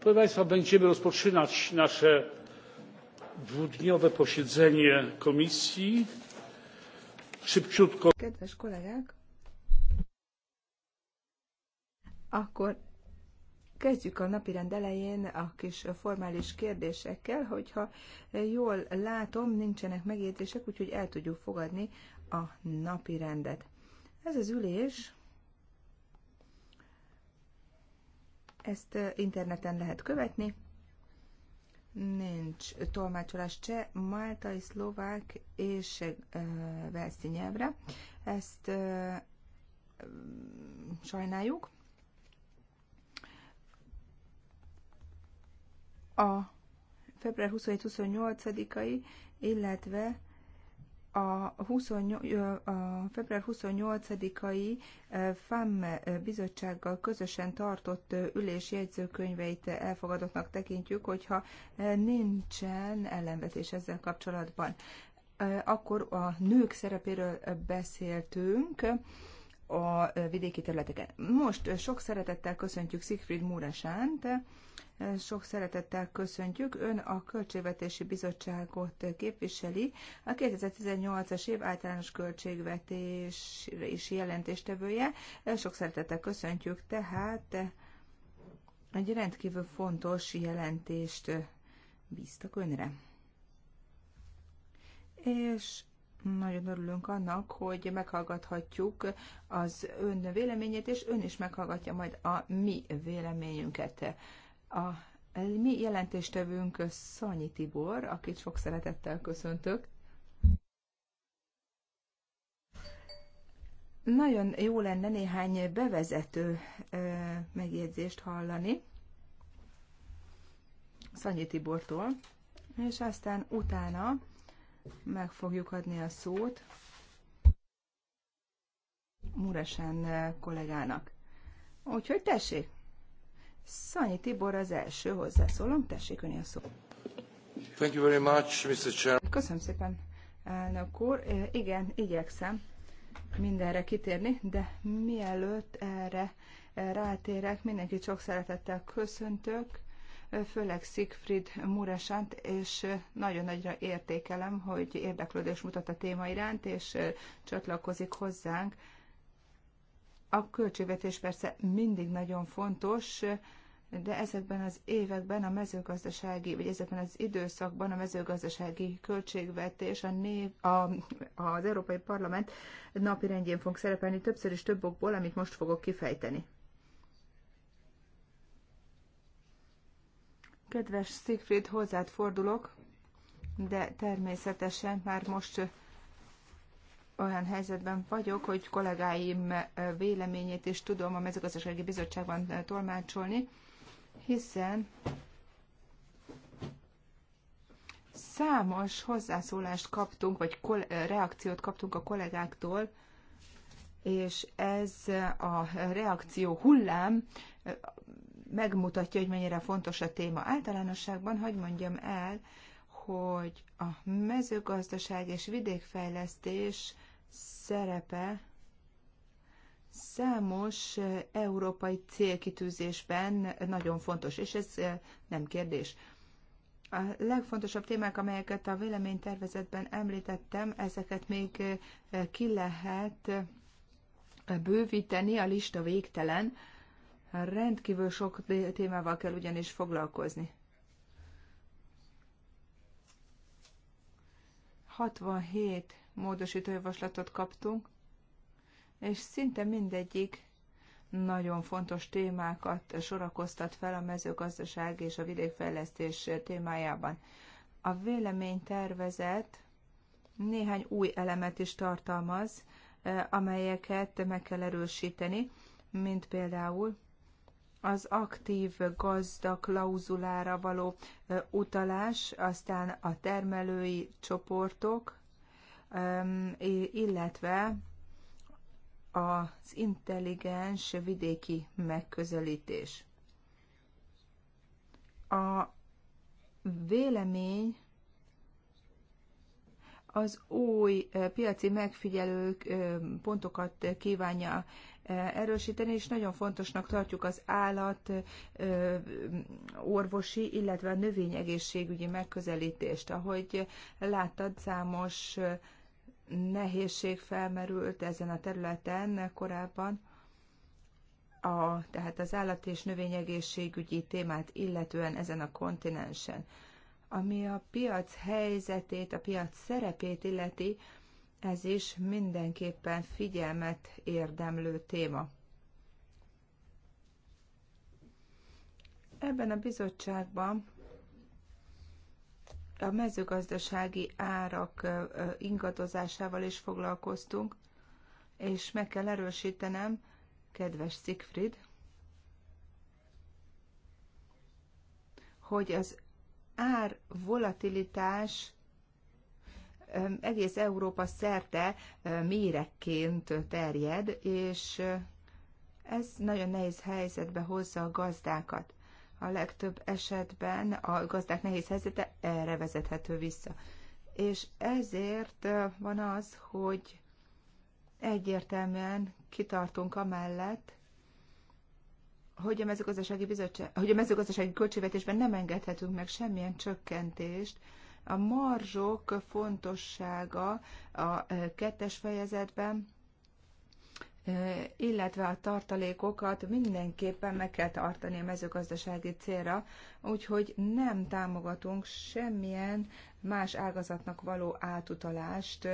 proszę państwa będziemy rozpoczynać nasze dwudniowe posiedzenie komisji szybciutko. Kedves kollégák! Akkor kezdjük a napirend elején a kis formális kérdésekkel, hogyha jól látom, nincsenek megjegyzések, úgyhogy el tudjuk fogadni a napirendet. Ez az ülés Ezt interneten lehet követni. Nincs tolmácsolás cseh, máltai, szlovák és e, velszi nyelvre. Ezt e, sajnáljuk. A február 27-28-ai, illetve a, 28, a február 28-ai FAM bizottsággal közösen tartott ülés jegyzőkönyveit elfogadottnak tekintjük, hogyha nincsen ellenvetés ezzel kapcsolatban. Akkor a nők szerepéről beszéltünk a vidéki területeken. Most sok szeretettel köszöntjük Siegfried Múresánt, sok szeretettel köszöntjük. Ön a Költségvetési Bizottságot képviseli. A 2018-as év általános költségvetés is jelentéstevője. Sok szeretettel köszöntjük tehát egy rendkívül fontos jelentést bíztak önre. És nagyon örülünk annak, hogy meghallgathatjuk az ön véleményét, és ön is meghallgatja majd a mi véleményünket. A mi jelentéstevőnk Szanyi Tibor, akit sok szeretettel köszöntök. Nagyon jó lenne néhány bevezető megjegyzést hallani Szanyi Tibortól, és aztán utána meg fogjuk adni a szót Muresen kollégának. Úgyhogy tessék! Szanyi Tibor az első hozzászólom, tessék öni a szó. Thank you very much, Mr. Chair. Köszönöm szépen, elnök úr. Igen, igyekszem mindenre kitérni, de mielőtt erre eh, rátérek, mindenki sok szeretettel köszöntök, eh, főleg Siegfried Muresant, és eh, nagyon nagyra értékelem, hogy érdeklődés mutat a téma iránt, és csatlakozik hozzánk. A költségvetés persze mindig nagyon fontos, de ezekben az években a mezőgazdasági, vagy ezekben az időszakban a mezőgazdasági költségvetés a név, a, az Európai Parlament napi rendjén fog szerepelni többször is több okból, amit most fogok kifejteni. Kedves Siegfried, hozzád fordulok, de természetesen már most olyan helyzetben vagyok, hogy kollégáim véleményét is tudom a mezőgazdasági bizottságban tolmácsolni hiszen számos hozzászólást kaptunk, vagy reakciót kaptunk a kollégáktól, és ez a reakció hullám megmutatja, hogy mennyire fontos a téma. Általánosságban, hogy mondjam el, hogy a mezőgazdaság és vidékfejlesztés szerepe számos eh, európai célkitűzésben nagyon fontos, és ez eh, nem kérdés. A legfontosabb témák, amelyeket a véleménytervezetben említettem, ezeket még eh, ki lehet bővíteni, a lista végtelen. Rendkívül sok témával kell ugyanis foglalkozni. 67 módosítójavaslatot kaptunk, és szinte mindegyik nagyon fontos témákat sorakoztat fel a mezőgazdaság és a vidékfejlesztés témájában. A véleménytervezet néhány új elemet is tartalmaz, eh, amelyeket meg kell erősíteni, mint például az aktív gazda klauzulára való eh, utalás, aztán a termelői csoportok, illetve az intelligens vidéki megközelítés. A vélemény az új eh, piaci megfigyelők eh, pontokat kívánja eh, erősíteni, és nagyon fontosnak tartjuk az állat orvosi, illetve a növényegészségügyi megközelítést. Ahogy láttad, számos nehézség felmerült ezen a területen korábban, a, tehát az állat- és növényegészségügyi témát illetően ezen a kontinensen. Ami a piac helyzetét, a piac szerepét illeti, ez is mindenképpen figyelmet érdemlő téma. Ebben a bizottságban a mezőgazdasági árak ingadozásával is foglalkoztunk, és meg kell erősítenem, kedves Siegfried, hogy az ár volatilitás egész Európa szerte mérekként terjed, és ez nagyon nehéz helyzetbe hozza a gazdákat. A legtöbb esetben a gazdák nehéz helyzete erre vezethető vissza. És ezért van az, hogy egyértelműen kitartunk amellett, hogy a mezőgazdasági, bizottság, hogy a mezőgazdasági költségvetésben nem engedhetünk meg semmilyen csökkentést, a marzsok fontossága a kettes fejezetben illetve a tartalékokat mindenképpen meg kell tartani a mezőgazdasági célra, úgyhogy nem támogatunk semmilyen más ágazatnak való átutalást,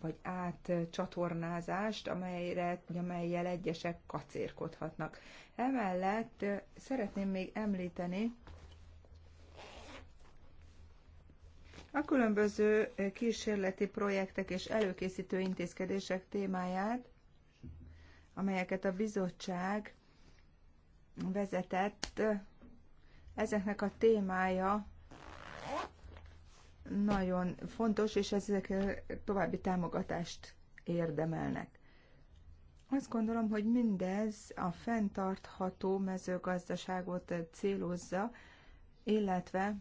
vagy átcsatornázást, amelyre, amelyel egyesek kacérkodhatnak. Emellett szeretném még említeni a különböző kísérleti projektek és előkészítő intézkedések témáját, amelyeket a bizottság vezetett, ezeknek a témája nagyon fontos, és ezek további támogatást érdemelnek. Azt gondolom, hogy mindez a fenntartható mezőgazdaságot célozza, illetve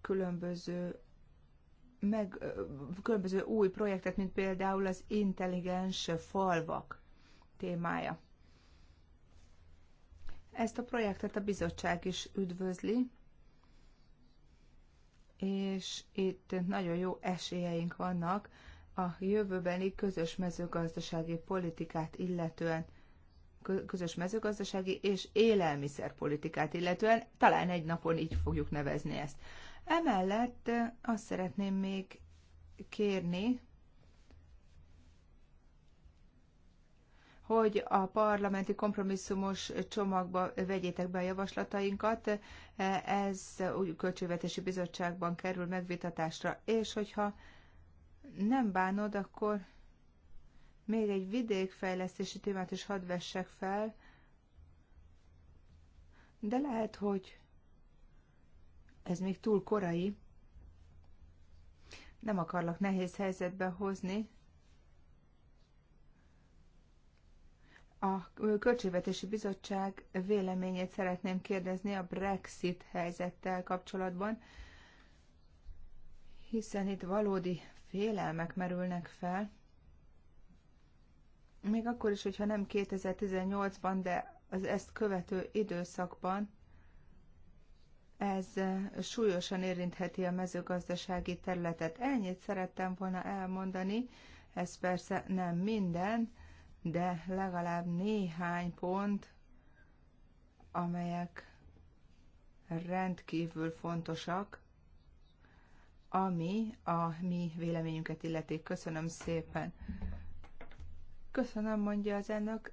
különböző, meg, különböző új projektet, mint például az intelligens falvak témája. Ezt a projektet a bizottság is üdvözli, és itt nagyon jó esélyeink vannak a jövőbeni közös mezőgazdasági politikát illetően, közös mezőgazdasági és élelmiszerpolitikát illetően, talán egy napon így fogjuk nevezni ezt. Emellett azt szeretném még kérni, hogy a parlamenti kompromisszumos csomagba vegyétek be a javaslatainkat. Ez úgy költségvetési bizottságban kerül megvitatásra, és hogyha nem bánod, akkor még egy vidékfejlesztési témát is hadd vessek fel, de lehet, hogy ez még túl korai. Nem akarlak nehéz helyzetbe hozni, A Költségvetési Bizottság véleményét szeretném kérdezni a Brexit helyzettel kapcsolatban, hiszen itt valódi félelmek merülnek fel. Még akkor is, hogyha nem 2018-ban, de az ezt követő időszakban ez súlyosan érintheti a mezőgazdasági területet. Ennyit szerettem volna elmondani, ez persze nem minden, de legalább néhány pont, amelyek rendkívül fontosak, ami a mi véleményünket illeti. Köszönöm szépen. Köszönöm, mondja az elnök.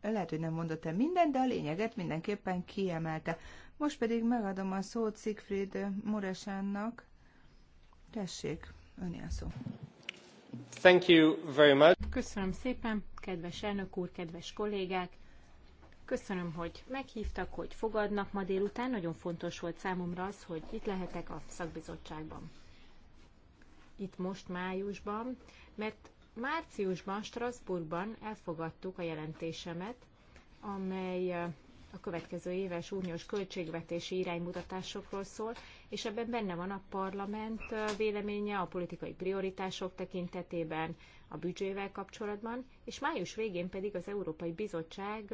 Lehet, hogy nem mondott el mindent, de a lényeget mindenképpen kiemelte. Most pedig megadom a szót Siegfried Muresánnak. Tessék, a szó. Köszönöm szépen, kedves elnök úr, kedves kollégák! Köszönöm, hogy meghvtak hogy fogadnak ma délután. Nagyon fontos volt számomra az, hogy itt lehetek a szakbizottságban. Itt most májusban, mert márciusban Strasbourgban elfogadtuk a jelentésemet, amely a következő éves uniós költségvetési iránymutatásokról szól, és ebben benne van a parlament véleménye a politikai prioritások tekintetében, a büdzsével kapcsolatban, és május végén pedig az Európai Bizottság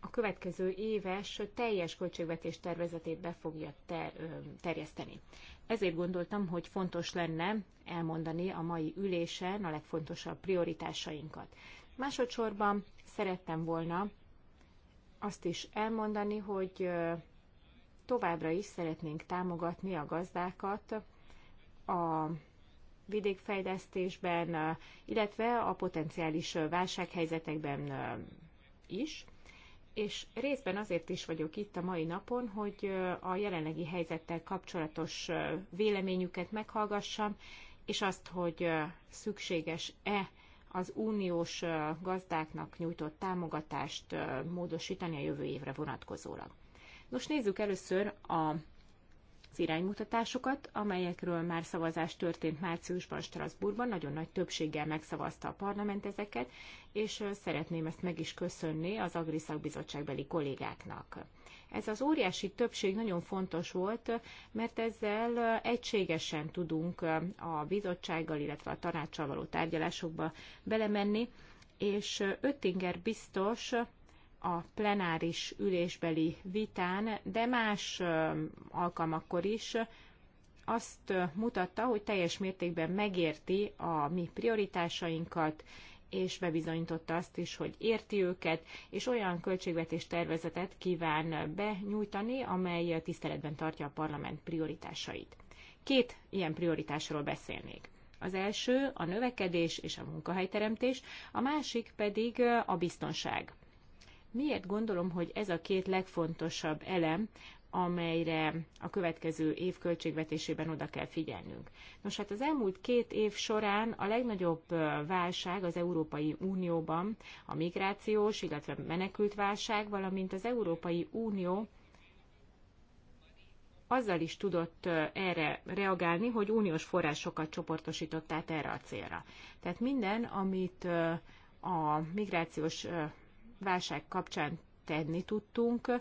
a következő éves teljes költségvetés tervezetét be fogja ter, terjeszteni. Ezért gondoltam, hogy fontos lenne elmondani a mai ülésen a legfontosabb prioritásainkat. Másodszorban szerettem volna azt is elmondani, hogy továbbra is szeretnénk támogatni a gazdákat a vidékfejlesztésben, illetve a potenciális válsághelyzetekben is. És részben azért is vagyok itt a mai napon, hogy a jelenlegi helyzettel kapcsolatos véleményüket meghallgassam, és azt, hogy szükséges-e az uniós gazdáknak nyújtott támogatást módosítani a jövő évre vonatkozólag. Nos nézzük először a az iránymutatásokat, amelyekről már szavazás történt márciusban Strasbourgban, nagyon nagy többséggel megszavazta a parlament ezeket, és szeretném ezt meg is köszönni az Agri bizottságbeli kollégáknak. Ez az óriási többség nagyon fontos volt, mert ezzel egységesen tudunk a bizottsággal, illetve a tanácssal való tárgyalásokba belemenni, és Öttinger biztos a plenáris ülésbeli vitán, de más alkalmakkor is azt mutatta, hogy teljes mértékben megérti a mi prioritásainkat, és bebizonyította azt is, hogy érti őket, és olyan költségvetés tervezetet kíván benyújtani, amely tiszteletben tartja a parlament prioritásait. Két ilyen prioritásról beszélnék. Az első a növekedés és a munkahelyteremtés, a másik pedig a biztonság. Miért gondolom, hogy ez a két legfontosabb elem amelyre a következő év költségvetésében oda kell figyelnünk. Nos, hát az elmúlt két év során a legnagyobb válság az Európai Unióban a migrációs, illetve menekült válság, valamint az Európai Unió azzal is tudott erre reagálni, hogy uniós forrásokat csoportosított át erre a célra. Tehát minden, amit a migrációs válság kapcsán tenni tudtunk,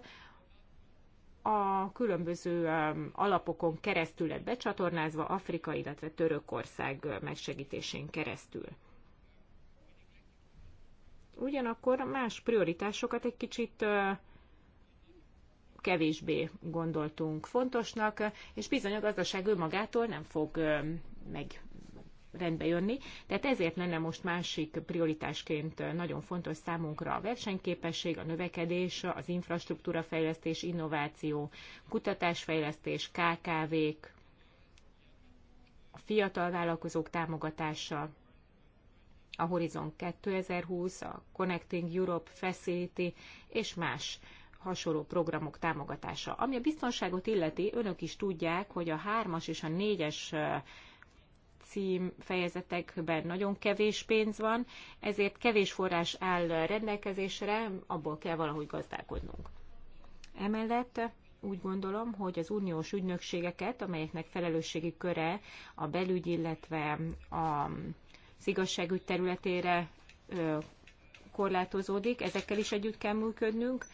a különböző um, alapokon keresztül lett becsatornázva Afrika, illetve Törökország uh, megsegítésén keresztül. Ugyanakkor más prioritásokat egy kicsit uh, kevésbé gondoltunk fontosnak, uh, és bizony a gazdaság önmagától nem fog um, meg rendbe jönni. Tehát ezért lenne most másik prioritásként nagyon fontos számunkra a versenyképesség, a növekedés, az infrastruktúra fejlesztés, innováció, kutatásfejlesztés, KKV-k, a fiatal vállalkozók támogatása, a Horizon 2020, a Connecting Europe Facility és más hasonló programok támogatása. Ami a biztonságot illeti, önök is tudják, hogy a hármas és a négyes cím fejezetekben nagyon kevés pénz van, ezért kevés forrás áll rendelkezésre, abból kell valahogy gazdálkodnunk. Emellett úgy gondolom, hogy az uniós ügynökségeket, amelyeknek felelősségi köre a belügy, illetve a igazságügy területére korlátozódik, ezekkel is együtt kell működnünk,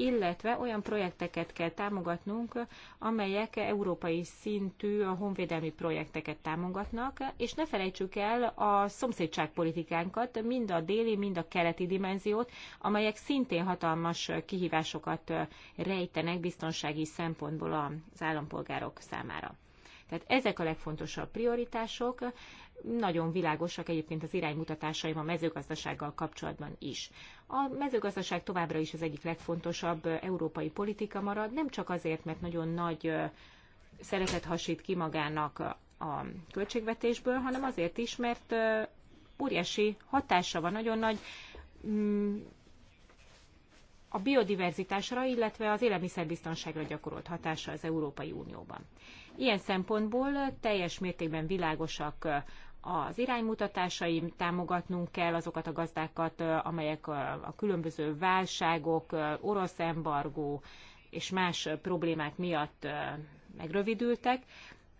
illetve olyan projekteket kell támogatnunk, amelyek európai szintű honvédelmi projekteket támogatnak, és ne felejtsük el a szomszédságpolitikánkat, mind a déli, mind a keleti dimenziót, amelyek szintén hatalmas kihívásokat rejtenek biztonsági szempontból az állampolgárok számára. Tehát ezek a legfontosabb prioritások, nagyon világosak egyébként az iránymutatásaim a mezőgazdasággal kapcsolatban is. A mezőgazdaság továbbra is az egyik legfontosabb európai politika marad, nem csak azért, mert nagyon nagy szeretet hasít ki magának a költségvetésből, hanem azért is, mert óriási hatása van, nagyon nagy mm, a biodiverzitásra, illetve az élelmiszerbiztonságra gyakorolt hatása az Európai Unióban. Ilyen szempontból teljes mértékben világosak az iránymutatásaim, támogatnunk kell azokat a gazdákat, amelyek a különböző válságok, orosz embargó és más problémák miatt megrövidültek,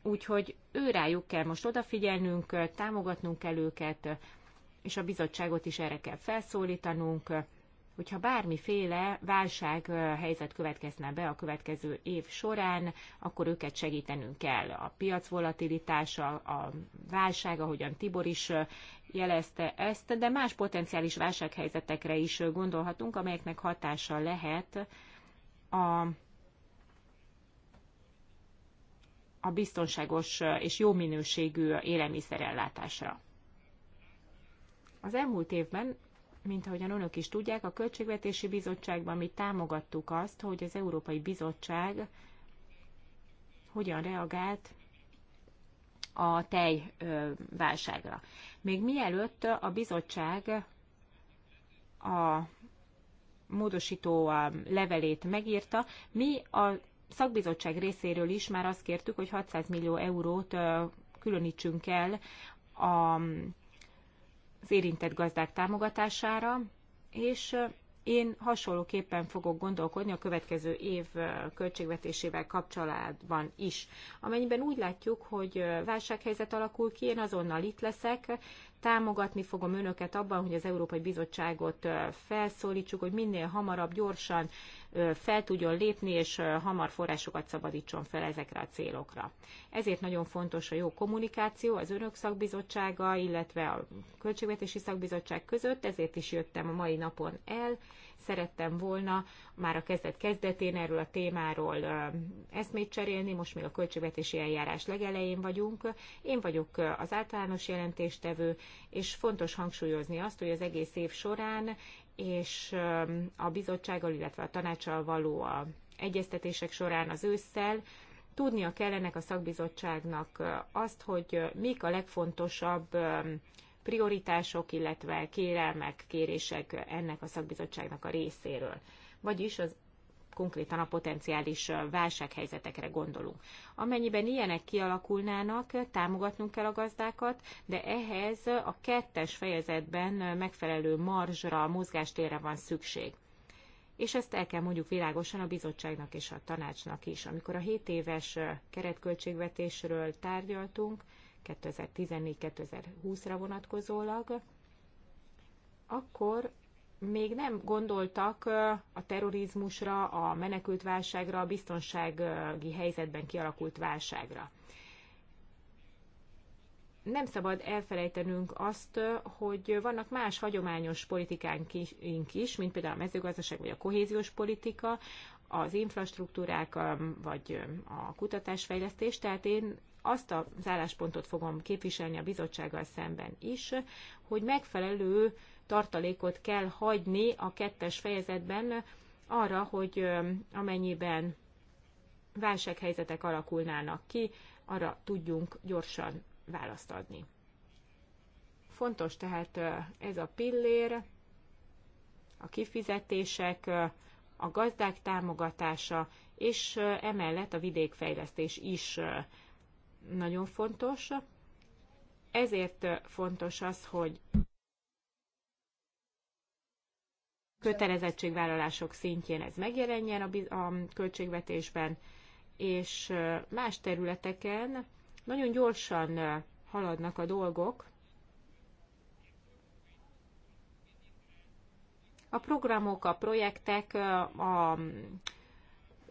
úgyhogy őrájuk kell most odafigyelnünk, támogatnunk kell őket, és a bizottságot is erre kell felszólítanunk, hogyha bármiféle válság helyzet következne be a következő év során, akkor őket segítenünk kell. A piac volatilitása, a válság, ahogyan Tibor is jelezte ezt, de más potenciális válsághelyzetekre is gondolhatunk, amelyeknek hatása lehet a a biztonságos és jó minőségű élelmiszerellátásra. Az elmúlt évben mint ahogyan önök is tudják, a Költségvetési Bizottságban mi támogattuk azt, hogy az Európai Bizottság hogyan reagált a tejválságra. Még mielőtt a bizottság a módosító levelét megírta, mi a szakbizottság részéről is már azt kértük, hogy 600 millió eurót különítsünk el a az érintett gazdák támogatására, és én hasonlóképpen fogok gondolkodni a következő év költségvetésével kapcsolatban is. Amennyiben úgy látjuk, hogy válsághelyzet alakul ki, én azonnal itt leszek, támogatni fogom önöket abban, hogy az Európai Bizottságot felszólítsuk, hogy minél hamarabb, gyorsan fel tudjon lépni, és hamar forrásokat szabadítson fel ezekre a célokra. Ezért nagyon fontos a jó kommunikáció az önök szakbizottsága, illetve a Költségvetési Szakbizottság között, ezért is jöttem a mai napon el, Szerettem volna már a kezdet kezdetén erről a témáról eszmét cserélni, most még a költségvetési eljárás legelején vagyunk. Én vagyok az általános jelentéstevő, és fontos hangsúlyozni azt, hogy az egész év során és a bizottsággal, illetve a tanácssal való a egyeztetések során az ősszel tudnia ennek a szakbizottságnak azt, hogy mik a legfontosabb prioritások, illetve kérelmek, kérések ennek a szakbizottságnak a részéről. Vagyis az konkrétan a potenciális válsághelyzetekre gondolunk. Amennyiben ilyenek kialakulnának, támogatnunk kell a gazdákat, de ehhez a kettes fejezetben megfelelő marzsra, mozgástérre van szükség. És ezt el kell mondjuk világosan a bizottságnak és a tanácsnak is. Amikor a 7 éves keretköltségvetésről tárgyaltunk, 2014-2020-ra vonatkozólag, akkor még nem gondoltak a terrorizmusra, a menekült válságra, a biztonsági helyzetben kialakult válságra. Nem szabad elfelejtenünk azt, hogy vannak más hagyományos politikánk is, mint például a mezőgazdaság vagy a kohéziós politika, az infrastruktúrák vagy a kutatásfejlesztés, tehát én azt az álláspontot fogom képviselni a bizottsággal szemben is, hogy megfelelő tartalékot kell hagyni a kettes fejezetben arra, hogy amennyiben válsághelyzetek alakulnának ki, arra tudjunk gyorsan választ adni. Fontos tehát ez a pillér, a kifizetések, a gazdák támogatása, és emellett a vidékfejlesztés is nagyon fontos. Ezért fontos az, hogy kötelezettségvállalások szintjén ez megjelenjen a, a költségvetésben, és más területeken nagyon gyorsan haladnak a dolgok. A programok, a projektek, a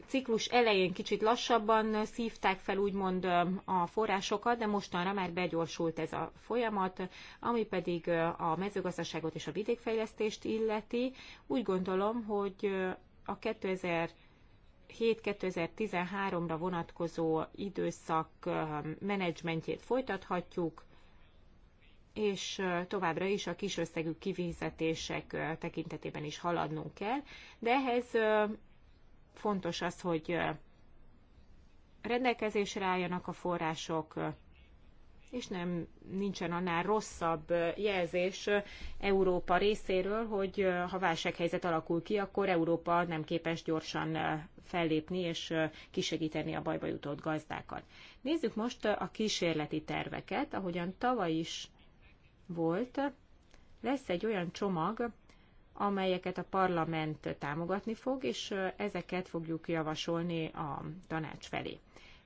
ciklus elején kicsit lassabban szívták fel úgymond a forrásokat, de mostanra már begyorsult ez a folyamat, ami pedig a mezőgazdaságot és a vidékfejlesztést illeti. Úgy gondolom, hogy a 2000 2007-2013-ra vonatkozó időszak menedzsmentjét folytathatjuk, és továbbra is a kisösszegű kifizetések tekintetében is haladnunk kell, de ehhez fontos az, hogy rendelkezésre álljanak a források, és nem nincsen annál rosszabb jelzés Európa részéről, hogy ha válsághelyzet alakul ki, akkor Európa nem képes gyorsan fellépni és kisegíteni a bajba jutott gazdákat. Nézzük most a kísérleti terveket, ahogyan tavaly is volt. Lesz egy olyan csomag, amelyeket a parlament támogatni fog, és ezeket fogjuk javasolni a tanács felé.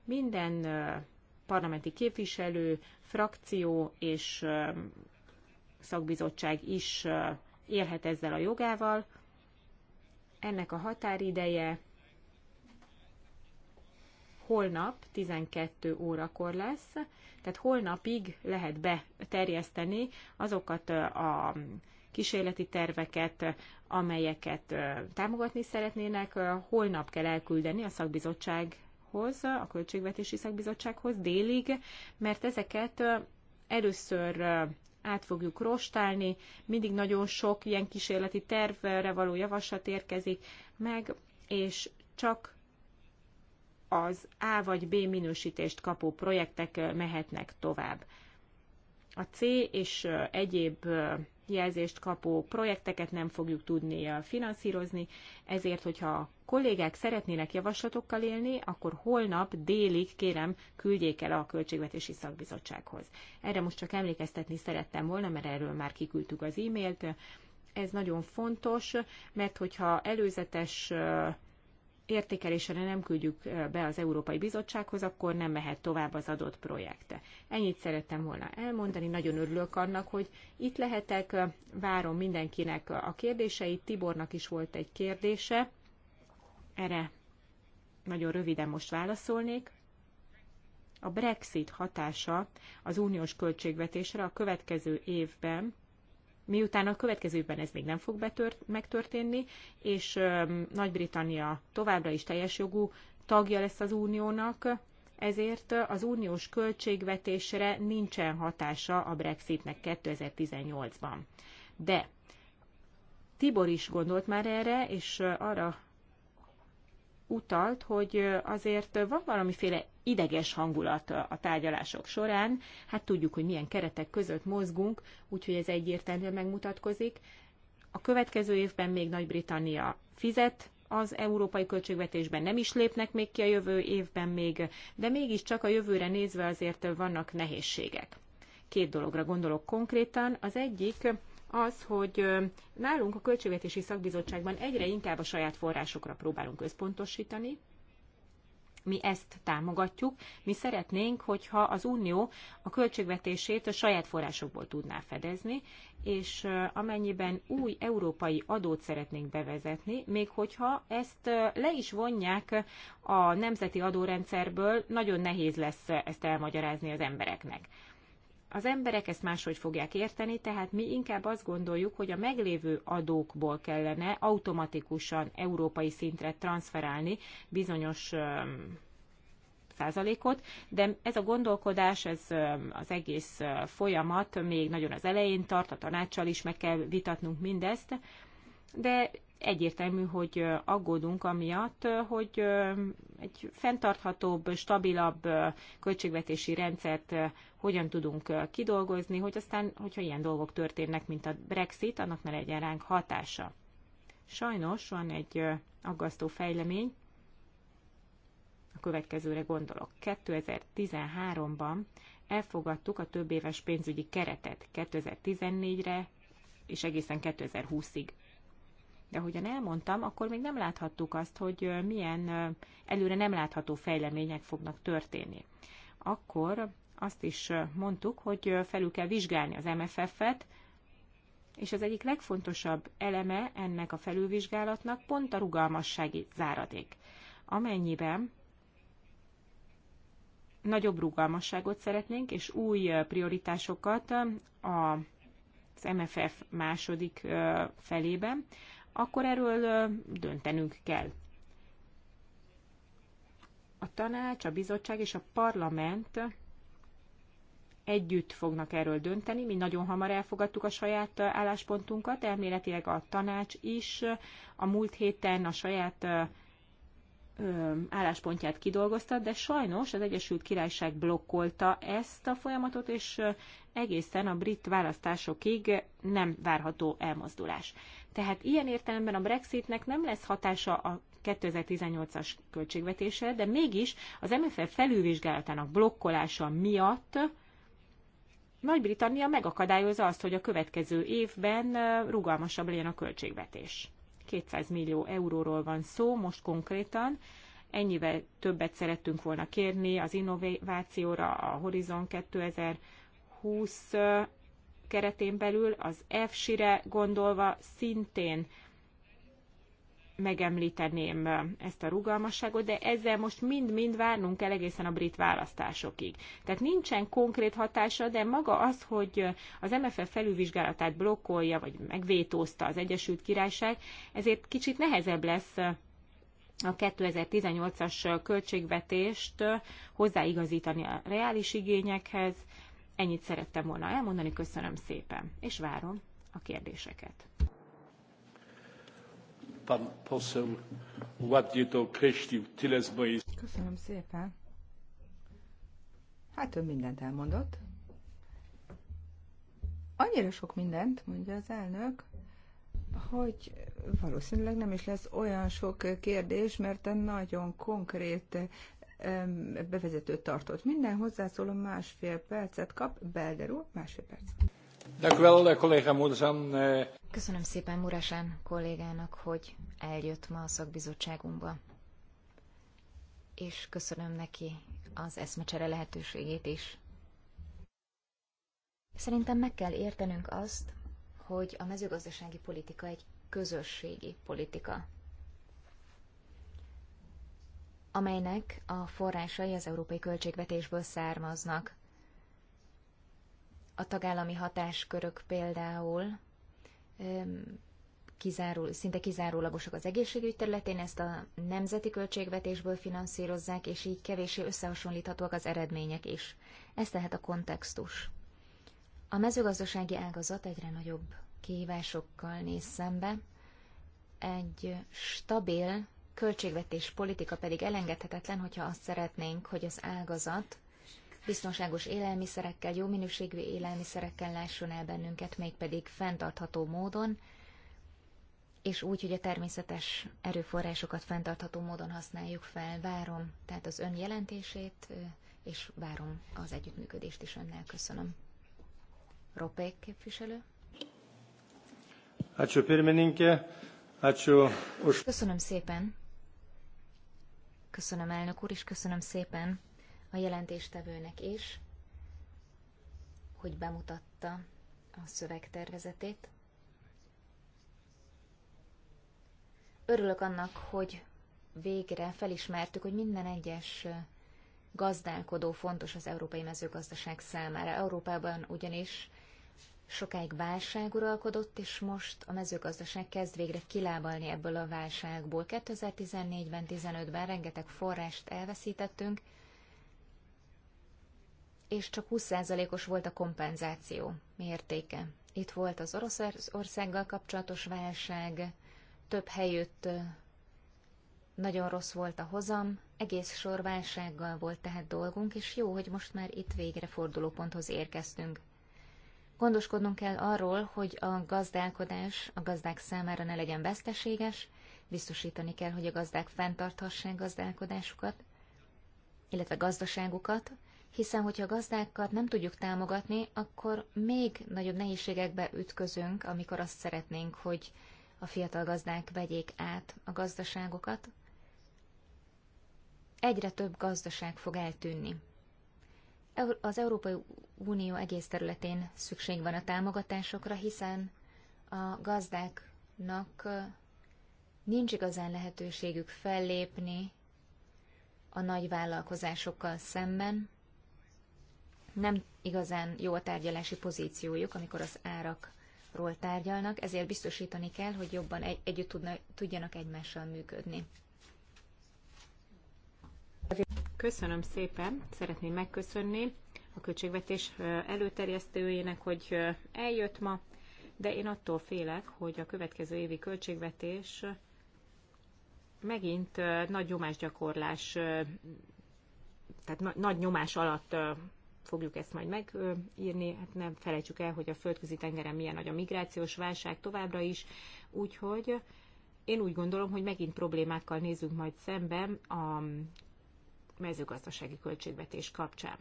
Minden parlamenti képviselő, frakció és szakbizottság is élhet ezzel a jogával. Ennek a határideje holnap 12 órakor lesz, tehát holnapig lehet beterjeszteni azokat a kísérleti terveket, amelyeket támogatni szeretnének. Holnap kell elküldeni a szakbizottsághoz, a Költségvetési Szakbizottsághoz délig, mert ezeket először át fogjuk rostálni, mindig nagyon sok ilyen kísérleti tervre való javaslat érkezik meg, és csak az A vagy B minősítést kapó projektek mehetnek tovább. A C és egyéb jelzést kapó projekteket nem fogjuk tudni eh, finanszírozni, ezért, hogyha a kollégák szeretnének javaslatokkal élni, akkor holnap délig kérem küldjék el a Költségvetési Szakbizottsághoz. Erre most csak emlékeztetni szerettem volna, mert erről már kiküldtük az e-mailt. Ez nagyon fontos, mert hogyha előzetes eh, értékelésre nem küldjük be az Európai Bizottsághoz, akkor nem mehet tovább az adott projekte. Ennyit szerettem volna elmondani, nagyon örülök annak, hogy itt lehetek, várom mindenkinek a kérdéseit, Tibornak is volt egy kérdése, erre nagyon röviden most válaszolnék. A Brexit hatása az uniós költségvetésre a következő évben miután a következő évben ez még nem fog betört, megtörténni, és Nagy-Britannia továbbra is teljes jogú tagja lesz az uniónak, ezért az uniós költségvetésre nincsen hatása a Brexitnek 2018-ban. De Tibor is gondolt már erre, és arra utalt, hogy azért van valamiféle ideges hangulat a tárgyalások során. Hát tudjuk, hogy milyen keretek között mozgunk, úgyhogy ez egyértelműen megmutatkozik. A következő évben még Nagy-Britannia fizet az európai költségvetésben nem is lépnek még ki a jövő évben még, de mégiscsak a jövőre nézve azért vannak nehézségek. Két dologra gondolok konkrétan. Az egyik az, hogy nálunk a Költségvetési Szakbizottságban egyre inkább a saját forrásokra próbálunk összpontosítani, mi ezt támogatjuk, mi szeretnénk, hogyha az Unió a költségvetését a saját forrásokból tudná fedezni, és amennyiben új európai adót szeretnénk bevezetni, még hogyha ezt le is vonják a nemzeti adórendszerből, nagyon nehéz lesz ezt elmagyarázni az embereknek az emberek ezt máshogy fogják érteni, tehát mi inkább azt gondoljuk, hogy a meglévő adókból kellene automatikusan európai szintre transferálni bizonyos százalékot, de ez a gondolkodás, ez az egész folyamat még nagyon az elején tart, a tanácssal is meg kell vitatnunk mindezt, de egyértelmű, hogy aggódunk amiatt, hogy egy fenntarthatóbb, stabilabb költségvetési rendszert hogyan tudunk kidolgozni, hogy aztán, hogyha ilyen dolgok történnek, mint a Brexit, annak ne legyen ránk hatása. Sajnos van egy aggasztó fejlemény, a következőre gondolok. 2013-ban elfogadtuk a több éves pénzügyi keretet 2014-re és egészen 2020-ig. De ahogyan elmondtam, akkor még nem láthattuk azt, hogy milyen előre nem látható fejlemények fognak történni. Akkor azt is mondtuk, hogy felül kell vizsgálni az MFF-et, és az egyik legfontosabb eleme ennek a felülvizsgálatnak pont a rugalmassági záradék. Amennyiben nagyobb rugalmasságot szeretnénk, és új prioritásokat az MFF második felében, akkor erről döntenünk kell. A tanács, a bizottság és a parlament együtt fognak erről dönteni. Mi nagyon hamar elfogadtuk a saját álláspontunkat, elméletileg a tanács is a múlt héten a saját álláspontját kidolgozta, de sajnos az Egyesült Királyság blokkolta ezt a folyamatot, és egészen a brit választásokig nem várható elmozdulás. Tehát ilyen értelemben a Brexitnek nem lesz hatása a 2018-as költségvetése, de mégis az MFF felülvizsgálatának blokkolása miatt Nagy-Britannia megakadályozza azt, hogy a következő évben rugalmasabb legyen a költségvetés. 200 millió euróról van szó most konkrétan, ennyivel többet szerettünk volna kérni az innovációra, a Horizon 2020 keretén belül, az EFSI-re gondolva szintén megemlíteném ezt a rugalmasságot, de ezzel most mind-mind várnunk kell egészen a brit választásokig. Tehát nincsen konkrét hatása, de maga az, hogy az MFF felülvizsgálatát blokkolja, vagy megvétózta az Egyesült Királyság, ezért kicsit nehezebb lesz a 2018-as költségvetést hozzáigazítani a reális igényekhez, Ennyit szerettem volna elmondani, köszönöm szépen, és várom a kérdéseket. to Köszönöm szépen. Hát ő mindent elmondott. Annyira sok mindent, mondja az elnök, hogy valószínűleg nem is lesz olyan sok kérdés, mert nagyon konkrét bevezetőt tartott. Minden hozzászóló másfél percet kap, Belder úr, másfél perc. Eh, eh, köszönöm szépen Murasán kollégának, hogy eljött ma a szakbizottságunkba. És köszönöm neki az eszmecsere lehetőségét is. Szerintem meg kell értenünk azt, hogy a mezőgazdasági politika egy közösségi politika amelynek a forrásai az európai költségvetésből származnak. A tagállami hatáskörök például kizárul, szinte kizárólagosak az egészségügy területén, ezt a nemzeti költségvetésből finanszírozzák, és így kevéssé összehasonlíthatóak az eredmények is. Ez tehát a kontextus. A mezőgazdasági ágazat egyre nagyobb kihívásokkal néz szembe. Egy stabil költségvetés politika pedig elengedhetetlen, hogyha azt szeretnénk, hogy az ágazat biztonságos élelmiszerekkel, jó minőségű élelmiszerekkel lásson el bennünket, mégpedig fenntartható módon, és úgy, hogy a természetes erőforrásokat fenntartható módon használjuk fel. Várom tehát az ön jelentését, és várom az együttműködést is önnel. Köszönöm. Ropék képviselő. Köszönöm szépen. Köszönöm, elnök úr, és köszönöm szépen a jelentéstevőnek is, hogy bemutatta a szövegtervezetét. Örülök annak, hogy végre felismertük, hogy minden egyes gazdálkodó fontos az európai mezőgazdaság számára. Európában ugyanis sokáig válság uralkodott, és most a mezőgazdaság kezd végre kilábalni ebből a válságból. 2014-ben, 15-ben rengeteg forrást elveszítettünk, és csak 20%-os volt a kompenzáció mértéke. Itt volt az Oroszországgal kapcsolatos válság, több helyütt nagyon rossz volt a hozam, egész sor válsággal volt tehát dolgunk, és jó, hogy most már itt végre fordulóponthoz érkeztünk. Gondoskodnunk kell arról, hogy a gazdálkodás a gazdák számára ne legyen veszteséges, biztosítani kell, hogy a gazdák fenntarthassák gazdálkodásukat, illetve gazdaságukat, hiszen hogyha a gazdákat nem tudjuk támogatni, akkor még nagyobb nehézségekbe ütközünk, amikor azt szeretnénk, hogy a fiatal gazdák vegyék át a gazdaságokat. Egyre több gazdaság fog eltűnni az Európai Unió egész területén szükség van a támogatásokra, hiszen a gazdáknak nincs igazán lehetőségük fellépni a nagy vállalkozásokkal szemben. Nem igazán jó a tárgyalási pozíciójuk, amikor az árakról tárgyalnak, ezért biztosítani kell, hogy jobban egy- együtt tudna, tudjanak egymással működni. Köszönöm szépen, szeretném megköszönni a költségvetés előterjesztőjének, hogy eljött ma, de én attól félek, hogy a következő évi költségvetés megint nagy nyomásgyakorlás, tehát nagy nyomás alatt fogjuk ezt majd megírni. Hát nem felejtsük el, hogy a földközi tengeren milyen nagy a migrációs válság továbbra is, úgyhogy én úgy gondolom, hogy megint problémákkal nézünk majd szemben a mezőgazdasági költségvetés kapcsán.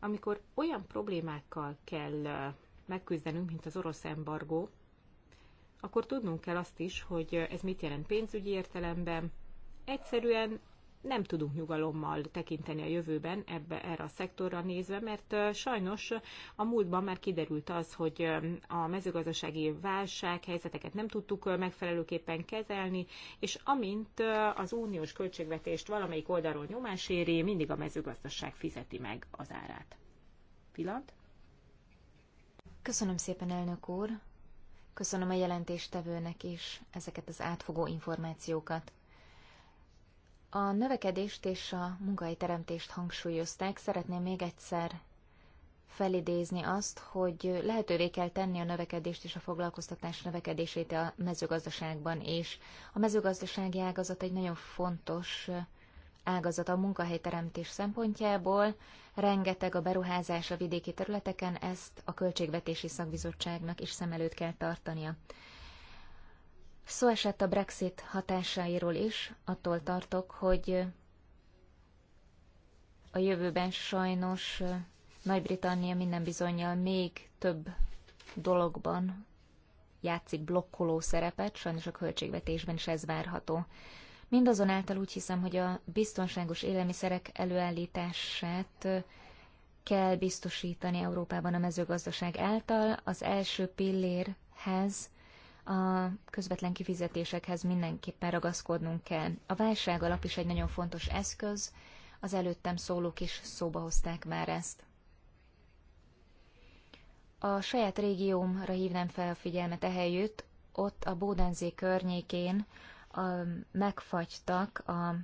Amikor olyan problémákkal kell megküzdenünk, mint az orosz embargó, akkor tudnunk kell azt is, hogy ez mit jelent pénzügyi értelemben. Egyszerűen nem tudunk nyugalommal tekinteni a jövőben ebbe, erre a szektorra nézve, mert sajnos a múltban már kiderült az, hogy a mezőgazdasági válság helyzeteket nem tudtuk megfelelőképpen kezelni, és amint az uniós költségvetést valamelyik oldalról nyomás éri, mindig a mezőgazdaság fizeti meg az árát. Pillant? Köszönöm szépen, elnök úr! Köszönöm a jelentéstevőnek is ezeket az átfogó információkat. A növekedést és a teremtést hangsúlyozták. Szeretném még egyszer felidézni azt, hogy lehetővé kell tenni a növekedést és a foglalkoztatás növekedését a mezőgazdaságban, és a mezőgazdasági ágazat egy nagyon fontos ágazat a munkahelyteremtés szempontjából. Rengeteg a beruházás a vidéki területeken, ezt a Költségvetési Szakbizottságnak is szem előtt kell tartania. Szó esett a Brexit hatásairól is, attól tartok, hogy a jövőben sajnos Nagy-Britannia minden bizonyal még több dologban játszik blokkoló szerepet, sajnos a költségvetésben is ez várható. Mindazonáltal úgy hiszem, hogy a biztonságos élelmiszerek előállítását kell biztosítani Európában a mezőgazdaság által. Az első pillérhez a közvetlen kifizetésekhez mindenképpen ragaszkodnunk kell. A válság alap is egy nagyon fontos eszköz, az előttem szólók is szóba hozták már ezt. A saját régiómra hívnám fel a figyelmet ehelyütt, ott a Bódenzé környékén a, megfagytak a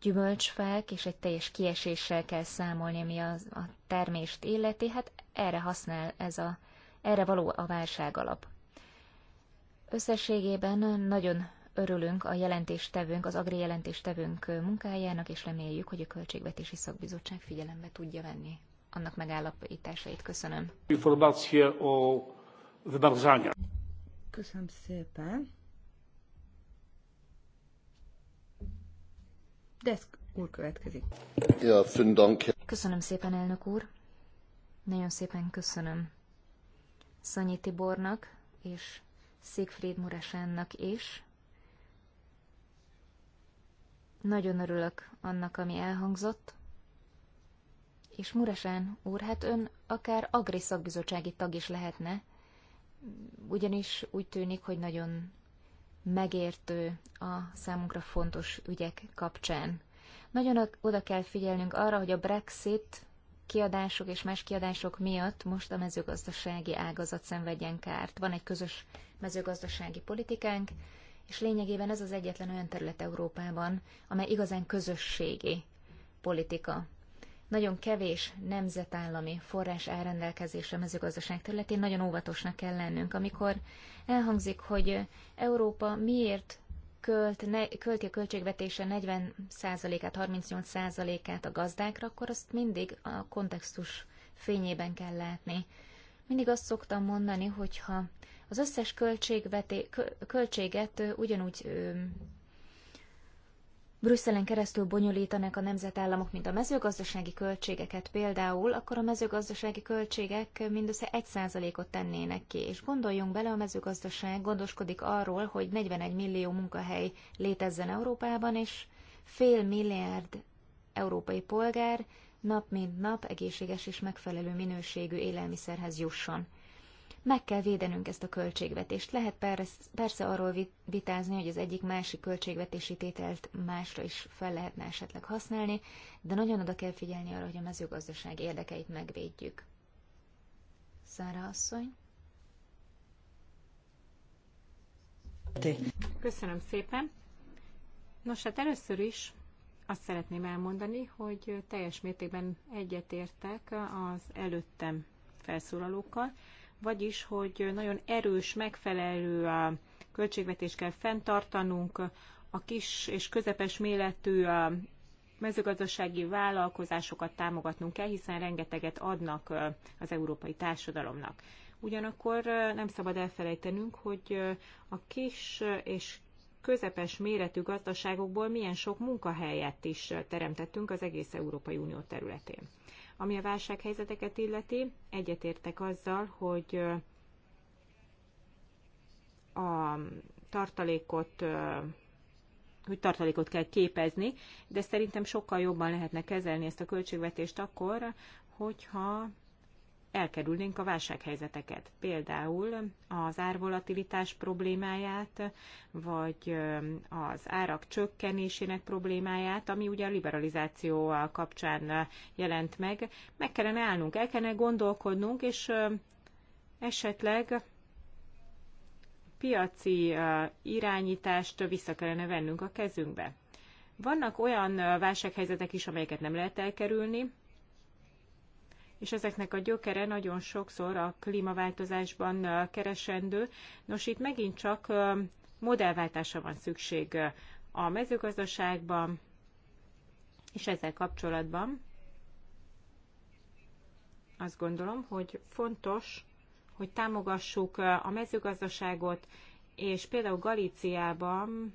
gyümölcsfák, és egy teljes kieséssel kell számolni, ami a, a termést illeti, hát erre használ ez a, erre való a válság alap. Összességében nagyon örülünk a jelentéstevőnk, az agri jelentéstevőnk munkájának, és reméljük, hogy a Költségvetési Szakbizottság figyelembe tudja venni annak megállapításait. Köszönöm. Információ a wynagradzania. Köszönöm szépen. Desk úr következik. Ja, Köszönöm szépen, elnök úr. Nagyon szépen köszönöm Szanyi Tibornak és Siegfried Muresánnak is. Nagyon örülök annak, ami elhangzott. És Muresán úr, hát ön akár Agri szakbizottsági tag is lehetne, ugyanis úgy tűnik, hogy nagyon megértő a számunkra fontos ügyek kapcsán. Nagyon oda kell figyelnünk arra, hogy a Brexit kiadások és más kiadások miatt most a mezőgazdasági ágazat szenvedjen kárt. Van egy közös mezőgazdasági politikánk, és lényegében ez az egyetlen olyan terület Európában, amely igazán közösségi politika. Nagyon kevés nemzetállami forrás elrendelkezésre a mezőgazdaság területén, nagyon óvatosnak kell lennünk. Amikor elhangzik, hogy Európa miért költ, ne, költi a költségvetése 40%-át, 38%-át a gazdákra, akkor azt mindig a kontextus fényében kell látni. Mindig azt szoktam mondani, hogyha az összes költségveté, költséget ugyanúgy Brüsszelen keresztül bonyolítanak a nemzetállamok, mint a mezőgazdasági költségeket például, akkor a mezőgazdasági költségek mindössze 1%-ot tennének ki. És gondoljunk bele, a mezőgazdaság gondoskodik arról, hogy 41 millió munkahely létezzen Európában, és fél milliárd európai polgár nap mint nap egészséges és megfelelő minőségű élelmiszerhez jusson. Meg kell védenünk ezt a költségvetést. Lehet persze arról vitázni, hogy az egyik másik költségvetési tételt másra is fel lehetne esetleg használni, de nagyon oda kell figyelni arra, hogy a mezőgazdaság érdekeit megvédjük. Szára asszony. Köszönöm szépen. Nos, hát először is azt szeretném elmondani, hogy teljes mértékben egyetértek az előttem felszólalókkal vagyis, hogy nagyon erős, megfelelő uh, költségvetést kell fenntartanunk, a kis és közepes méretű uh, mezőgazdasági vállalkozásokat támogatnunk kell, hiszen rengeteget adnak uh, az európai társadalomnak. Ugyanakkor nem szabad elfelejtenünk, hogy a kis és közepes méretű gazdaságokból milyen sok munkahelyet is teremtettünk az egész Európai Unió területén. Ami a válsághelyzeteket illeti, egyetértek azzal, hogy a tartalékot hogy tartalékot kell képezni, de szerintem sokkal jobban lehetne kezelni ezt a költségvetést akkor, hogyha elkerülnénk a válsághelyzeteket. Például az árvolatilitás problémáját, vagy az árak csökkenésének problémáját, ami ugye a liberalizáció kapcsán jelent meg. Meg kellene állnunk, el kellene gondolkodnunk, és esetleg piaci irányítást vissza kellene vennünk a kezünkbe. Vannak olyan válsághelyzetek is, amelyeket nem lehet elkerülni, és ezeknek a gyökere nagyon sokszor a klímaváltozásban keresendő. Nos, itt megint csak modellváltásra van szükség a mezőgazdaságban, és ezzel kapcsolatban azt gondolom, hogy fontos, hogy támogassuk a mezőgazdaságot, és például Galíciában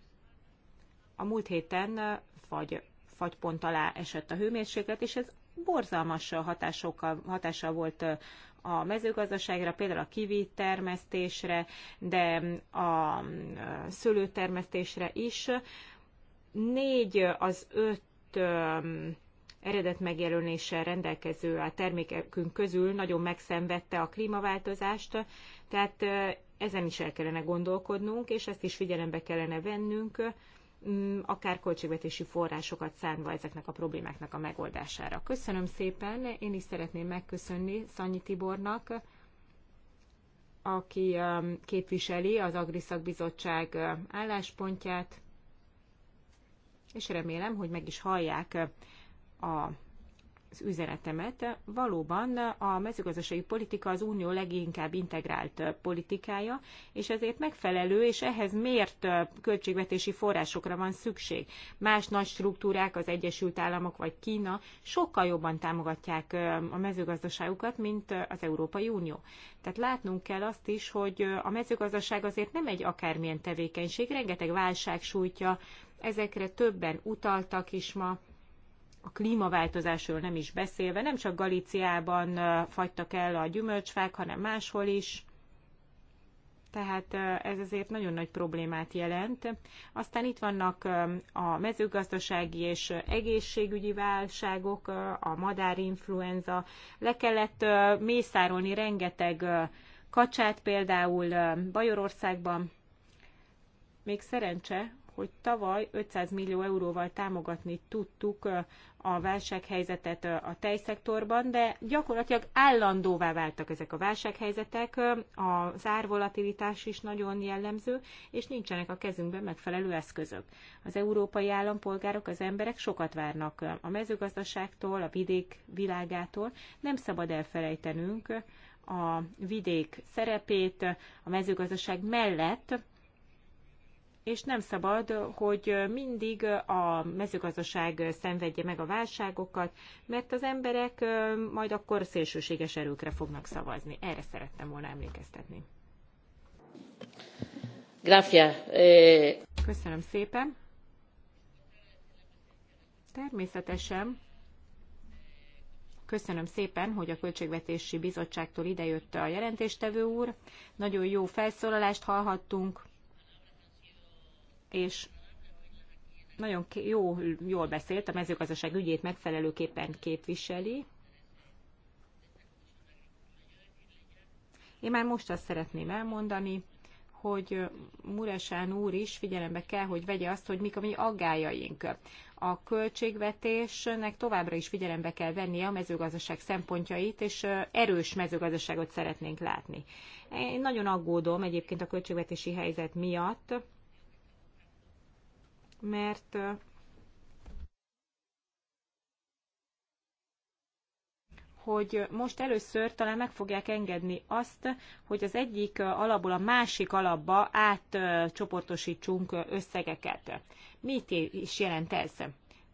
a múlt héten fagy, fagypont alá esett a hőmérséklet, és ez borzalmas hatásokkal, hatással volt a mezőgazdaságra, például a kivi termesztésre, de a szőlőtermesztésre is. Négy az öt eredet megjelöléssel rendelkező a termékekünk közül nagyon megszenvedte a klímaváltozást, tehát ezen is el kellene gondolkodnunk, és ezt is figyelembe kellene vennünk, Mm, akár költségvetési forrásokat szánva ezeknek a problémáknak a megoldására. Köszönöm szépen, én is szeretném megköszönni Szanyi Tibornak, aki um, képviseli az Agriszak Bizottság uh, álláspontját, és remélem, hogy meg is hallják uh, a az üzenetemet. Valóban a mezőgazdasági politika az unió leginkább integrált politikája, és ezért megfelelő, és ehhez mért költségvetési forrásokra van szükség. Más nagy struktúrák, az Egyesült Államok vagy Kína sokkal jobban támogatják a mezőgazdaságukat, mint az Európai Unió. Tehát látnunk kell azt is, hogy a mezőgazdaság azért nem egy akármilyen tevékenység, rengeteg válság sújtja, ezekre többen utaltak is ma, a klímaváltozásról nem is beszélve, nem csak Galíciában fagytak el a gyümölcsfák, hanem máshol is. Tehát ez azért nagyon nagy problémát jelent. Aztán itt vannak a mezőgazdasági és egészségügyi válságok, a madárinfluenza. Le kellett mészárolni rengeteg kacsát például Bajorországban. Még szerencse, hogy tavaly 500 millió euróval támogatni tudtuk a válsághelyzetet a tejszektorban, de gyakorlatilag állandóvá váltak ezek a válsághelyzetek, az árvolatilitás is nagyon jellemző, és nincsenek a kezünkben megfelelő eszközök. Az európai állampolgárok, az emberek sokat várnak a mezőgazdaságtól, a vidék világától. Nem szabad elfelejtenünk a vidék szerepét a mezőgazdaság mellett, és nem szabad, hogy mindig a mezőgazdaság szenvedje meg a válságokat, mert az emberek majd akkor szélsőséges erőkre fognak szavazni. Erre szerettem volna emlékeztetni. Grafia. Eh, köszönöm szépen. Természetesen. Köszönöm szépen, hogy a Költségvetési Bizottságtól idejött a jelentéstevő úr. Nagyon jó felszólalást hallhattunk és nagyon jó, jól beszélt, a mezőgazdaság ügyét megfelelőképpen képviseli. Én már most azt szeretném elmondani, hogy Muresán úr is figyelembe kell, hogy vegye azt, hogy mik a mi aggájaink. A költségvetésnek továbbra is figyelembe kell vennie a mezőgazdaság szempontjait, és erős mezőgazdaságot szeretnénk látni. Én nagyon aggódom egyébként a költségvetési helyzet miatt, mert hogy most először talán meg fogják engedni azt, hogy az egyik alapból a másik alapba átcsoportosítsunk összegeket. Mit is jelent ez?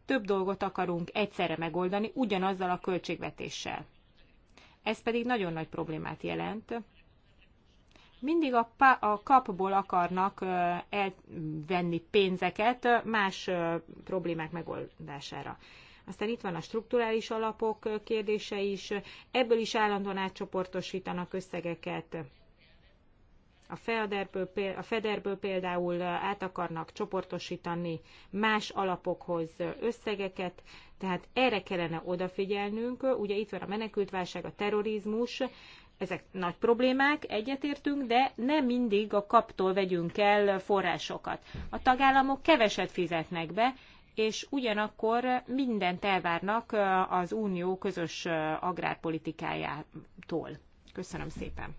Több dolgot akarunk egyszerre megoldani ugyanazzal a költségvetéssel. Ez pedig nagyon nagy problémát jelent, mindig a, a kapból akarnak elvenni pénzeket más problémák megoldására. Aztán itt van a strukturális alapok kérdése is, ebből is állandóan átcsoportosítanak összegeket. A federből, a federből például át akarnak csoportosítani más alapokhoz összegeket, tehát erre kellene odafigyelnünk. Ugye itt van a menekültválság, a terrorizmus, ezek nagy problémák, egyetértünk, de nem mindig a kaptól vegyünk el forrásokat. A tagállamok keveset fizetnek be, és ugyanakkor mindent elvárnak az unió közös agrárpolitikájától. Köszönöm szépen.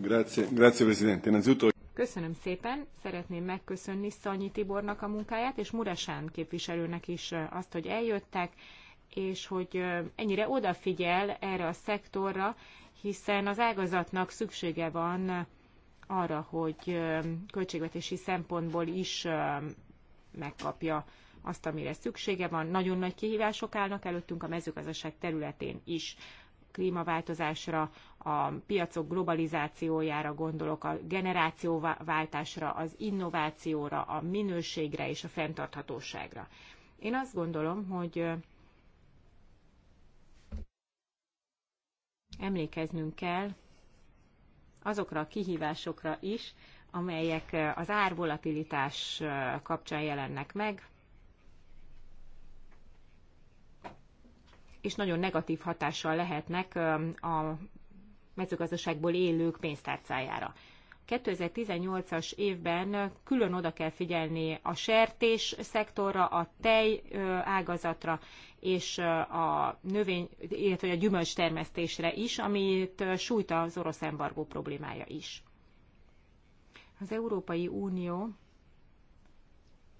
Grazie, grazie Presidente. Innanzitutto... Köszönöm szépen, szeretném megköszönni Szanyi Tibornak a munkáját, és Muresán képviselőnek is azt, hogy eljöttek és hogy ennyire odafigyel erre a szektorra, hiszen az ágazatnak szüksége van arra, hogy költségvetési szempontból is megkapja azt, amire szüksége van. Nagyon nagy kihívások állnak előttünk a mezőgazdaság területén is. Klímaváltozásra, a piacok globalizációjára gondolok, a generációváltásra, az innovációra, a minőségre és a fenntarthatóságra. Én azt gondolom, hogy emlékeznünk kell azokra a kihívásokra is, amelyek eh, az árvolatilitás eh, kapcsán jelennek meg, és nagyon negatív hatással lehetnek eh, a mezőgazdaságból élők pénztárcájára. 2018-as évben külön oda kell figyelni a sertés szektorra, a tej ágazatra és a növény, illetve a gyümölcs termesztésre is, amit sújt az orosz embargó problémája is. Az Európai Unió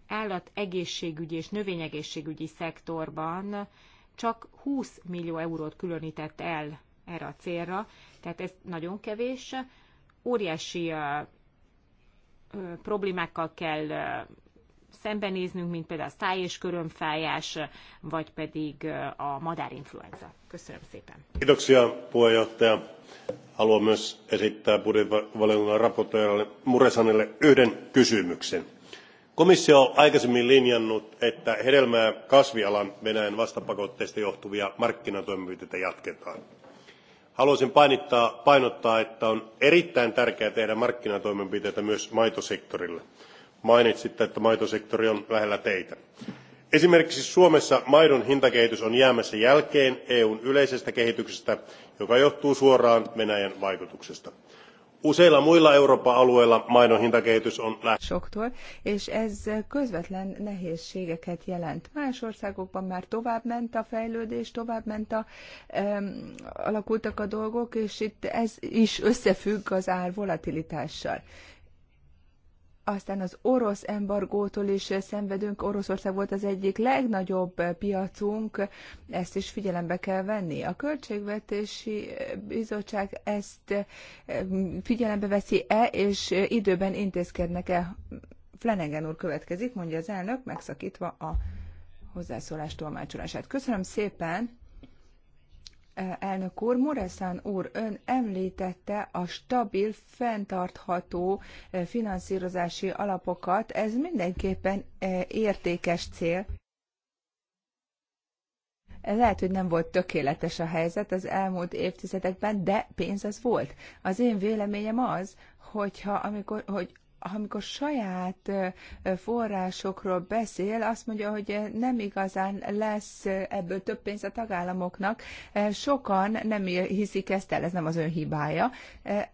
állategészségügyi és növényegészségügyi szektorban csak 20 millió eurót különített el erre a célra, tehát ez nagyon kevés, óriási problémákkal kell szembenéznünk, mint például a száj és körömfájás, vagy pedig a madárinfluenza. Köszönöm szépen. Kiitoksia puheenjohtaja. Haluan myös esittää budjettivaliokunnan raportoijalle Muresanille yhden kysymyksen. Komissio on aikaisemmin linjannut, että hedelmää kasvialan Venäjän vastapakotteista johtuvia markkinatoimenpiteitä jatketaan haluaisin painittaa, painottaa, että on erittäin tärkeää tehdä markkinatoimenpiteitä myös maitosektorilla. Mainitsitte, että maitosektori on lähellä teitä. Esimerkiksi Suomessa maidon hintakehitys on jäämässä jälkeen EUn yleisestä kehityksestä, joka johtuu suoraan Venäjän vaikutuksesta. Useilla muilla Euroopan alueilla maidon hintakehitys on Soktól, és ez közvetlen nehézségeket jelent. Más országokban már tovább ment a fejlődés, tovább ment a, um, alakultak a dolgok, és itt ez is összefügg az ár volatilitással. Aztán az orosz embargótól is szenvedünk, Oroszország volt az egyik legnagyobb piacunk, ezt is figyelembe kell venni. A Költségvetési Bizottság ezt eh, figyelembe veszi-e, és időben intézkednek-e? Flanagan úr következik, mondja az elnök, megszakítva a hozzászólás tolmácsolását. Köszönöm szépen! elnök úr, Moreszán úr, ön említette a stabil, fenntartható eh, finanszírozási alapokat. Ez mindenképpen eh, értékes cél. Lehet, hogy nem volt tökéletes a helyzet az elmúlt évtizedekben, de pénz az volt. Az én véleményem az, hogyha amikor, hogy amikor saját forrásokról beszél, azt mondja, hogy nem igazán lesz ebből több pénz a tagállamoknak. Sokan nem hiszik ezt el, ez nem az ön hibája.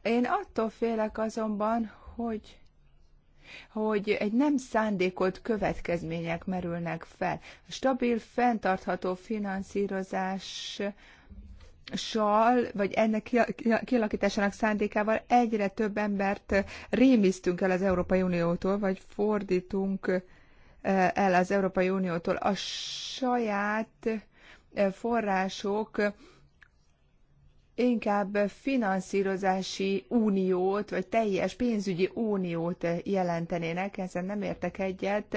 Én attól félek azonban, hogy hogy egy nem szándékolt következmények merülnek fel. Stabil, fenntartható finanszírozás sal, vagy ennek kialakításának szándékával egyre több embert rémisztünk el az Európai Uniótól, vagy fordítunk eh, el az Európai Uniótól. A saját eh, források inkább finanszírozási uniót, vagy teljes pénzügyi uniót jelentenének, ezen nem értek egyet.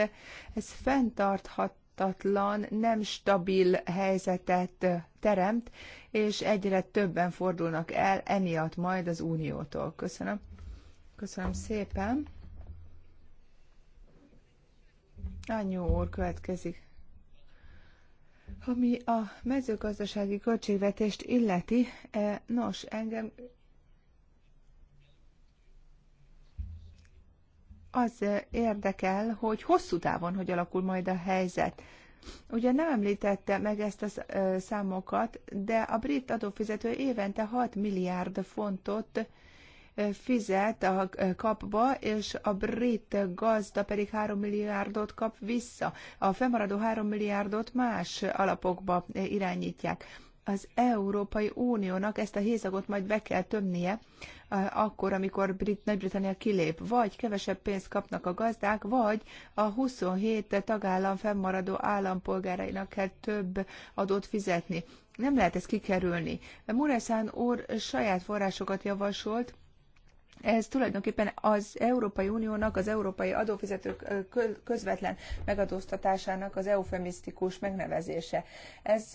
Ez fenntarthat átláthatatlan, nem stabil helyzetet teremt, és egyre többen fordulnak el emiatt majd az Uniótól. Köszönöm. Köszönöm szépen. Anyó úr következik. Ami a mezőgazdasági költségvetést illeti, eh, nos, engem az érdekel, hogy hosszú távon hogy alakul majd a helyzet. Ugye nem említette meg ezt a számokat, de a brit adófizető évente 6 milliárd fontot fizet a kapba, és a brit gazda pedig 3 milliárdot kap vissza. A fennmaradó 3 milliárdot más alapokba irányítják az Európai Uniónak ezt a hézagot majd be kell tömnie, akkor, amikor Brit, Nagy-Britannia kilép, vagy kevesebb pénzt kapnak a gazdák, vagy a 27 tagállam fennmaradó állampolgárainak kell több adót fizetni. Nem lehet ezt kikerülni. Mureszán úr saját forrásokat javasolt, ez tulajdonképpen az Európai Uniónak, az európai adófizetők közvetlen megadóztatásának az eufemisztikus megnevezése. Ez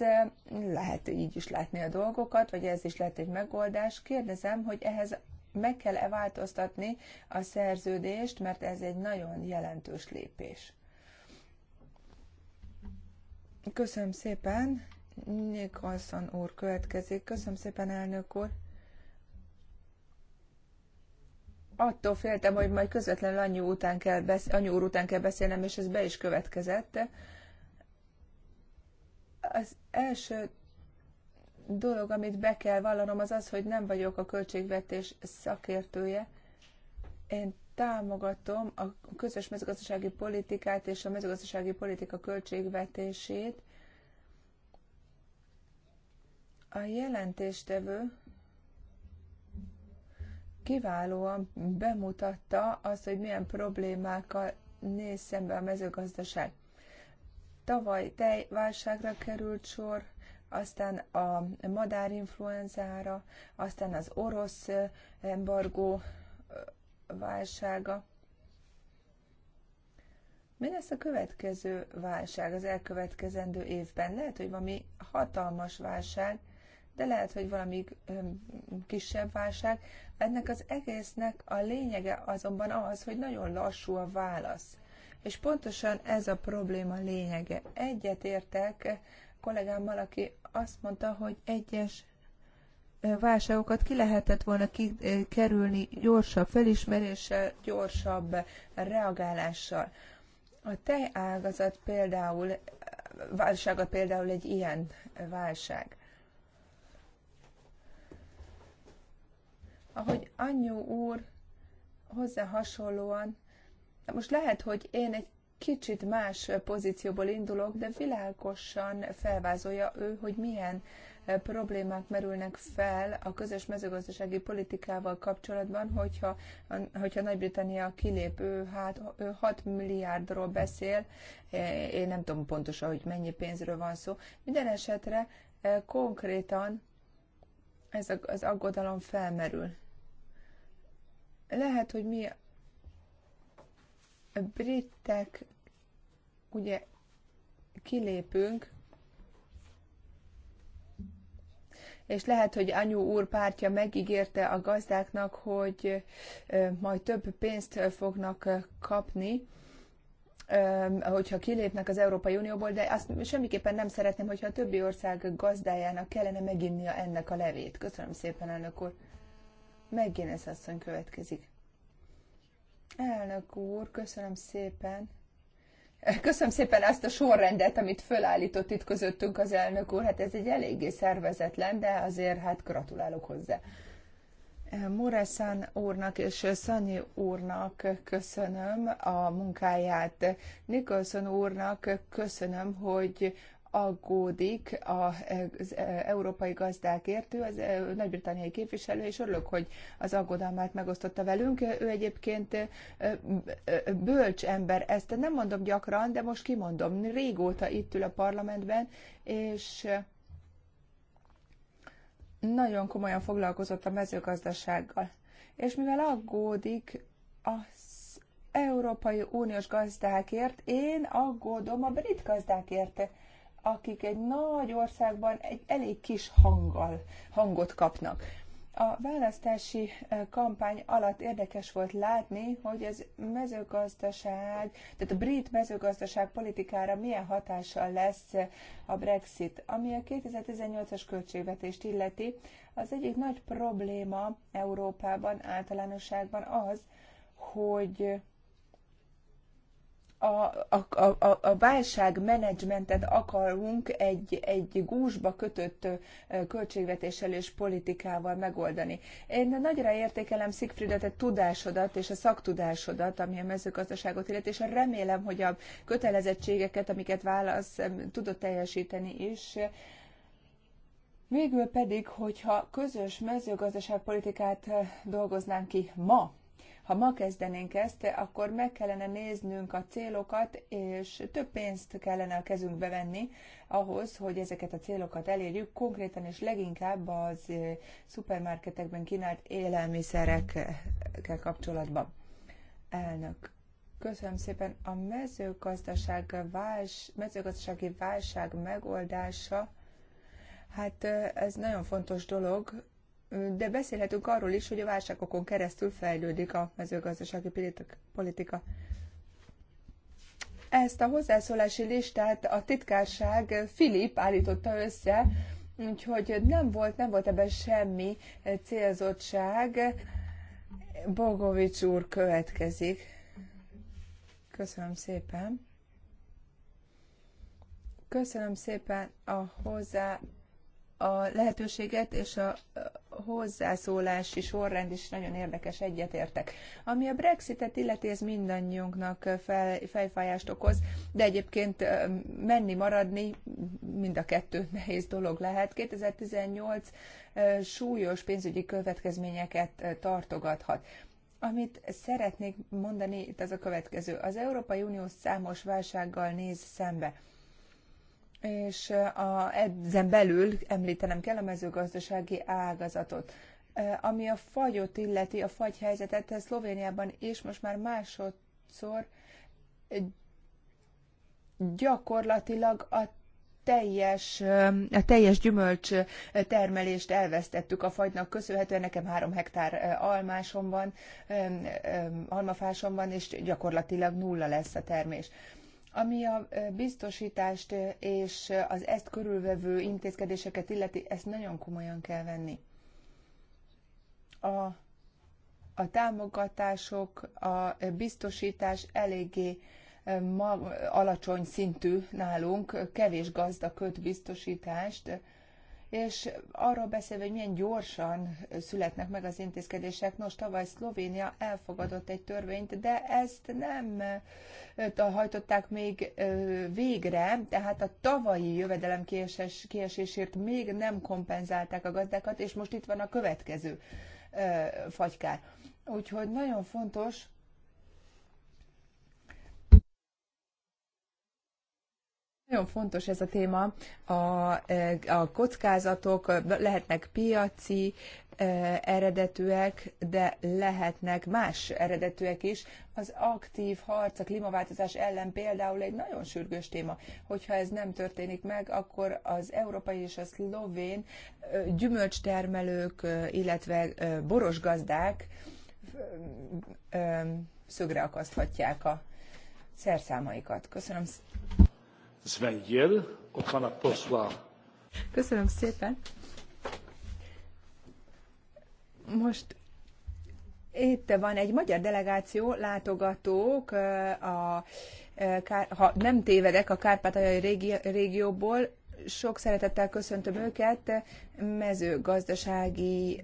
lehet így is látni a dolgokat, vagy ez is lehet egy megoldás. Kérdezem, hogy ehhez meg kell-e változtatni a szerződést, mert ez egy nagyon jelentős lépés. Köszönöm szépen. Nikolson úr következik. Köszönöm szépen, elnök úr. attól féltem, hogy majd közvetlenül anyu, után kell besz- anyu úr után kell beszélnem, és ez be is következett. Az első dolog, amit be kell vallanom, az az, hogy nem vagyok a költségvetés szakértője. Én támogatom a közös mezőgazdasági politikát és a mezőgazdasági politika költségvetését. A jelentéstevő kiválóan bemutatta azt, hogy milyen problémákkal néz szembe a mezőgazdaság. Tavaly tejválságra került sor, aztán a madárinfluenzára, aztán az orosz embargó válsága. Mi lesz a következő válság az elkövetkezendő évben? Lehet, hogy valami hatalmas válság, de lehet, hogy valami kisebb válság. Ennek az egésznek a lényege azonban az, hogy nagyon lassú a válasz. És pontosan ez a probléma lényege. Egyet értek kollégámmal, aki azt mondta, hogy egyes válságokat ki lehetett volna kerülni gyorsabb felismeréssel, gyorsabb reagálással. A tejágazat például, válsága például egy ilyen válság. ahogy Anyó úr hozzá hasonlóan, most lehet, hogy én egy kicsit más pozícióból indulok, de világosan felvázolja ő, hogy milyen e, problémák merülnek fel a közös mezőgazdasági politikával kapcsolatban, hogyha, hogyha Nagy-Britannia kilép, ő, hát, ő 6 milliárdról beszél, e, én nem tudom pontosan, hogy mennyi pénzről van szó. Minden esetre e, konkrétan ez az aggodalom felmerül. Lehet, hogy mi a britek ugye kilépünk, és lehet, hogy Anyu úr pártja megígérte a gazdáknak, hogy majd több pénzt fognak kapni, hogyha kilépnek az Európai Unióból, de azt semmiképpen nem szeretném, hogyha a többi ország gazdájának kellene meginnia ennek a levét. Köszönöm szépen, elnök úr. Meggénez asszony következik. Elnök úr, köszönöm szépen. Köszönöm szépen azt a sorrendet, amit fölállított itt közöttünk az elnök úr. Hát ez egy eléggé szervezetlen, de azért hát gratulálok hozzá. Moreszán úrnak és Szanyi úrnak köszönöm a munkáját. Nicholson úrnak köszönöm, hogy aggódik az e, európai gazdákért, ő az e, nagy-britanniai képviselő, és örülök, hogy az aggodalmát megosztotta velünk. Ő egyébként e, bölcs ember, ezt nem mondom gyakran, de most kimondom. Régóta itt ül a parlamentben, és nagyon komolyan foglalkozott a mezőgazdasággal. És mivel aggódik az Európai Uniós gazdákért, én aggódom a brit gazdákért akik egy nagy országban egy elég kis hanggal, hangot kapnak. A választási e, kampány alatt érdekes volt látni, hogy ez mezőgazdaság, tehát a brit mezőgazdaság politikára milyen hatással lesz a Brexit. Ami a 2018-as költségvetést illeti, az egyik nagy probléma Európában általánosságban az, hogy a, a, a, a válságmenedzsmentet akarunk egy, egy gúzsba kötött költségvetéssel és politikával megoldani. Én nagyra értékelem Szigfriedet a tudásodat és a szaktudásodat, ami a mezőgazdaságot illeti, és remélem, hogy a kötelezettségeket, amiket válasz, tudod teljesíteni is. Végül pedig, hogyha közös mezőgazdaságpolitikát dolgoznánk ki ma, ha ma kezdenénk ezt, akkor meg kellene néznünk a célokat, és több pénzt kellene a kezünkbe venni ahhoz, hogy ezeket a célokat elérjük, konkrétan és leginkább az eh, szupermarketekben kínált élelmiszerekkel kapcsolatban. Elnök. Köszönöm szépen. A mezőgazdaság váls, mezőgazdasági válság megoldása, hát eh, ez nagyon fontos dolog, de beszélhetünk arról is, hogy a válságokon keresztül fejlődik a mezőgazdasági politika. Ezt a hozzászólási listát a titkárság Filip állította össze, úgyhogy nem volt, nem volt ebben semmi célzottság. Bogovics úr következik. Köszönöm szépen. Köszönöm szépen a hozzá a lehetőséget, és a hozzászólási sorrend is nagyon érdekes, egyetértek. Ami a Brexitet illeti, ez mindannyiunknak fel, fejfájást okoz, de egyébként menni, maradni mind a kettő nehéz dolog lehet. 2018 súlyos pénzügyi következményeket tartogathat. Amit szeretnék mondani, itt az a következő. Az Európai Unió számos válsággal néz szembe és a, ezen belül említenem kell a mezőgazdasági ágazatot. Ami a fagyot illeti, a fagyhelyzetet helyzetet, Szlovéniában és most már másodszor gyakorlatilag a teljes, a teljes gyümölcs termelést elvesztettük a fagynak köszönhetően. Nekem három hektár almásom van, almafásom van, és gyakorlatilag nulla lesz a termés. Ami a biztosítást és az ezt körülvevő intézkedéseket illeti, ezt nagyon komolyan kell venni. A, a támogatások, a biztosítás eléggé ma, alacsony szintű nálunk, kevés gazda köt biztosítást, és arról beszélve, hogy milyen gyorsan születnek meg az intézkedések. Nos, tavaly Szlovénia elfogadott egy törvényt, de ezt nem hajtották még végre, tehát a tavalyi jövedelem kieses, kiesésért még nem kompenzálták a gazdákat, és most itt van a következő fagykár. Úgyhogy nagyon fontos, Nagyon fontos ez a téma. A, eh, a kockázatok lehetnek piaci eh, eredetűek, de lehetnek más eredetűek is. Az aktív harc a klímaváltozás ellen például egy nagyon sürgős téma. Hogyha ez nem történik meg, akkor az európai és a szlovén eh, gyümölcstermelők, illetve borosgazdák szögre akaszthatják a szerszámaikat. Köszönöm z Węgier, od pana posła. Köszönöm szépen. Most itt van egy magyar delegáció, látogatók, a, a, ha nem tévedek, a Kárpátaljai régióból, sok szeretettel köszöntöm őket, mezőgazdasági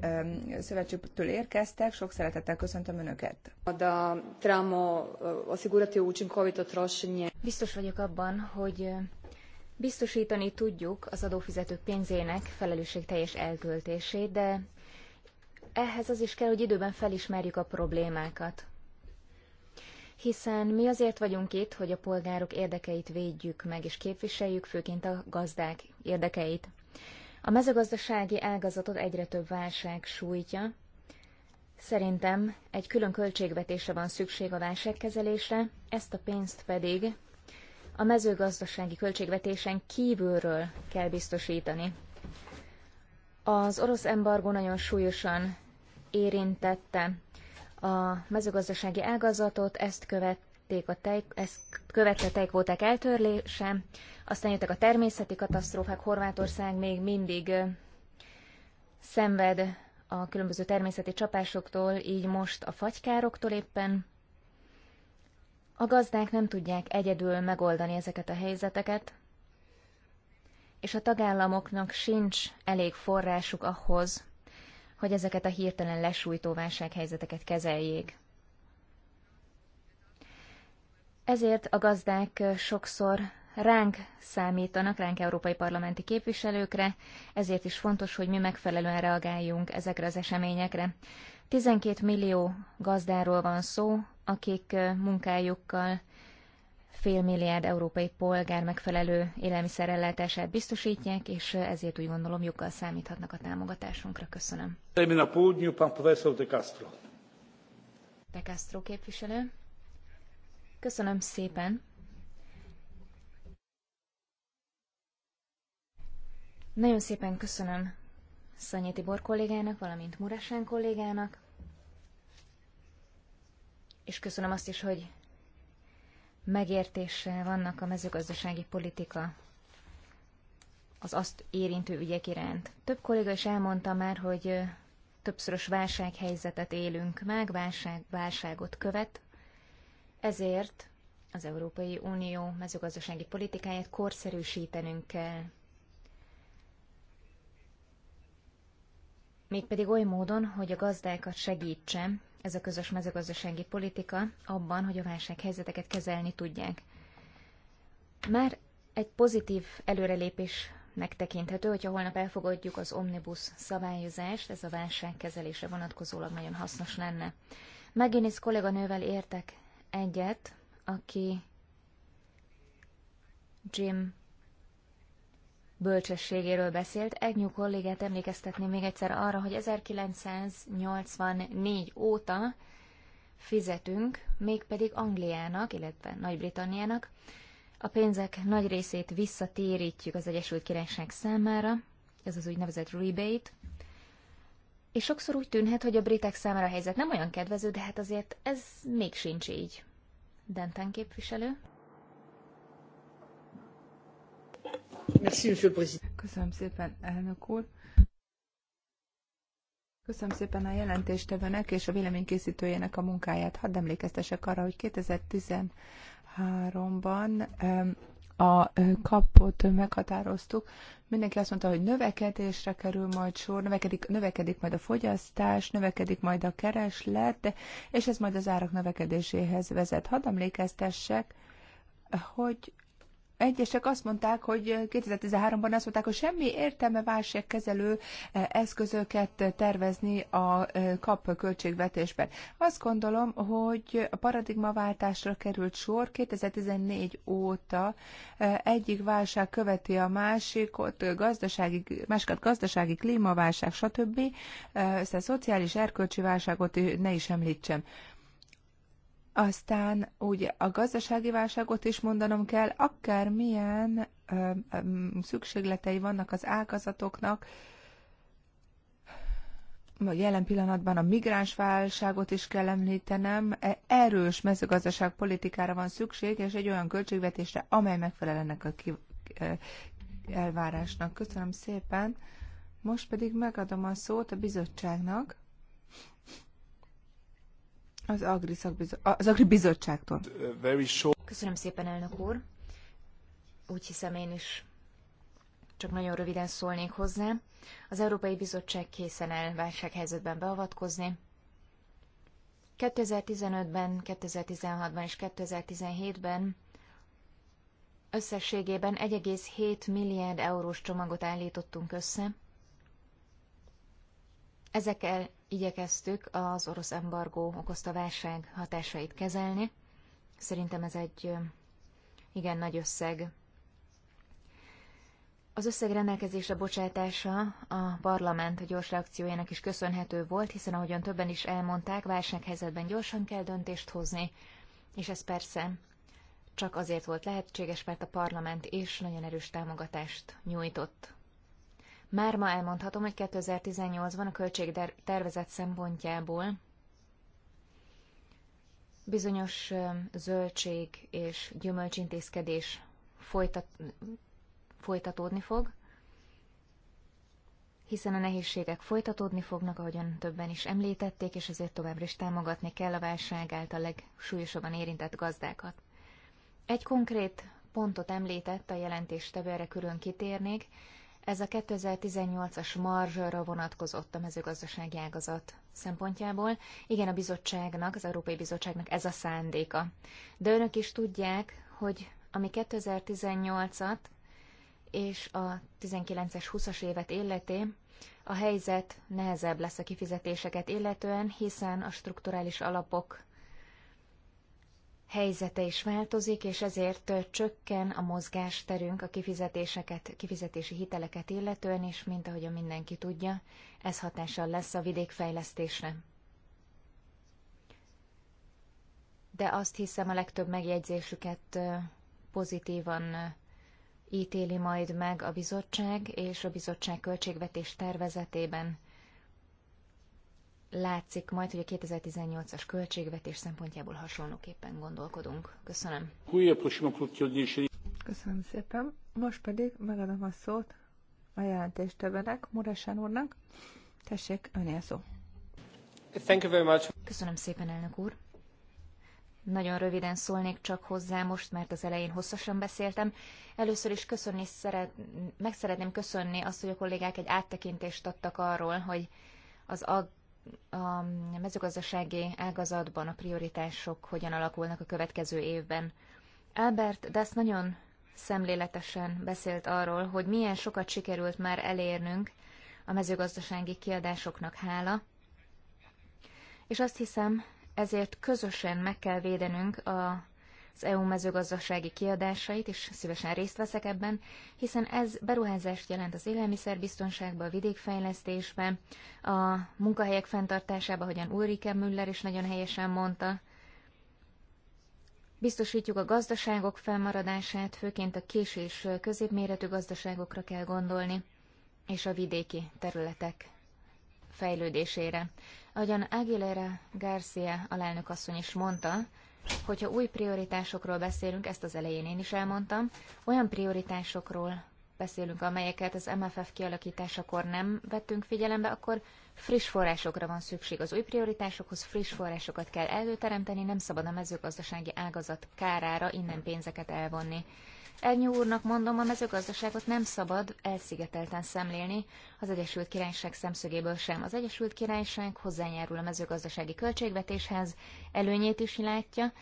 szövetségtől érkeztek, sok szeretettel köszöntöm Önöket. Da trebamo eh, osigurati učinkovito trošenje. Biztos vagyok abban, hogy eh, biztosítani tudjuk az adófizetők pénzének felelősségteljes elköltését, de ehhez az is kell, hogy időben felismerjük a problémákat hiszen mi azért vagyunk itt, hogy a polgárok érdekeit védjük meg és képviseljük, főként a gazdák érdekeit. A mezőgazdasági ágazatot egyre több válság sújtja. Szerintem egy külön költségvetésre van szükség a válságkezelésre, ezt a pénzt pedig a mezőgazdasági költségvetésen kívülről kell biztosítani. Az orosz embargó nagyon súlyosan érintette a mezőgazdasági ágazatot, ezt követték a tej, ezt követte a tejkvóták eltörlése, aztán jöttek a természeti katasztrófák, Horvátország még mindig szenved a különböző természeti csapásoktól, így most a fagykároktól éppen. A gazdák nem tudják egyedül megoldani ezeket a helyzeteket, és a tagállamoknak sincs elég forrásuk ahhoz, hogy ezeket a hirtelen lesújtó válsághelyzeteket kezeljék. Ezért a gazdák sokszor ránk számítanak, ránk európai parlamenti képviselőkre, ezért is fontos, hogy mi megfelelően reagáljunk ezekre az eseményekre. 12 millió gazdáról van szó, akik munkájukkal fél milliárd európai polgár megfelelő élelmiszerellátását biztosítják, és ezért úgy gondolom joggal számíthatnak a támogatásunkra. Köszönöm. de Castro. De Castro képviselő. Köszönöm szépen. Nagyon szépen köszönöm Szanyi Tibor kollégának, valamint Murásán kollégának, és köszönöm azt is, hogy megértéssel vannak a mezőgazdasági politika az azt érintő ügyek iránt. Több kolléga is elmondta már, hogy többszörös válsághelyzetet élünk meg, válság, válságot követ, ezért az Európai Unió mezőgazdasági politikáját korszerűsítenünk kell. Mégpedig oly módon, hogy a gazdákat segítse ez a közös mezőgazdasági politika abban, hogy a válsághelyzeteket kezelni tudják. Már egy pozitív előrelépésnek tekinthető, hogyha holnap elfogadjuk az omnibus szabályozást, ez a kezelése vonatkozólag nagyon hasznos lenne. Megénész kolléganővel értek egyet, aki Jim bölcsességéről beszélt. Egnyú kollégát emlékeztetném még egyszer arra, hogy 1984 óta fizetünk, mégpedig Angliának, illetve Nagy-Britanniának. A pénzek nagy részét visszatérítjük az Egyesült Királyság számára, ez az úgynevezett rebate, és sokszor úgy tűnhet, hogy a britek számára a helyzet nem olyan kedvező, de hát azért ez még sincs így. Denten képviselő. Merci, Monsieur le Président. Köszönöm szépen, elnök úr. Köszönöm szépen a jelentéstevőnek és a véleménykészítőjének a munkáját. Hadd emlékeztesek arra, hogy 2013-ban a kapot meghatároztuk. Mindenki azt mondta, hogy növekedésre kerül majd sor, növekedik, növekedik majd a fogyasztás, növekedik majd a kereslet, és ez majd az árak növekedéséhez vezet. Hadd emlékeztessek, hogy Egyesek azt mondták, hogy 2013-ban azt mondták, hogy semmi értelme válságkezelő eh, eszközöket tervezni a eh, kap költségvetésben. Azt gondolom, hogy a paradigmaváltásra került sor 2014 óta eh, egyik válság követi a másikot, gazdasági, másikat gazdasági klímaválság, stb. Ezt a szociális erkölcsi válságot ne is említsem. Aztán ugye a gazdasági válságot is mondanom kell, akármilyen ö, ö, szükségletei vannak az ágazatoknak, jelen pillanatban a migráns válságot is kell említenem, e, erős mezőgazdaságpolitikára van szükség, és egy olyan költségvetésre, amely megfelel ennek a ki, elvárásnak. Köszönöm szépen. Most pedig megadom a szót a bizottságnak az Agri, Szakbizo- az Agri Bizottságtól. Köszönöm szépen, elnök úr. Úgy hiszem én is csak nagyon röviden szólnék hozzá. Az Európai Bizottság készen áll válsághelyzetben beavatkozni. 2015-ben, 2016-ban és 2017-ben összességében 1,7 milliárd eurós csomagot állítottunk össze – Ezekkel igyekeztük az orosz embargó okozta válság hatásait kezelni. Szerintem ez egy igen nagy összeg. Az összeg rendelkezésre bocsátása a parlament gyors reakciójának is köszönhető volt, hiszen ahogyan többen is elmondták, válsághelyzetben gyorsan kell döntést hozni, és ez persze csak azért volt lehetséges, mert a parlament is nagyon erős támogatást nyújtott már ma elmondhatom, hogy 2018-ban a költségtervezet szempontjából bizonyos zöldség és gyümölcsintézkedés folytat, folytatódni fog, hiszen a nehézségek folytatódni fognak, ahogyan többen is említették, és ezért továbbra is támogatni kell a válság által legsúlyosabban érintett gazdákat. Egy konkrét pontot említett a jelentéstevő, erre külön kitérnék, ez a 2018-as marzsra vonatkozott a mezőgazdasági ágazat szempontjából. Igen, a bizottságnak, az Európai Bizottságnak ez a szándéka. De önök is tudják, hogy ami 2018-at és a 19-es 20-as évet illeti, a helyzet nehezebb lesz a kifizetéseket illetően, hiszen a strukturális alapok helyzete is változik, és ezért csökken a mozgásterünk a kifizetéseket, kifizetési hiteleket illetően, és mint ahogy mindenki tudja, ez hatással lesz a vidékfejlesztésre. De azt hiszem a legtöbb megjegyzésüket pozitívan ítéli majd meg a bizottság, és a bizottság költségvetés tervezetében látszik majd, hogy a 2018-as költségvetés szempontjából hasonlóképpen gondolkodunk. Köszönöm. Köszönöm szépen. Most pedig megadom a szót a jelentéstevőnek, Muresán úrnak. Tessék, önél szó. Thank you very much. Köszönöm szépen, elnök úr. Nagyon röviden szólnék csak hozzá most, mert az elején hosszasan beszéltem. Először is köszönni szeret, meg szeretném köszönni azt, hogy a kollégák egy áttekintést adtak arról, hogy az ag a mezőgazdasági ágazatban a prioritások hogyan alakulnak a következő évben. Albert Dasz nagyon szemléletesen beszélt arról, hogy milyen sokat sikerült már elérnünk a mezőgazdasági kiadásoknak hála, és azt hiszem, ezért közösen meg kell védenünk a az EU mezőgazdasági kiadásait, és szívesen részt veszek ebben, hiszen ez beruházást jelent az élelmiszerbiztonságba, a vidékfejlesztésbe, a munkahelyek fenntartásába, hogyan Ulrike Müller is nagyon helyesen mondta. Biztosítjuk a gazdaságok felmaradását, főként a kis és középméretű gazdaságokra kell gondolni, és a vidéki területek fejlődésére. Ahogyan Aguilera Garcia alelnök asszony is mondta, hogyha új prioritásokról beszélünk, ezt az elején én is elmondtam, olyan prioritásokról beszélünk, amelyeket az MFF kialakításakor nem vettünk figyelembe, akkor friss forrásokra van szükség. Az új prioritásokhoz friss forrásokat kell előteremteni, nem szabad a mezőgazdasági ágazat kárára innen pénzeket elvonni. Ernyő úrnak mondom, a mezőgazdaságot nem szabad elszigetelten szemlélni, az Egyesült Királyság szemszögéből sem. Az Egyesült Királyság hozzájárul a mezőgazdasági költségvetéshez, előnyét is látja,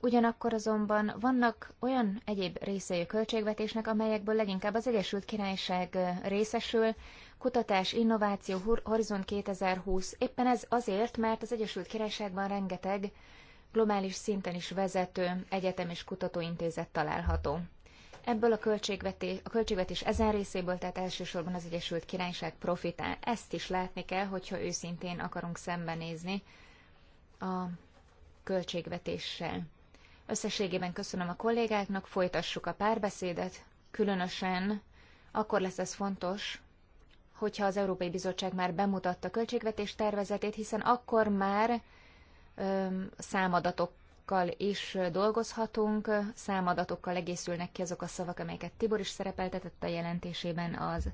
Ugyanakkor azonban vannak olyan egyéb részei a költségvetésnek, amelyekből leginkább az Egyesült Királyság részesül, kutatás, innováció, Horizon 2020, éppen ez azért, mert az Egyesült Királyságban rengeteg globális szinten is vezető egyetem és kutatóintézet található. Ebből a költségvetés, a költségvetés ezen részéből, tehát elsősorban az Egyesült Királyság profitál. Ezt is látni kell, hogyha őszintén akarunk szembenézni a költségvetéssel. Összességében köszönöm a kollégáknak, folytassuk a párbeszédet, különösen akkor lesz ez fontos, hogyha az Európai Bizottság már bemutatta a költségvetés tervezetét, hiszen akkor már öm, számadatok adatokkal is dolgozhatunk. Számadatokkal egészülnek ki azok a szavak, amelyeket Tibor is szerepeltetett a jelentésében az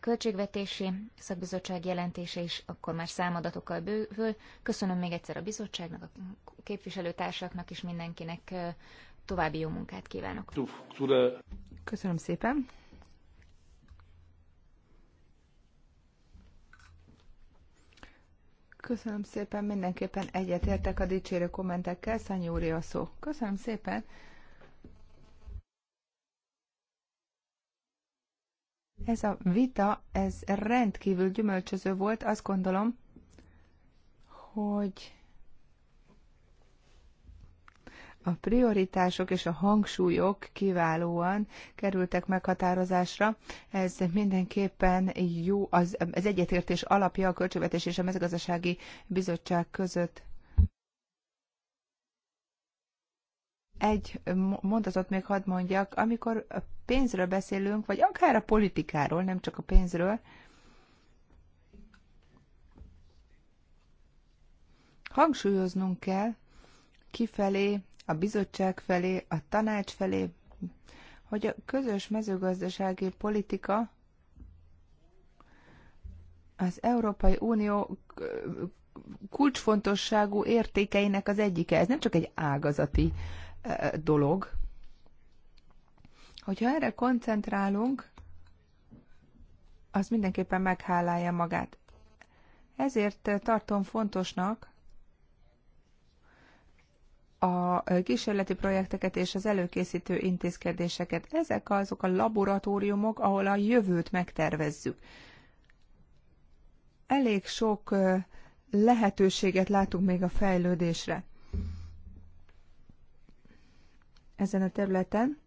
költségvetési szakbizottság jelentése is, akkor már számadatokkal bővül. Köszönöm még egyszer a bizottságnak, a képviselőtársaknak és mindenkinek további jó munkát kívánok. Köszönöm szépen. Köszönöm szépen, mindenképpen egyetértek a dicsérő kommentekkel. Szanyi úr a szó. Köszönöm szépen. Ez a vita, ez rendkívül gyümölcsöző volt, azt gondolom, hogy a prioritások és a hangsúlyok kiválóan kerültek meghatározásra. Ez mindenképpen jó, az, az egyetértés alapja a Költségvetés és a Mezőgazdasági Bizottság között. Egy mondatot még hadd mondjak, amikor a pénzről beszélünk, vagy akár a politikáról, nem csak a pénzről, hangsúlyoznunk kell kifelé a bizottság felé, a tanács felé, hogy a közös mezőgazdasági politika az Európai Unió kulcsfontosságú értékeinek az egyike. Ez nem csak egy ágazati dolog. Hogyha erre koncentrálunk, az mindenképpen meghálálja magát. Ezért tartom fontosnak, a kísérleti projekteket és az előkészítő intézkedéseket. Ezek azok a laboratóriumok, ahol a jövőt megtervezzük. Elég sok lehetőséget látunk még a fejlődésre ezen a területen.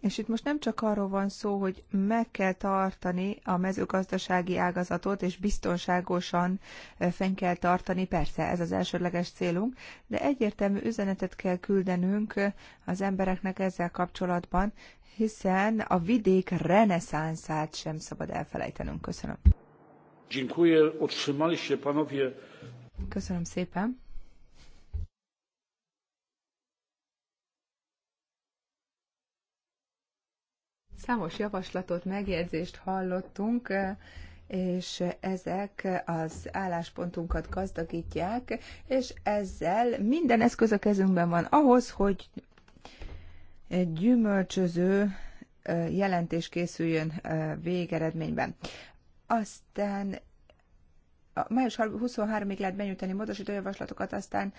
És itt most nem csak arról van szó, hogy meg kell tartani a mezőgazdasági ágazatot, és biztonságosan fenn kell tartani, persze ez az elsődleges célunk, de egyértelmű üzenetet kell küldenünk az embereknek ezzel kapcsolatban, hiszen a vidék reneszánszát sem szabad elfelejtenünk. Köszönöm. Köszönöm szépen. Számos javaslatot, megjegyzést hallottunk, és ezek az álláspontunkat gazdagítják, és ezzel minden eszköz a kezünkben van ahhoz, hogy egy gyümölcsöző jelentés készüljön végeredményben. Aztán május 23-ig lehet benyújtani módosító javaslatokat, aztán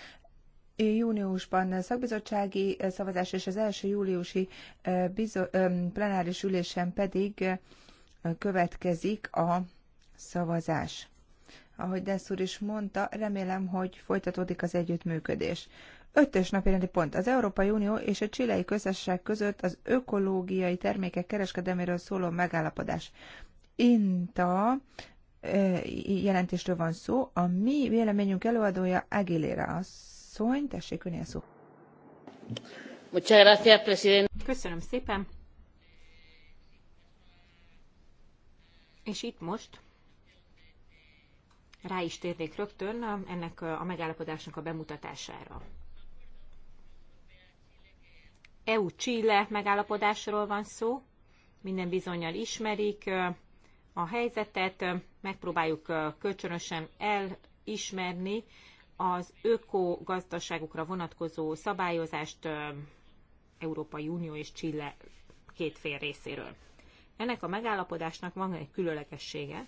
júniusban szakbizottsági eh, szavazás és az első júliusi eh, eh, plenáris ülésen pedig következik a szavazás. Ahogy Dessz úr is mondta, remélem, hogy folytatódik az együttműködés. Ötös napirendi pont. Az Európai Unió és a Csilei Közösség között az ökológiai termékek kereskedelméről szóló megállapodás. Inta jelentéstől van szó. A mi véleményünk előadója Agilera, az asszony, tessék önél szó. Köszönöm szépen. És itt most rá is térnék rögtön ennek a megállapodásnak a bemutatására. EU-Chile megállapodásról van szó, minden bizonyal ismerik a helyzetet, megpróbáljuk kölcsönösen elismerni az ökogazdaságukra vonatkozó szabályozást Európai Unió és Chile két fél részéről. Ennek a megállapodásnak van egy különlegessége.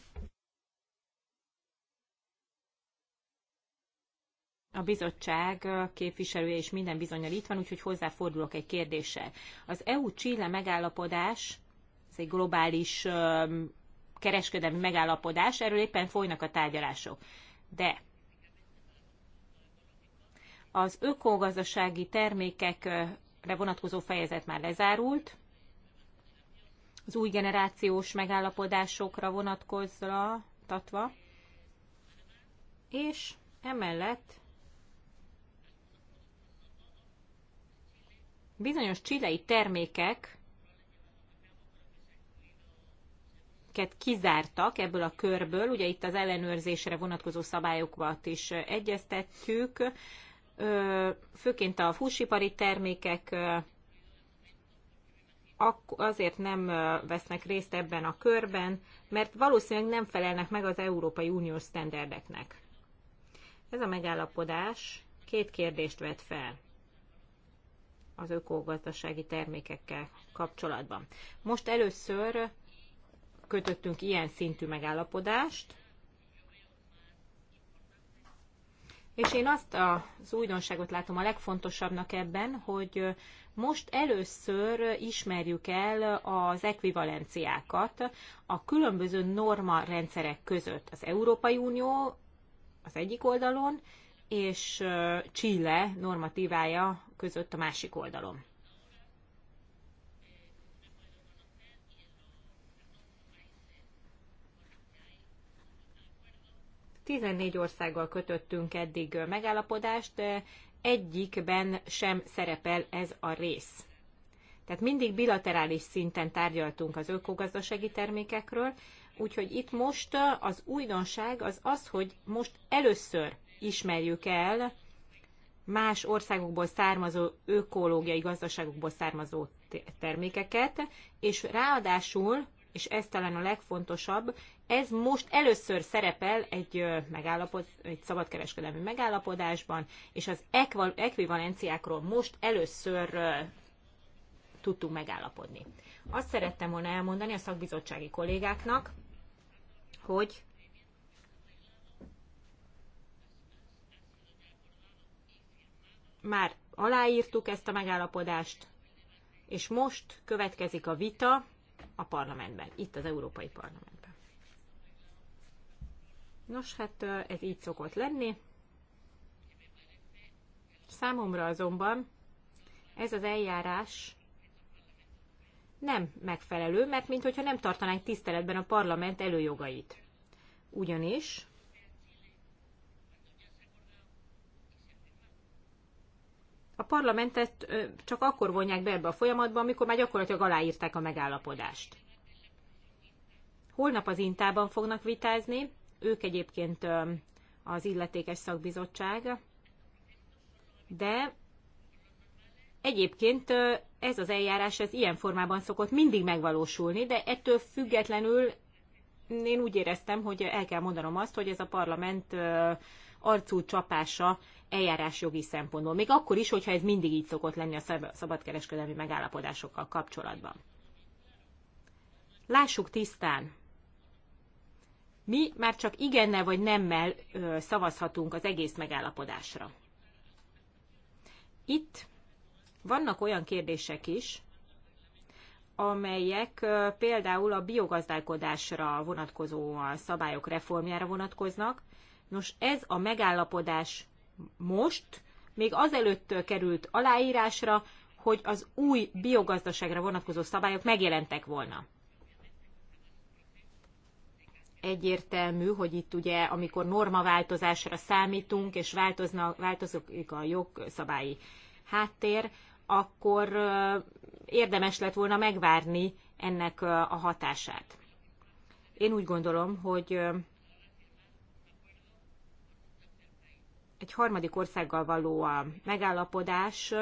A bizottság képviselője is minden bizonyal itt van, úgyhogy hozzáfordulok egy kérdéssel. Az EU-Chile megállapodás, ez egy globális kereskedelmi megállapodás, erről éppen folynak a tárgyalások. De az ökogazdasági termékekre vonatkozó fejezet már lezárult, az új generációs megállapodásokra vonatkozva, tatva, és emellett bizonyos csilei termékek kizártak ebből a körből, ugye itt az ellenőrzésre vonatkozó szabályokat is egyeztettük, főként a húsipari termékek azért nem vesznek részt ebben a körben, mert valószínűleg nem felelnek meg az Európai Uniós sztenderdeknek. Ez a megállapodás két kérdést vet fel az ökogazdasági termékekkel kapcsolatban. Most először kötöttünk ilyen szintű megállapodást, És én azt az újdonságot látom a legfontosabbnak ebben, hogy most először ismerjük el az ekvivalenciákat a különböző norma rendszerek között. Az Európai Unió az egyik oldalon, és Chile normatívája között a másik oldalon. 14 országgal kötöttünk eddig megállapodást, egyikben sem szerepel ez a rész. Tehát mindig bilaterális szinten tárgyaltunk az ökogazdasági termékekről, úgyhogy itt most az újdonság az az, hogy most először ismerjük el más országokból származó, ökológiai gazdaságokból származó termékeket, és ráadásul és ez talán a legfontosabb, ez most először szerepel egy, megállapod, egy szabadkereskedelmi megállapodásban, és az ekvivalenciákról most először tudtunk megállapodni. Azt szerettem volna elmondani a szakbizottsági kollégáknak, hogy már aláírtuk ezt a megállapodást, és most következik a vita a parlamentben, itt az Európai Parlamentben. Nos, hát ez így szokott lenni. Számomra azonban ez az eljárás nem megfelelő, mert mintha nem tartanánk tiszteletben a parlament előjogait. Ugyanis a parlamentet csak akkor vonják be ebbe a folyamatba, amikor már gyakorlatilag aláírták a megállapodást. Holnap az Intában fognak vitázni, ők egyébként az illetékes szakbizottság, de egyébként ez az eljárás ez ilyen formában szokott mindig megvalósulni, de ettől függetlenül én úgy éreztem, hogy el kell mondanom azt, hogy ez a parlament arcú csapása eljárásjogi szempontból. Még akkor is, hogyha ez mindig így szokott lenni a szabadkereskedelmi megállapodásokkal kapcsolatban. Lássuk tisztán, mi már csak igennel vagy nemmel szavazhatunk az egész megállapodásra. Itt vannak olyan kérdések is, amelyek például a biogazdálkodásra vonatkozó szabályok reformjára vonatkoznak, Nos, ez a megállapodás most, még azelőtt került aláírásra, hogy az új biogazdaságra vonatkozó szabályok megjelentek volna. Egyértelmű, hogy itt ugye, amikor normaváltozásra számítunk, és változna, változik a jogszabályi háttér, akkor érdemes lett volna megvárni ennek a hatását. Én úgy gondolom, hogy egy harmadik országgal való a megállapodás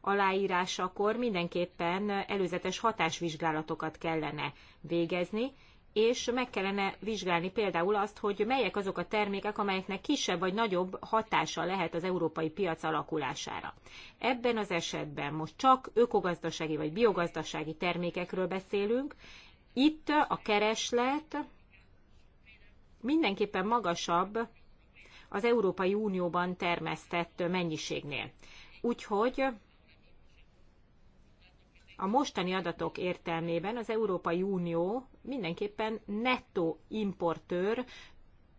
aláírásakor mindenképpen előzetes hatásvizsgálatokat kellene végezni, és meg kellene vizsgálni például azt, hogy melyek azok a termékek, amelyeknek kisebb vagy nagyobb hatása lehet az európai piac alakulására. Ebben az esetben most csak ökogazdasági vagy biogazdasági termékekről beszélünk. Itt a kereslet mindenképpen magasabb, az Európai Unióban termesztett mennyiségnél. Úgyhogy a mostani adatok értelmében az Európai Unió mindenképpen nettó importőr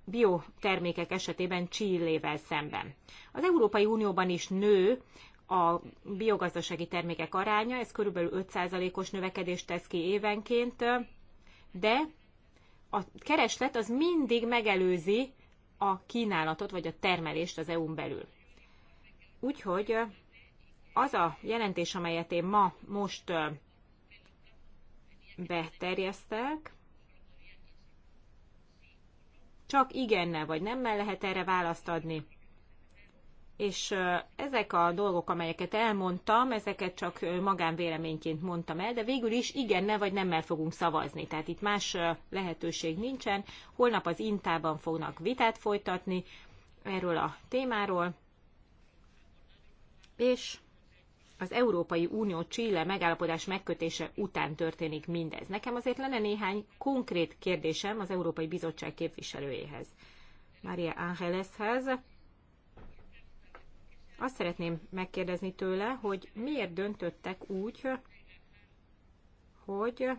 biotermékek esetében Csillével szemben. Az Európai Unióban is nő a biogazdasági termékek aránya, ez körülbelül 5%-os növekedést tesz ki évenként, de a kereslet az mindig megelőzi a kínálatot vagy a termelést az EU-n belül. Úgyhogy az a jelentés, amelyet én ma most beterjesztek, csak igennel vagy nemmel lehet erre választ adni és ezek a dolgok, amelyeket elmondtam, ezeket csak magánvéleményként mondtam el, de végül is igen, ne vagy nemmel fogunk szavazni. Tehát itt más lehetőség nincsen. Holnap az Intában fognak vitát folytatni erről a témáról. És az Európai Unió Chile megállapodás megkötése után történik mindez. Nekem azért lenne néhány konkrét kérdésem az Európai Bizottság képviselőjéhez. Maria Angeleshez azt szeretném megkérdezni tőle, hogy miért döntöttek úgy, hogy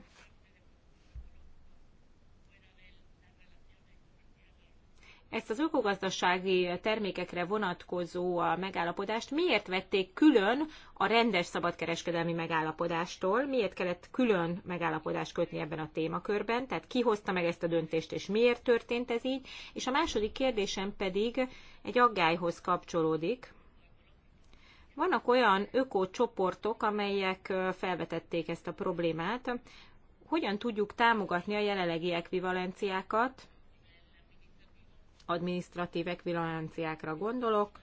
ezt az ökogazdasági termékekre vonatkozó a megállapodást miért vették külön a rendes szabadkereskedelmi megállapodástól, miért kellett külön megállapodást kötni ebben a témakörben, tehát ki hozta meg ezt a döntést, és miért történt ez így, és a második kérdésem pedig egy aggályhoz kapcsolódik, vannak olyan ökocsoportok, amelyek felvetették ezt a problémát. Hogyan tudjuk támogatni a jelenlegi ekvivalenciákat? Administratív ekvivalenciákra gondolok.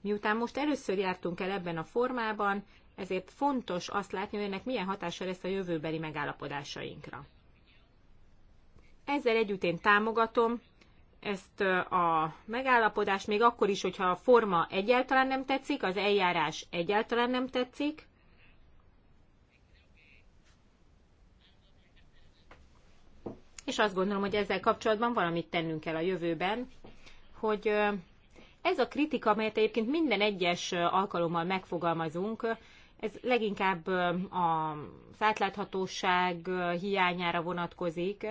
Miután most először jártunk el ebben a formában, ezért fontos azt látni, hogy ennek milyen hatása lesz a jövőbeli megállapodásainkra. Ezzel együtt én támogatom ezt a megállapodást, még akkor is, hogyha a forma egyáltalán nem tetszik, az eljárás egyáltalán nem tetszik. És azt gondolom, hogy ezzel kapcsolatban valamit tennünk kell a jövőben, hogy ez a kritika, amelyet egyébként minden egyes alkalommal megfogalmazunk, ez leginkább az átláthatóság hiányára vonatkozik,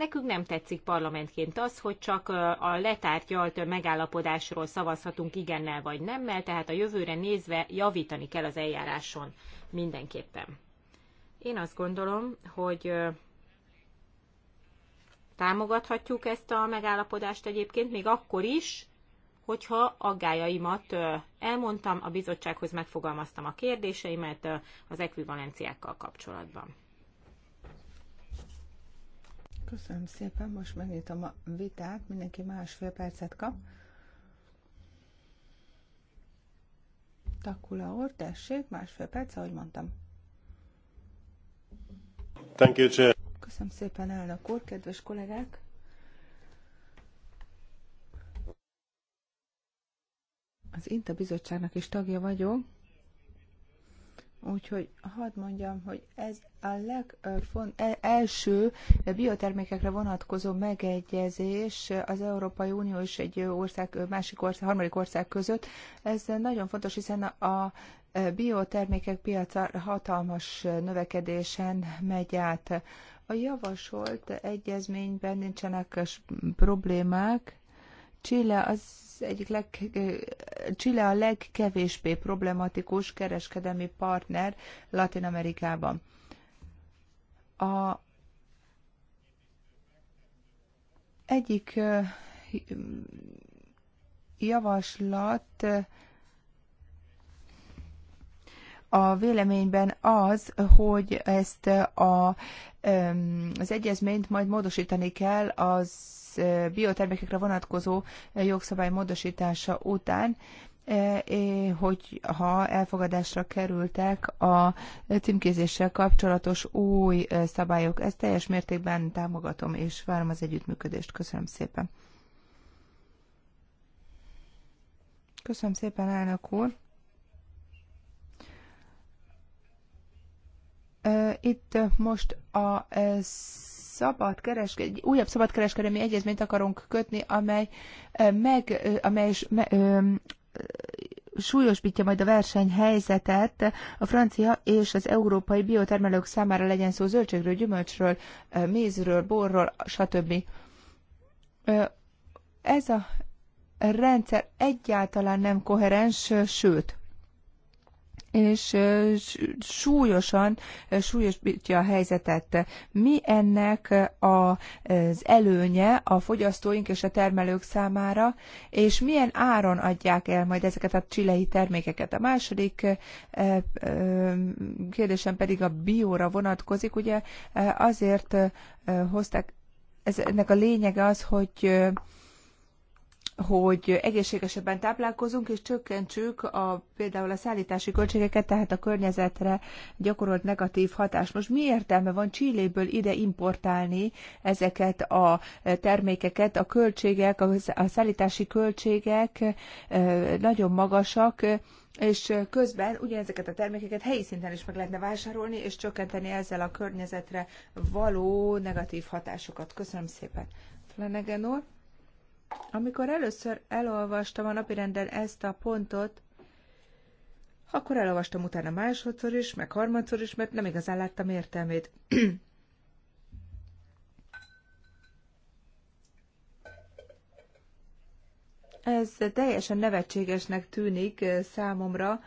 Nekünk nem tetszik parlamentként az, hogy csak a letárgyalt megállapodásról szavazhatunk igennel vagy nemmel, tehát a jövőre nézve javítani kell az eljáráson mindenképpen. Én azt gondolom, hogy támogathatjuk ezt a megállapodást egyébként, még akkor is, hogyha aggájaimat elmondtam, a bizottsághoz megfogalmaztam a kérdéseimet az ekvivalenciákkal kapcsolatban. Köszönöm szépen, most megnyitom a vitát, mindenki másfél percet kap. Takula úr, tessék, másfél perc, ahogy mondtam. Thank you, Chair. Köszönöm szépen, elnök úr, kedves kollégák! Az INTA bizottságnak is tagja vagyok, Úgyhogy hadd mondjam, hogy ez a e- első biotermékekre vonatkozó megegyezés az Európai Unió és egy ország, másik ország, harmadik ország között. Ez nagyon fontos, hiszen a biotermékek piaca hatalmas növekedésen megy át. A javasolt egyezményben nincsenek problémák. Chile az egyik leg, eh, Chile a legkevésbé problematikus kereskedelmi partner Latin Amerikában. A egyik eh, javaslat eh, a véleményben az, hogy ezt a, az egyezményt majd módosítani kell az biotermékekre vonatkozó eh, jogszabály módosítása után, eh, eh, hogy ha elfogadásra kerültek a címkézéssel kapcsolatos új szabályok. Ezt teljes mértékben támogatom, és várom az együttműködést. Köszönöm szépen. Köszönöm szépen, elnök úr. Itt most a szabad kereske, egy újabb szabadkereskedelmi egyezményt akarunk kötni, amely, meg, amely me, súlyosbítja majd a versenyhelyzetet a francia és az európai biotermelők számára legyen szó zöldségről, gyümölcsről, mézről, borról, stb. Ez a rendszer egyáltalán nem koherens, sőt, és súlyosan súlyosítja a helyzetet. Mi ennek az előnye a fogyasztóink és a termelők számára, és milyen áron adják el majd ezeket a csilei termékeket? A második kérdésem pedig a bióra vonatkozik. Ugye azért hozták, ez, ennek a lényege az, hogy hogy egészségesebben táplálkozunk, és csökkentsük a, például a szállítási költségeket, tehát a környezetre gyakorolt negatív hatást. Most mi értelme van Csilléből ide importálni ezeket a termékeket? A költségek, a szállítási költségek nagyon magasak, és közben ugyanezeket a termékeket helyi szinten is meg lehetne vásárolni, és csökkenteni ezzel a környezetre való negatív hatásokat. Köszönöm szépen. Flanagan úr. Amikor először elolvastam a napirenden ezt a pontot, akkor elolvastam utána másodszor is, meg harmadszor is, mert nem igazán láttam értelmét. Ez teljesen nevetségesnek tűnik eh, számomra.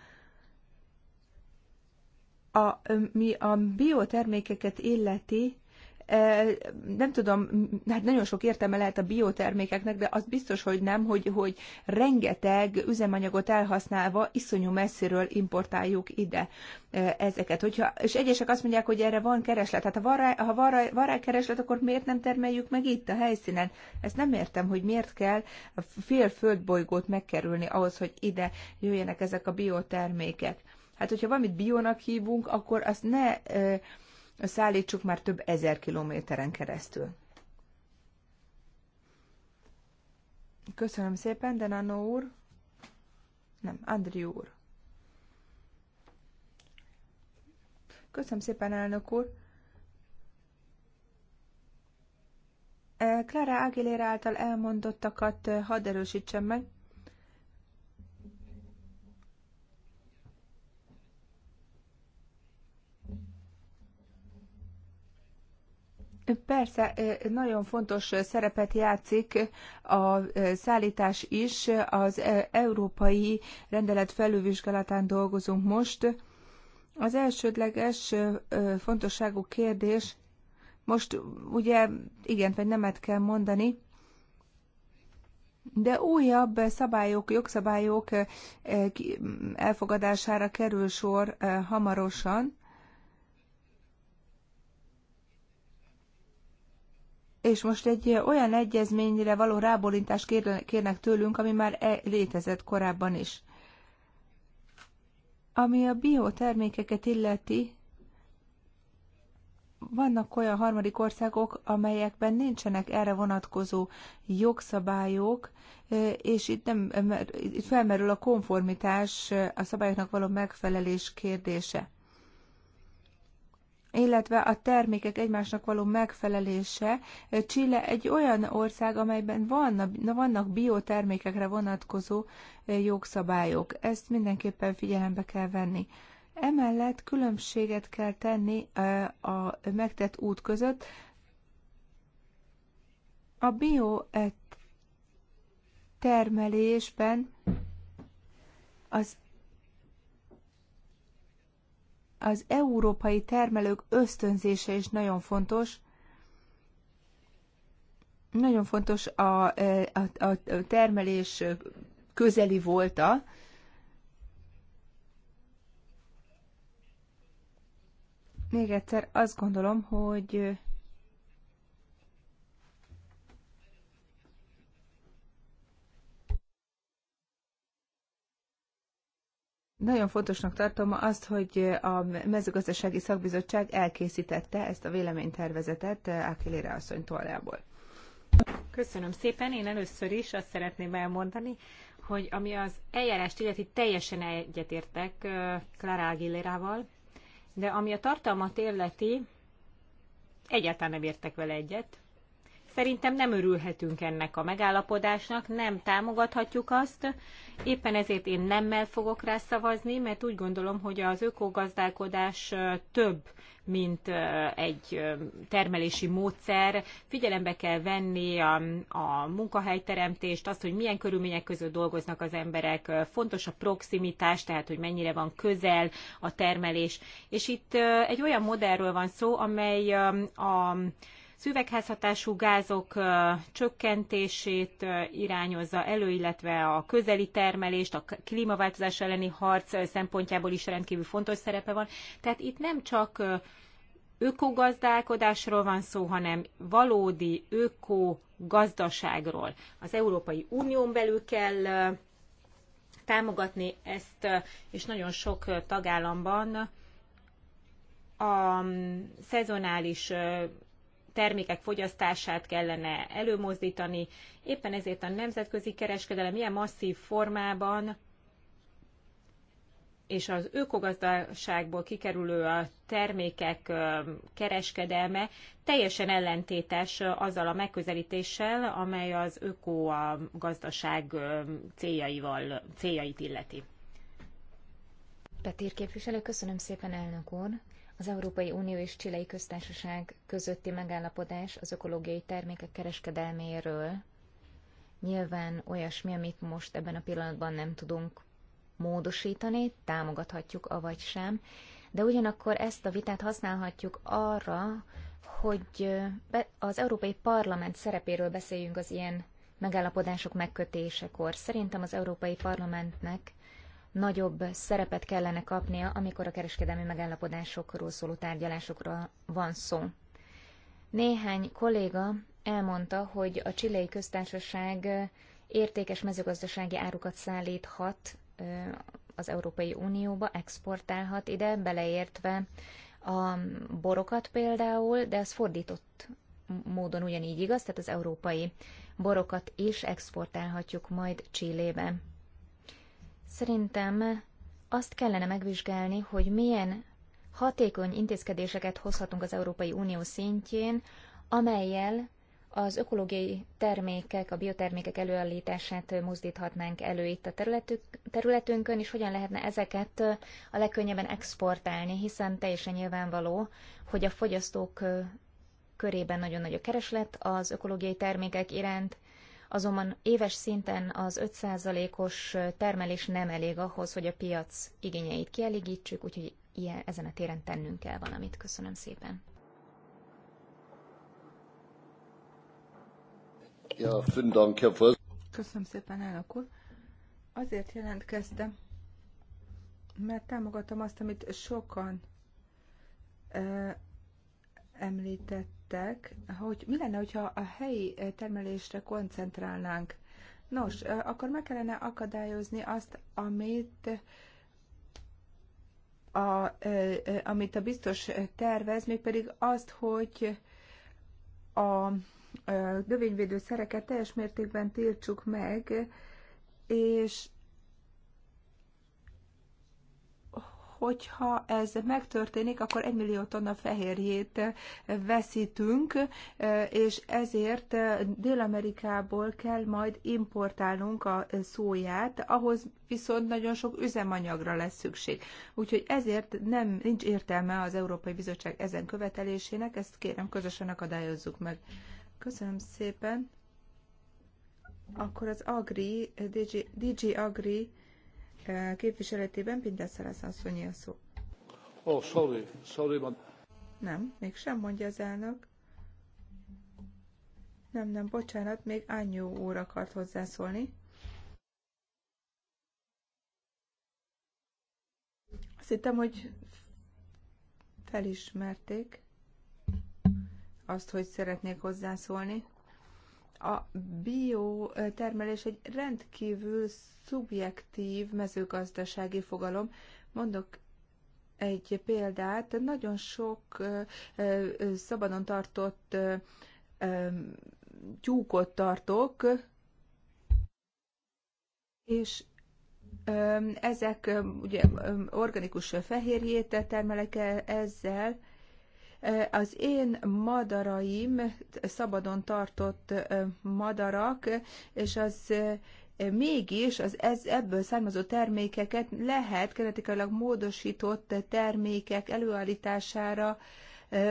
A, mi a biotermékeket illeti, nem tudom, hát nagyon sok értelme lehet a biotermékeknek, de az biztos, hogy nem, hogy, hogy rengeteg üzemanyagot elhasználva iszonyú messziről importáljuk ide ezeket. Hogyha, és egyesek azt mondják, hogy erre van kereslet. Hát ha van rá, ha van rá, van rá kereslet, akkor miért nem termeljük meg itt a helyszínen? Ezt nem értem, hogy miért kell a fél földbolygót megkerülni ahhoz, hogy ide jöjjenek ezek a biotermékek. Hát, hogyha valamit biónak hívunk, akkor azt ne... Ö, szállítsuk már több ezer kilométeren keresztül. Köszönöm szépen, Denano úr. Nem, Andri úr. Köszönöm szépen, elnök úr. Eh, Clara Aguilera által elmondottakat eh, hadd erősítsem meg. Persze, nagyon fontos szerepet játszik a szállítás is. Az európai rendelet felülvizsgálatán dolgozunk most. Az elsődleges fontosságú kérdés, most ugye igen vagy nemet kell mondani, de újabb szabályok, jogszabályok elfogadására kerül sor hamarosan és most egy olyan egyezményre való rábólintást kérnek tőlünk, ami már e, létezett korábban is. Ami a biotermékeket illeti, vannak olyan harmadik országok, amelyekben nincsenek erre vonatkozó jogszabályok, e, és itt, nem, itt felmerül a konformitás, a szabályoknak való megfelelés kérdése illetve a termékek egymásnak való megfelelése. Chile egy olyan ország, amelyben vannak, vannak biotermékekre vonatkozó eh, jogszabályok. Ezt mindenképpen figyelembe kell venni. Emellett különbséget kell tenni eh, a megtett út között. A bio eh, termelésben az az európai termelők ösztönzése is nagyon fontos. Nagyon fontos e, a, a, a termelés közeli volta. Még egyszer azt gondolom, hogy Nagyon fontosnak tartom azt, hogy a mezőgazdasági szakbizottság elkészítette ezt a véleménytervezetet Akilére asszony tollából. Köszönöm szépen. Én először is azt szeretném elmondani, hogy ami az eljárást illeti, teljesen egyetértek Clara Aguilera-val, de ami a tartalmat illeti, egyáltalán nem értek vele egyet. Szerintem nem örülhetünk ennek a megállapodásnak, nem támogathatjuk azt. Éppen ezért én nemmel fogok rá szavazni, mert úgy gondolom, hogy az ökogazdálkodás több, mint egy termelési módszer. Figyelembe kell venni a, a munkahelyteremtést, azt, hogy milyen körülmények között dolgoznak az emberek, fontos a proximitás, tehát hogy mennyire van közel a termelés. És itt egy olyan modellről van szó, amely a, a szüvegházhatású gázok csökkentését irányozza elő, illetve a közeli termelést, a klímaváltozás elleni harc szempontjából is rendkívül fontos szerepe van. Tehát itt nem csak ökogazdálkodásról van szó, hanem valódi ökogazdaságról. Az Európai Unión belül kell támogatni ezt, és nagyon sok tagállamban a szezonális termékek fogyasztását kellene előmozdítani. Éppen ezért a nemzetközi kereskedelem ilyen masszív formában és az ökogazdaságból kikerülő a termékek kereskedelme teljesen ellentétes azzal a megközelítéssel, amely az gazdaság céljaival, céljait illeti. Petír képviselő, köszönöm szépen elnök úr az Európai Unió és Csilei Köztársaság közötti megállapodás az ökológiai termékek kereskedelméről nyilván olyasmi, amit most ebben a pillanatban nem tudunk módosítani, támogathatjuk, avagy sem, de ugyanakkor ezt a vitát használhatjuk arra, hogy az Európai Parlament szerepéről beszéljünk az ilyen megállapodások megkötésekor. Szerintem az Európai Parlamentnek nagyobb szerepet kellene kapnia, amikor a kereskedelmi megállapodásokról szóló tárgyalásokról van szó. Néhány kolléga elmondta, hogy a csilei köztársaság értékes mezőgazdasági árukat szállíthat az Európai Unióba, exportálhat ide, beleértve a borokat például, de ez fordított módon ugyanígy igaz, tehát az európai borokat is exportálhatjuk majd Csillébe. Szerintem azt kellene megvizsgálni, hogy milyen hatékony intézkedéseket hozhatunk az Európai Unió szintjén, amelyel az ökológiai termékek, a biotermékek előállítását mozdíthatnánk elő itt a területünkön, és hogyan lehetne ezeket a legkönnyebben exportálni, hiszen teljesen nyilvánvaló, hogy a fogyasztók körében nagyon nagy a kereslet az ökológiai termékek iránt, azonban éves szinten az 5%-os termelés nem elég ahhoz, hogy a piac igényeit kielégítsük, úgyhogy ilyen, ezen a téren tennünk kell valamit. Köszönöm szépen. Ja, Köszönöm szépen, elnök úr. Azért jelentkeztem, mert támogatom azt, amit sokan eh, említettek, hogy mi lenne, hogyha a helyi eh, termelésre koncentrálnánk. Nos, eh, akkor meg kellene akadályozni azt, amit a, eh, amit a biztos tervez, mégpedig azt, hogy a növényvédő szereket teljes mértékben tiltsuk meg, és hogyha ez megtörténik, akkor egy millió tonna fehérjét veszítünk, és ezért Dél-Amerikából kell majd importálnunk a szóját, ahhoz viszont nagyon sok üzemanyagra lesz szükség. Úgyhogy ezért nem nincs értelme az Európai Bizottság ezen követelésének, ezt kérem közösen akadályozzuk meg. Köszönöm szépen. Akkor az Agri, DG, DG Agri Eh, képviseletében Pinteszeles asszonyi a szó. Oh, sorry, sorry, man. Nem, még sem mondja az elnök. Nem, nem, bocsánat, még anyó úr akart hozzászólni. Azt hittem, hogy felismerték azt, hogy szeretnék hozzászólni a biotermelés egy rendkívül szubjektív mezőgazdasági fogalom. Mondok egy példát, nagyon sok szabadon tartott tyúkot tartok, és ezek ugye organikus fehérjét termelek e-, ezzel, az én madaraim szabadon tartott madarak, és az mégis az ez, ebből származó termékeket lehet genetikailag módosított termékek előállítására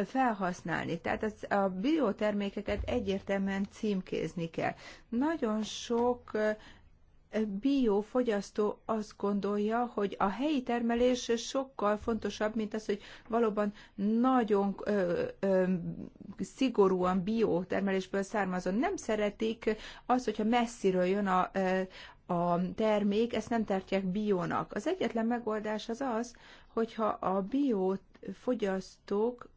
felhasználni. Tehát az, a biotermékeket egyértelműen címkézni kell. Nagyon sok biofogyasztó azt gondolja, hogy a helyi termelés sokkal fontosabb, mint az, hogy valóban nagyon ö, ö, szigorúan biotermelésből származon. Nem szeretik azt, hogyha messziről jön a, a termék, ezt nem tartják biónak. Az egyetlen megoldás az az, hogyha a biofogyasztók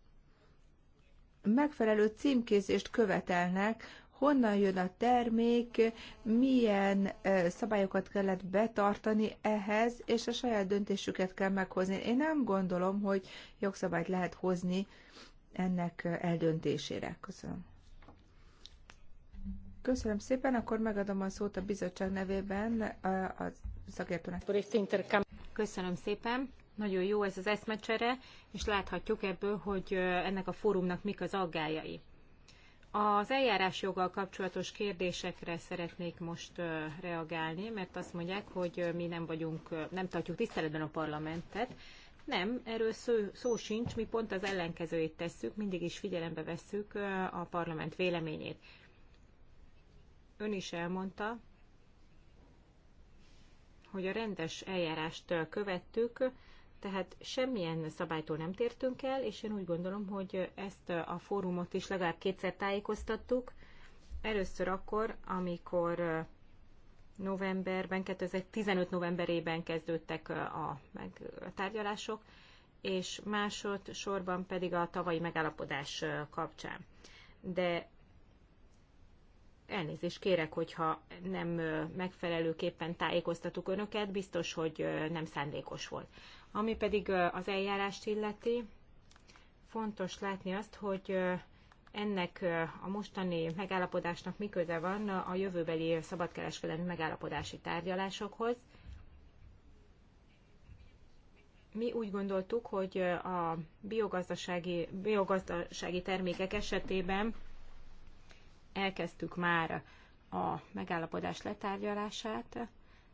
megfelelő címkézést követelnek honnan jön a termék, milyen szabályokat kellett betartani ehhez, és a saját döntésüket kell meghozni. Én nem gondolom, hogy jogszabályt lehet hozni ennek eldöntésére. Köszönöm. Köszönöm szépen, akkor megadom a szót a bizottság nevében a szakértőnek. Köszönöm szépen. Nagyon jó ez az eszmecsere, és láthatjuk ebből, hogy ennek a fórumnak mik az aggájai. Az eljárás joggal kapcsolatos kérdésekre szeretnék most reagálni, mert azt mondják, hogy mi nem vagyunk, nem tartjuk tiszteletben a parlamentet. Nem, erről szó, szó sincs, mi pont az ellenkezőjét tesszük, mindig is figyelembe vesszük a parlament véleményét. Ön is elmondta, hogy a rendes eljárást követtük, tehát semmilyen szabálytól nem tértünk el, és én úgy gondolom, hogy ezt a fórumot is legalább kétszer tájékoztattuk. Először akkor, amikor novemberben, 2015 novemberében kezdődtek a, meg, a tárgyalások, és másodszorban pedig a tavalyi megállapodás kapcsán. De elnézést kérek, hogyha nem megfelelőképpen tájékoztatuk önöket, biztos, hogy nem szándékos volt. Ami pedig az eljárást illeti, fontos látni azt, hogy ennek a mostani megállapodásnak miköze van a jövőbeli szabadkereskedelmi megállapodási tárgyalásokhoz. Mi úgy gondoltuk, hogy a biogazdasági, biogazdasági termékek esetében elkezdtük már a megállapodás letárgyalását,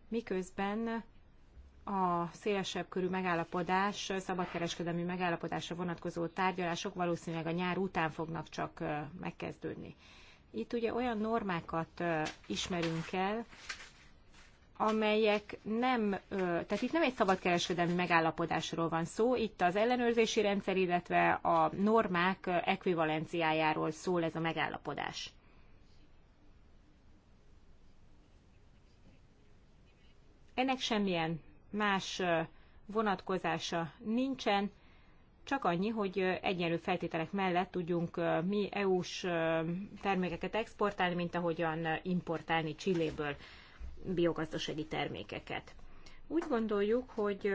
miközben a szélesebb körű megállapodás, szabadkereskedelmi megállapodásra vonatkozó tárgyalások valószínűleg a nyár után fognak csak megkezdődni. Itt ugye olyan normákat ismerünk el, amelyek nem, tehát itt nem egy szabadkereskedelmi megállapodásról van szó, itt az ellenőrzési rendszer, illetve a normák ekvivalenciájáról szól ez a megállapodás. Ennek semmilyen más vonatkozása nincsen, csak annyi, hogy egyenlő feltételek mellett tudjunk mi EU-s termékeket exportálni, mint ahogyan importálni Csilléből biogazdasági termékeket. Úgy gondoljuk, hogy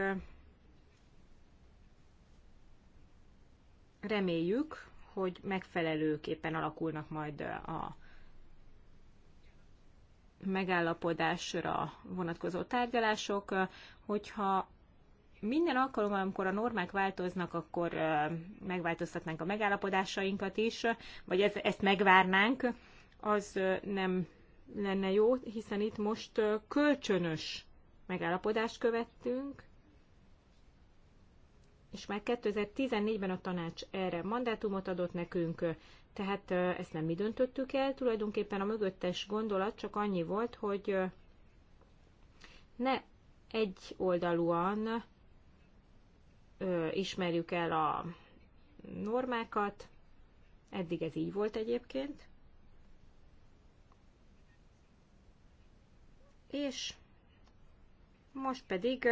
reméljük, hogy megfelelőképpen alakulnak majd a megállapodásra vonatkozó tárgyalások, hogyha minden alkalommal, amikor a normák változnak, akkor megváltoztatnánk a megállapodásainkat is, vagy ez, ezt megvárnánk, az nem lenne jó, hiszen itt most kölcsönös megállapodást követtünk, és már 2014-ben a tanács erre mandátumot adott nekünk, tehát ezt nem mi döntöttük el, tulajdonképpen a mögöttes gondolat csak annyi volt, hogy ne egy oldalúan ismerjük el a normákat, eddig ez így volt egyébként, és most pedig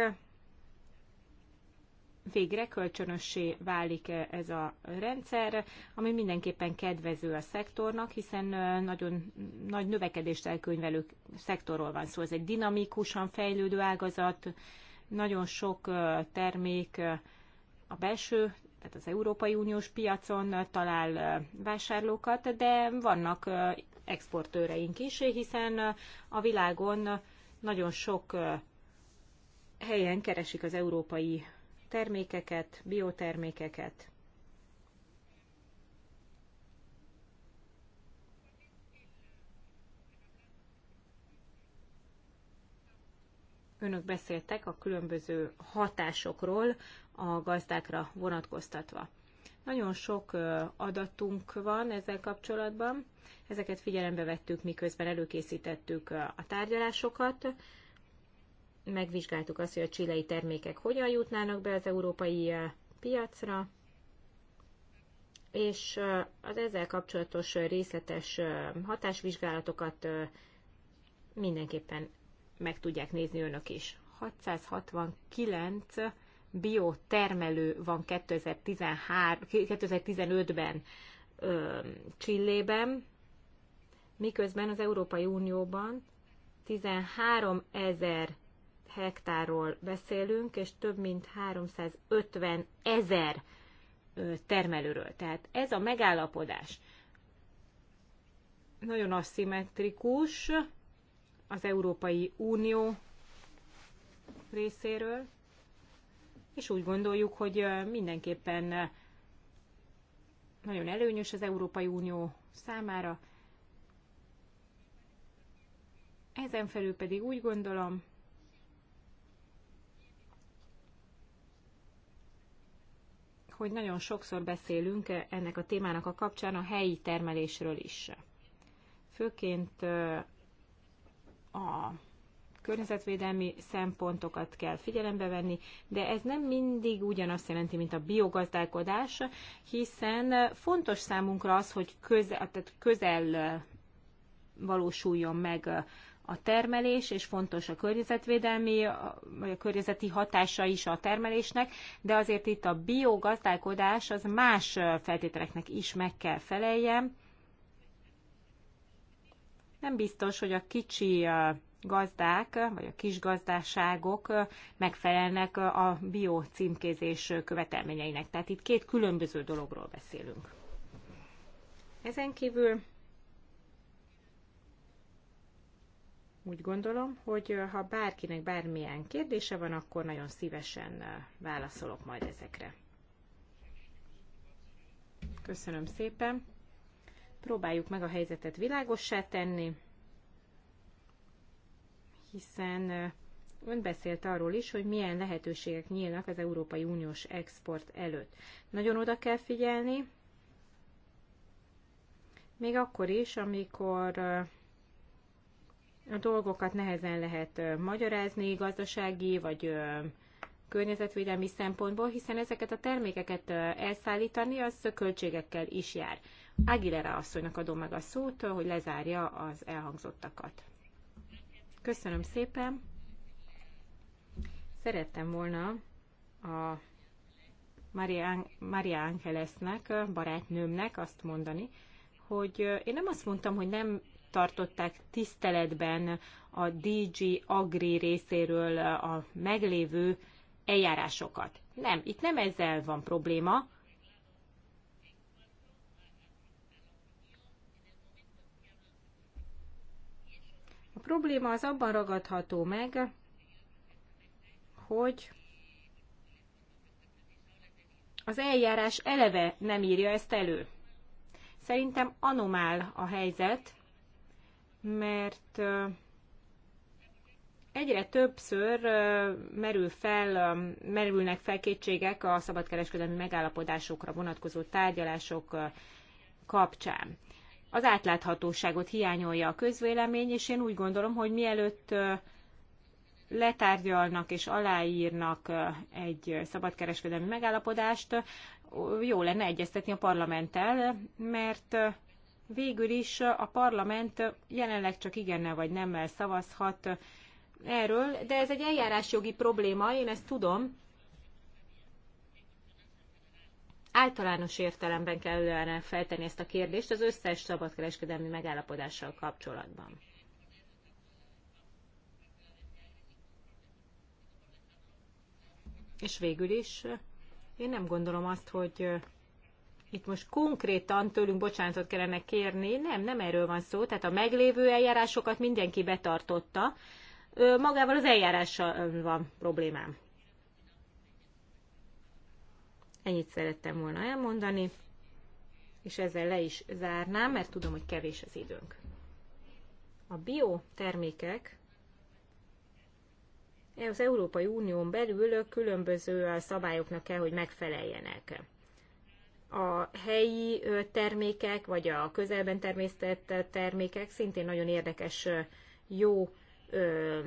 végre kölcsönössé válik ez a rendszer, ami mindenképpen kedvező a szektornak, hiszen nagyon nagy növekedést elkönyvelő szektorról van szó. Ez egy dinamikusan fejlődő ágazat, nagyon sok termék a belső, tehát az Európai Uniós piacon talál vásárlókat, de vannak exportőreink is, hiszen a világon nagyon sok helyen keresik az európai termékeket, biotermékeket. Önök beszéltek a különböző hatásokról a gazdákra vonatkoztatva. Nagyon sok adatunk van ezzel kapcsolatban. Ezeket figyelembe vettük, miközben előkészítettük a tárgyalásokat megvizsgáltuk azt, hogy a csilei termékek hogyan jutnának be az európai eh, piacra, és eh, az ezzel kapcsolatos eh, részletes hatásvizsgálatokat mindenképpen meg tudják nézni önök is. 669 biotermelő van 2015-ben Csillében, miközben az Európai Unióban 13 ezer hektárról beszélünk, és több mint 350 ezer termelőről. Tehát ez a megállapodás nagyon aszimmetrikus az Európai Unió részéről, és úgy gondoljuk, hogy mindenképpen nagyon előnyös az Európai Unió számára. Ezen felül pedig úgy gondolom, hogy nagyon sokszor beszélünk ennek a témának a kapcsán a helyi termelésről is. Főként a környezetvédelmi szempontokat kell figyelembe venni, de ez nem mindig ugyanazt jelenti, mint a biogazdálkodás, hiszen fontos számunkra az, hogy közel, tehát közel valósuljon meg a termelés, és fontos a környezetvédelmi, vagy a környezeti hatása is a termelésnek, de azért itt a biogazdálkodás az más feltételeknek is meg kell feleljen. Nem biztos, hogy a kicsi gazdák, vagy a kis gazdáságok megfelelnek a bio címkézés követelményeinek. Tehát itt két különböző dologról beszélünk. Ezen kívül Úgy gondolom, hogy ha bárkinek bármilyen kérdése van, akkor nagyon szívesen válaszolok majd ezekre. Köszönöm szépen. Próbáljuk meg a helyzetet világossá tenni, hiszen Ön beszélt arról is, hogy milyen lehetőségek nyílnak az Európai Uniós export előtt. Nagyon oda kell figyelni, még akkor is, amikor a dolgokat nehezen lehet magyarázni gazdasági vagy környezetvédelmi szempontból, hiszen ezeket a termékeket elszállítani az költségekkel is jár. Aguilera asszonynak adom meg a szót, hogy lezárja az elhangzottakat. Köszönöm szépen! Szerettem volna a Maria Angelesnek, barátnőmnek azt mondani, hogy én nem azt mondtam, hogy nem tartották tiszteletben a DG Agri részéről a meglévő eljárásokat. Nem, itt nem ezzel van probléma. A probléma az abban ragadható meg, hogy az eljárás eleve nem írja ezt elő. Szerintem anomál a helyzet, mert egyre többször merül fel, merülnek fel kétségek a szabadkereskedelmi megállapodásokra vonatkozó tárgyalások kapcsán. Az átláthatóságot hiányolja a közvélemény, és én úgy gondolom, hogy mielőtt letárgyalnak és aláírnak egy szabadkereskedelmi megállapodást, jó lenne egyeztetni a parlamenttel, mert végül is a parlament jelenleg csak igennel vagy nemmel szavazhat erről, de ez egy eljárásjogi probléma, én ezt tudom. Általános értelemben kellene feltenni ezt a kérdést az összes szabadkereskedelmi megállapodással kapcsolatban. És végül is én nem gondolom azt, hogy itt most konkrétan tőlünk bocsánatot kellene kérni, nem, nem erről van szó, tehát a meglévő eljárásokat mindenki betartotta, magával az eljárással van problémám. Ennyit szerettem volna elmondani, és ezzel le is zárnám, mert tudom, hogy kevés az időnk. A biotermékek az Európai Unión belül különböző szabályoknak kell, hogy megfeleljenek a helyi termékek, vagy a közelben természtett termékek szintén nagyon érdekes, jó ö,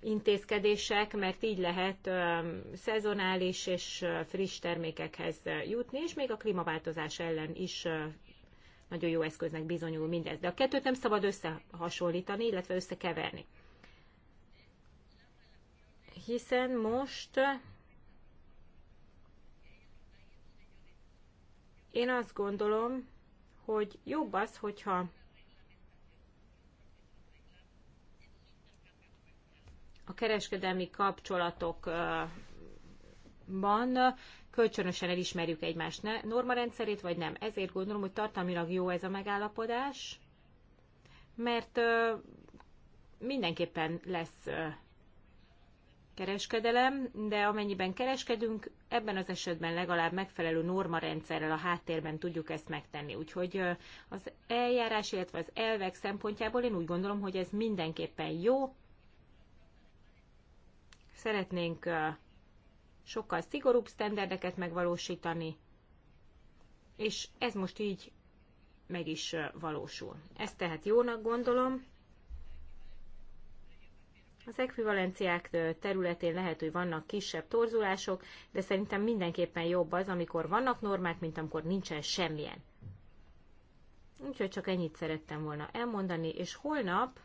intézkedések, mert így lehet ö, szezonális és friss termékekhez jutni, és még a klímaváltozás ellen is ö, nagyon jó eszköznek bizonyul mindez. De a kettőt nem szabad összehasonlítani, illetve összekeverni. Hiszen most Én azt gondolom, hogy jobb az, hogyha a kereskedelmi kapcsolatokban kölcsönösen elismerjük egymást ne, norma rendszerét, vagy nem. Ezért gondolom, hogy tartalmilag jó ez a megállapodás, mert mindenképpen lesz kereskedelem, de amennyiben kereskedünk, ebben az esetben legalább megfelelő normarendszerrel a háttérben tudjuk ezt megtenni. Úgyhogy az eljárás, illetve az elvek szempontjából én úgy gondolom, hogy ez mindenképpen jó. Szeretnénk sokkal szigorúbb sztenderdeket megvalósítani, és ez most így meg is valósul. Ezt tehát jónak gondolom, az ekvivalenciák területén lehet, hogy vannak kisebb torzulások, de szerintem mindenképpen jobb az, amikor vannak normák, mint amikor nincsen semmilyen. Úgyhogy csak ennyit szerettem volna elmondani, és holnap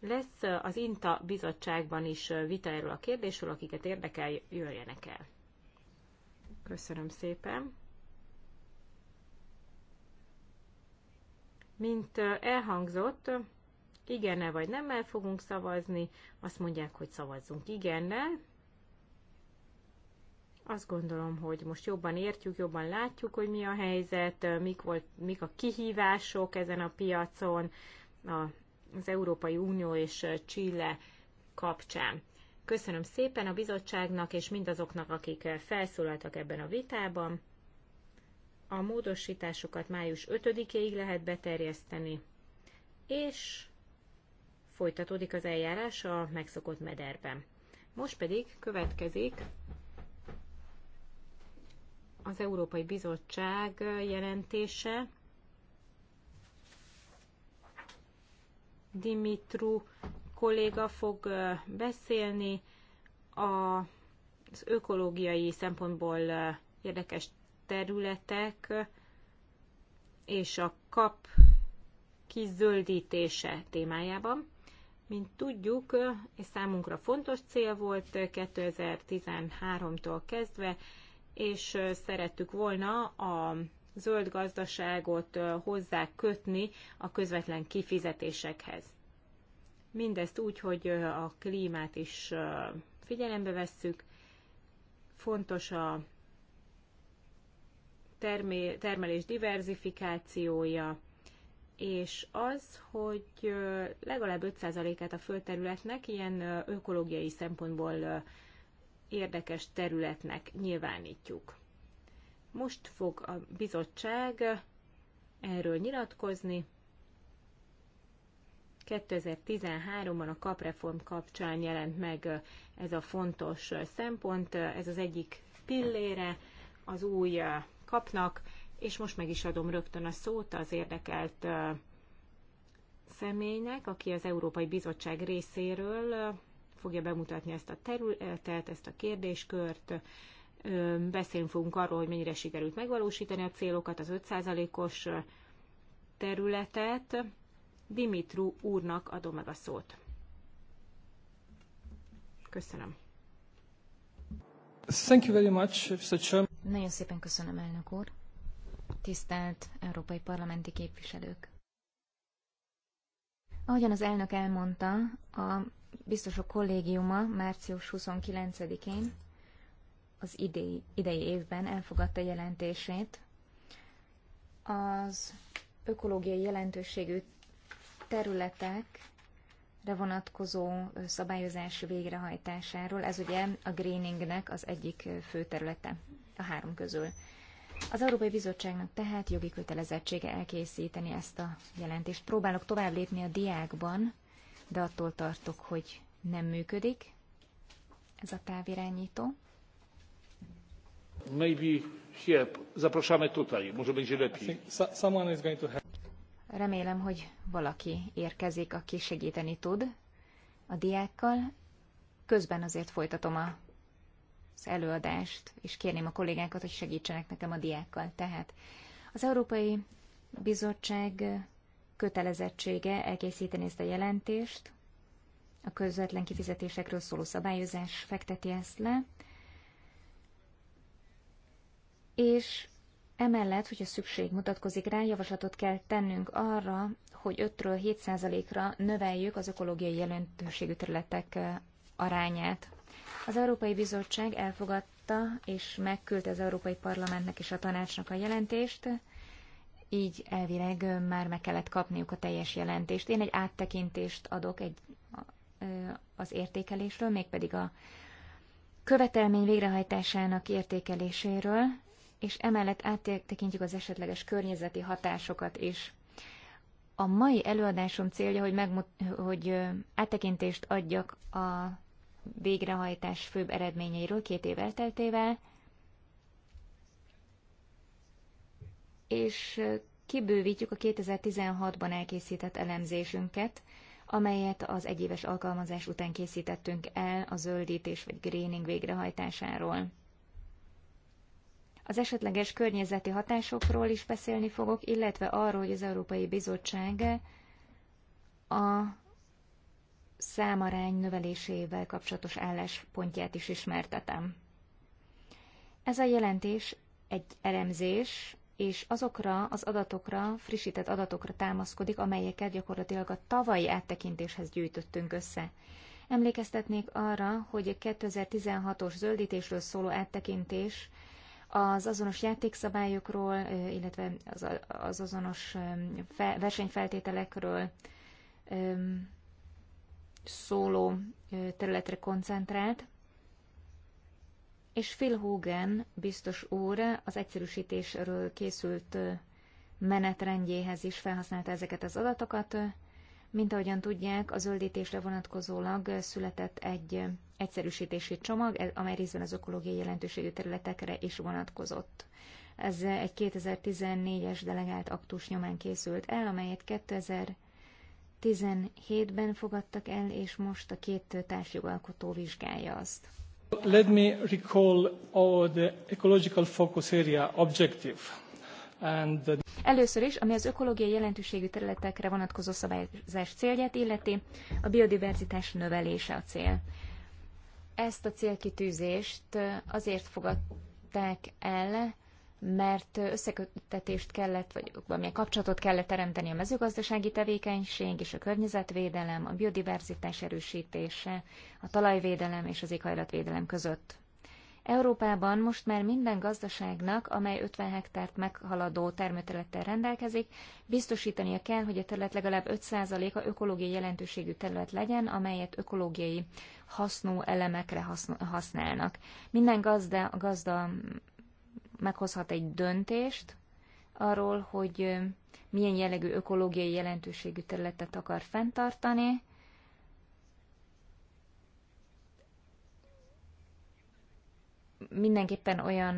lesz az INTA bizottságban is vita erről a kérdésről, akiket érdekel, jöjjenek el. Köszönöm szépen. Mint elhangzott, igennel vagy nem el fogunk szavazni, azt mondják, hogy szavazzunk igennel. Azt gondolom, hogy most jobban értjük, jobban látjuk, hogy mi a helyzet, mik, volt, mik a kihívások ezen a piacon az Európai Unió és Chile kapcsán. Köszönöm szépen a bizottságnak és mindazoknak, akik felszólaltak ebben a vitában. A módosításokat május 5-ig lehet beterjeszteni, és folytatódik az eljárás a megszokott mederben. Most pedig következik az Európai Bizottság jelentése Dimitru kolléga fog beszélni az ökológiai szempontból érdekes területek és a kap kizöldítése témájában. Mint tudjuk, és számunkra fontos cél volt 2013-tól kezdve, és szerettük volna a zöld gazdaságot hozzá kötni a közvetlen kifizetésekhez. Mindezt úgy, hogy a klímát is figyelembe vesszük. Fontos a termelés diverzifikációja, és az, hogy legalább 5%-át a földterületnek ilyen ökológiai szempontból érdekes területnek nyilvánítjuk. Most fog a bizottság erről nyilatkozni. 2013-ban a kapreform kapcsán jelent meg ez a fontos szempont, ez az egyik pillére az új kapnak, és most meg is adom rögtön a szót az érdekelt személynek, aki az Európai Bizottság részéről fogja bemutatni ezt a területet, ezt a kérdéskört. Beszélni fogunk arról, hogy mennyire sikerült megvalósítani a célokat, az 5%-os területet. Dimitru úrnak adom meg a szót. Köszönöm. Thank you very much, Mr. Nagyon szépen köszönöm, elnök úr tisztelt európai parlamenti képviselők! Ahogyan az elnök elmondta, a biztosok kollégiuma március 29-én az idei, idei évben elfogadta jelentését az ökológiai jelentőségű területekre vonatkozó szabályozás végrehajtásáról. Ez ugye a greeningnek az egyik fő területe a három közül. Az Európai Bizottságnak tehát jogi kötelezettsége elkészíteni ezt a jelentést. Próbálok tovább lépni a diákban, de attól tartok, hogy nem működik ez a távirányító. Maybe here, zapraszamy tutaj, może będzie lepiej. Someone is going to help. Remélem, hogy valaki érkezik, aki segíteni tud a diákkal. Közben azért folytatom a az előadást, és kérném a kollégákat, hogy segítsenek nekem a diákkal. Tehát az Európai Bizottság kötelezettsége elkészíteni ezt a jelentést, a közvetlen kifizetésekről szóló szabályozás fekteti ezt le, és emellett, hogyha szükség mutatkozik rá, javaslatot kell tennünk arra, hogy 5-ről 7%-ra növeljük az ökológiai jelentőségű területek eh, arányát az Európai Bizottság elfogadta és megküldte az Európai Parlamentnek és a tanácsnak a jelentést, így elvileg már meg kellett kapniuk a teljes jelentést. Én egy áttekintést adok egy, az értékelésről, mégpedig a követelmény végrehajtásának értékeléséről, és emellett áttekintjük az esetleges környezeti hatásokat is. A mai előadásom célja, hogy, megmut- hogy áttekintést adjak a végrehajtás főbb eredményeiről két év elteltével, és kibővítjük a 2016-ban elkészített elemzésünket, amelyet az egyéves alkalmazás után készítettünk el a zöldítés vagy greening végrehajtásáról. Az esetleges környezeti hatásokról is beszélni fogok, illetve arról, hogy az Európai Bizottság a számarány növelésével kapcsolatos álláspontját is ismertetem. Ez a jelentés egy elemzés, és azokra az adatokra, frissített adatokra támaszkodik, amelyeket gyakorlatilag a tavalyi áttekintéshez gyűjtöttünk össze. Emlékeztetnék arra, hogy a 2016-os zöldítésről szóló áttekintés az azonos játékszabályokról, illetve az, azonos versenyfeltételekről szóló területre koncentrált, és Phil Hogan biztos úr az egyszerűsítésről készült menetrendjéhez is felhasználta ezeket az adatokat. Mint ahogyan tudják, a zöldítésre vonatkozólag született egy egyszerűsítési csomag, amely részben az ökológiai jelentőségű területekre is vonatkozott. Ez egy 2014-es delegált aktus nyomán készült el, amelyet 2000 2017-ben fogadtak el, és most a két társjogalkotó vizsgálja azt. Let me recall all the ecological focus area objective. And the... Először is, ami az ökológiai jelentőségű területekre vonatkozó szabályozás célját illeti, a biodiverzitás növelése a cél. Ezt a célkitűzést azért fogadták el, mert összekötetést kellett, vagy valamilyen kapcsolatot kellett teremteni a mezőgazdasági tevékenység és a környezetvédelem, a biodiverzitás erősítése, a talajvédelem és az éghajlatvédelem között. Európában most már minden gazdaságnak, amely 50 hektárt meghaladó termőterülettel rendelkezik, biztosítania kell, hogy a terület legalább 5%-a ökológiai jelentőségű terület legyen, amelyet ökológiai hasznú elemekre használnak. Minden gazda, gazda meghozhat egy döntést arról, hogy milyen jellegű ökológiai jelentőségű területet akar fenntartani, mindenképpen olyan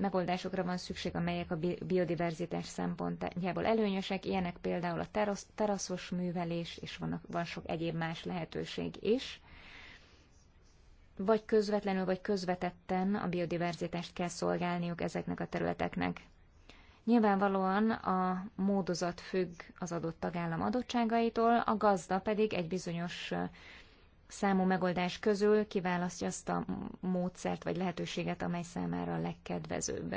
megoldásokra van szükség, amelyek a biodiverzitás szempontjából előnyösek, ilyenek például a terasz, teraszos művelés, és van, van sok egyéb más lehetőség is vagy közvetlenül, vagy közvetetten a biodiverzitást kell szolgálniuk ezeknek a területeknek. Nyilvánvalóan a módozat függ az adott tagállam adottságaitól, a gazda pedig egy bizonyos számú megoldás közül kiválasztja azt a módszert vagy lehetőséget, amely számára a legkedvezőbb.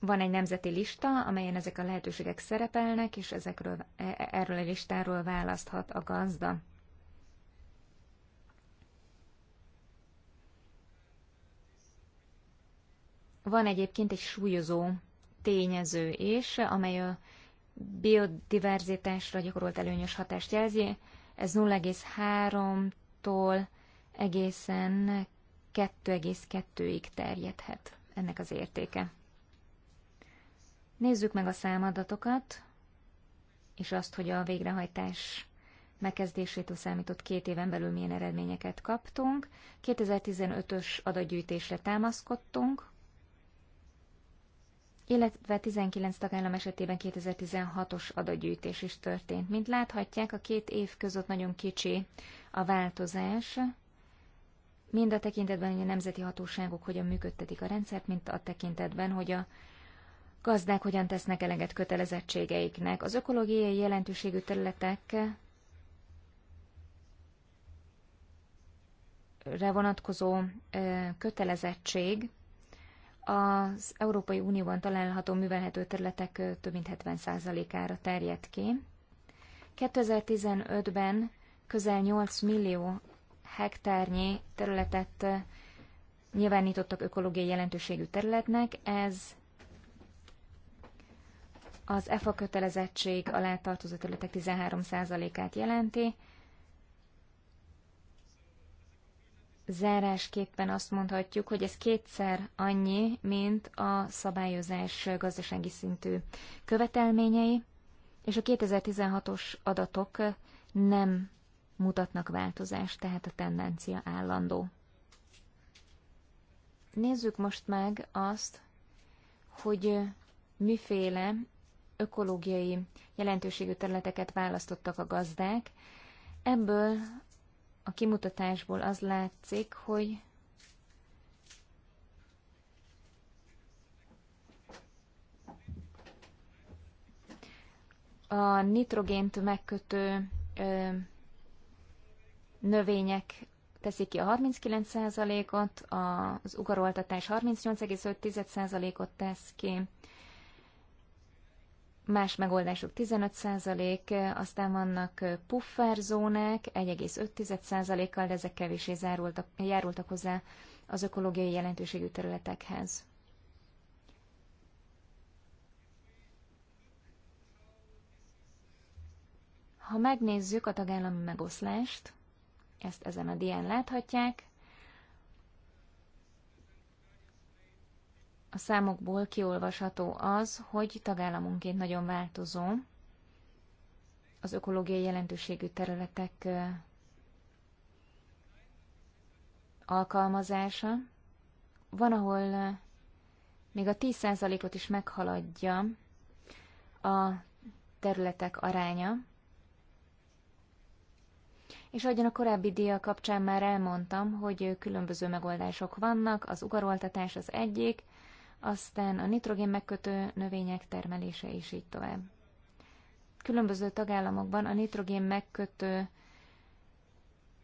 Van egy nemzeti lista, amelyen ezek a lehetőségek szerepelnek, és ezekről, e, e, erről a listáról választhat a gazda. Van egyébként egy súlyozó tényező is, amely a biodiverzitásra gyakorolt előnyös hatást jelzi. Ez 0,3-tól egészen 2,2-ig terjedhet ennek az értéke. Nézzük meg a számadatokat, és azt, hogy a végrehajtás megkezdésétől számított két éven belül milyen eredményeket kaptunk. 2015-ös adatgyűjtésre támaszkodtunk, illetve 19 tagállam esetében 2016-os adatgyűjtés is történt. Mint láthatják, a két év között nagyon kicsi a változás, mind a tekintetben, hogy a nemzeti hatóságok hogyan működtetik a rendszert, mint a tekintetben, hogy a gazdák hogyan tesznek eleget kötelezettségeiknek. Az ökológiai jelentőségű területek vonatkozó kötelezettség az Európai Unióban található művelhető területek több mint 70%-ára terjedt ki. 2015-ben közel 8 millió hektárnyi területet nyilvánítottak ökológiai jelentőségű területnek, ez az EFA kötelezettség alá tartozó területek 13%-át jelenti, Zárásképpen azt mondhatjuk, hogy ez kétszer annyi, mint a szabályozás gazdasági szintű követelményei, és a 2016-os adatok nem mutatnak változást, tehát a tendencia állandó. Nézzük most meg azt, hogy miféle ökológiai jelentőségű területeket választottak a gazdák. Ebből a kimutatásból az látszik, hogy a nitrogént megkötő ö, növények teszik ki a 39%-ot, az ugaroltatás 38,5%-ot tesz ki, más megoldások 15%, aztán vannak pufferzónák 1,5%-kal, de ezek kevésé zárultak, járultak hozzá az ökológiai jelentőségű területekhez. Ha megnézzük a tagállami megoszlást, ezt ezen a dián láthatják, a számokból kiolvasható az, hogy tagállamunként nagyon változó az ökológiai jelentőségű területek alkalmazása. Van, ahol még a 10%-ot is meghaladja a területek aránya. És ahogyan a korábbi dia kapcsán már elmondtam, hogy különböző megoldások vannak, az ugaroltatás az egyik, aztán a nitrogén megkötő növények termelése és így tovább. Különböző tagállamokban a nitrogén megkötő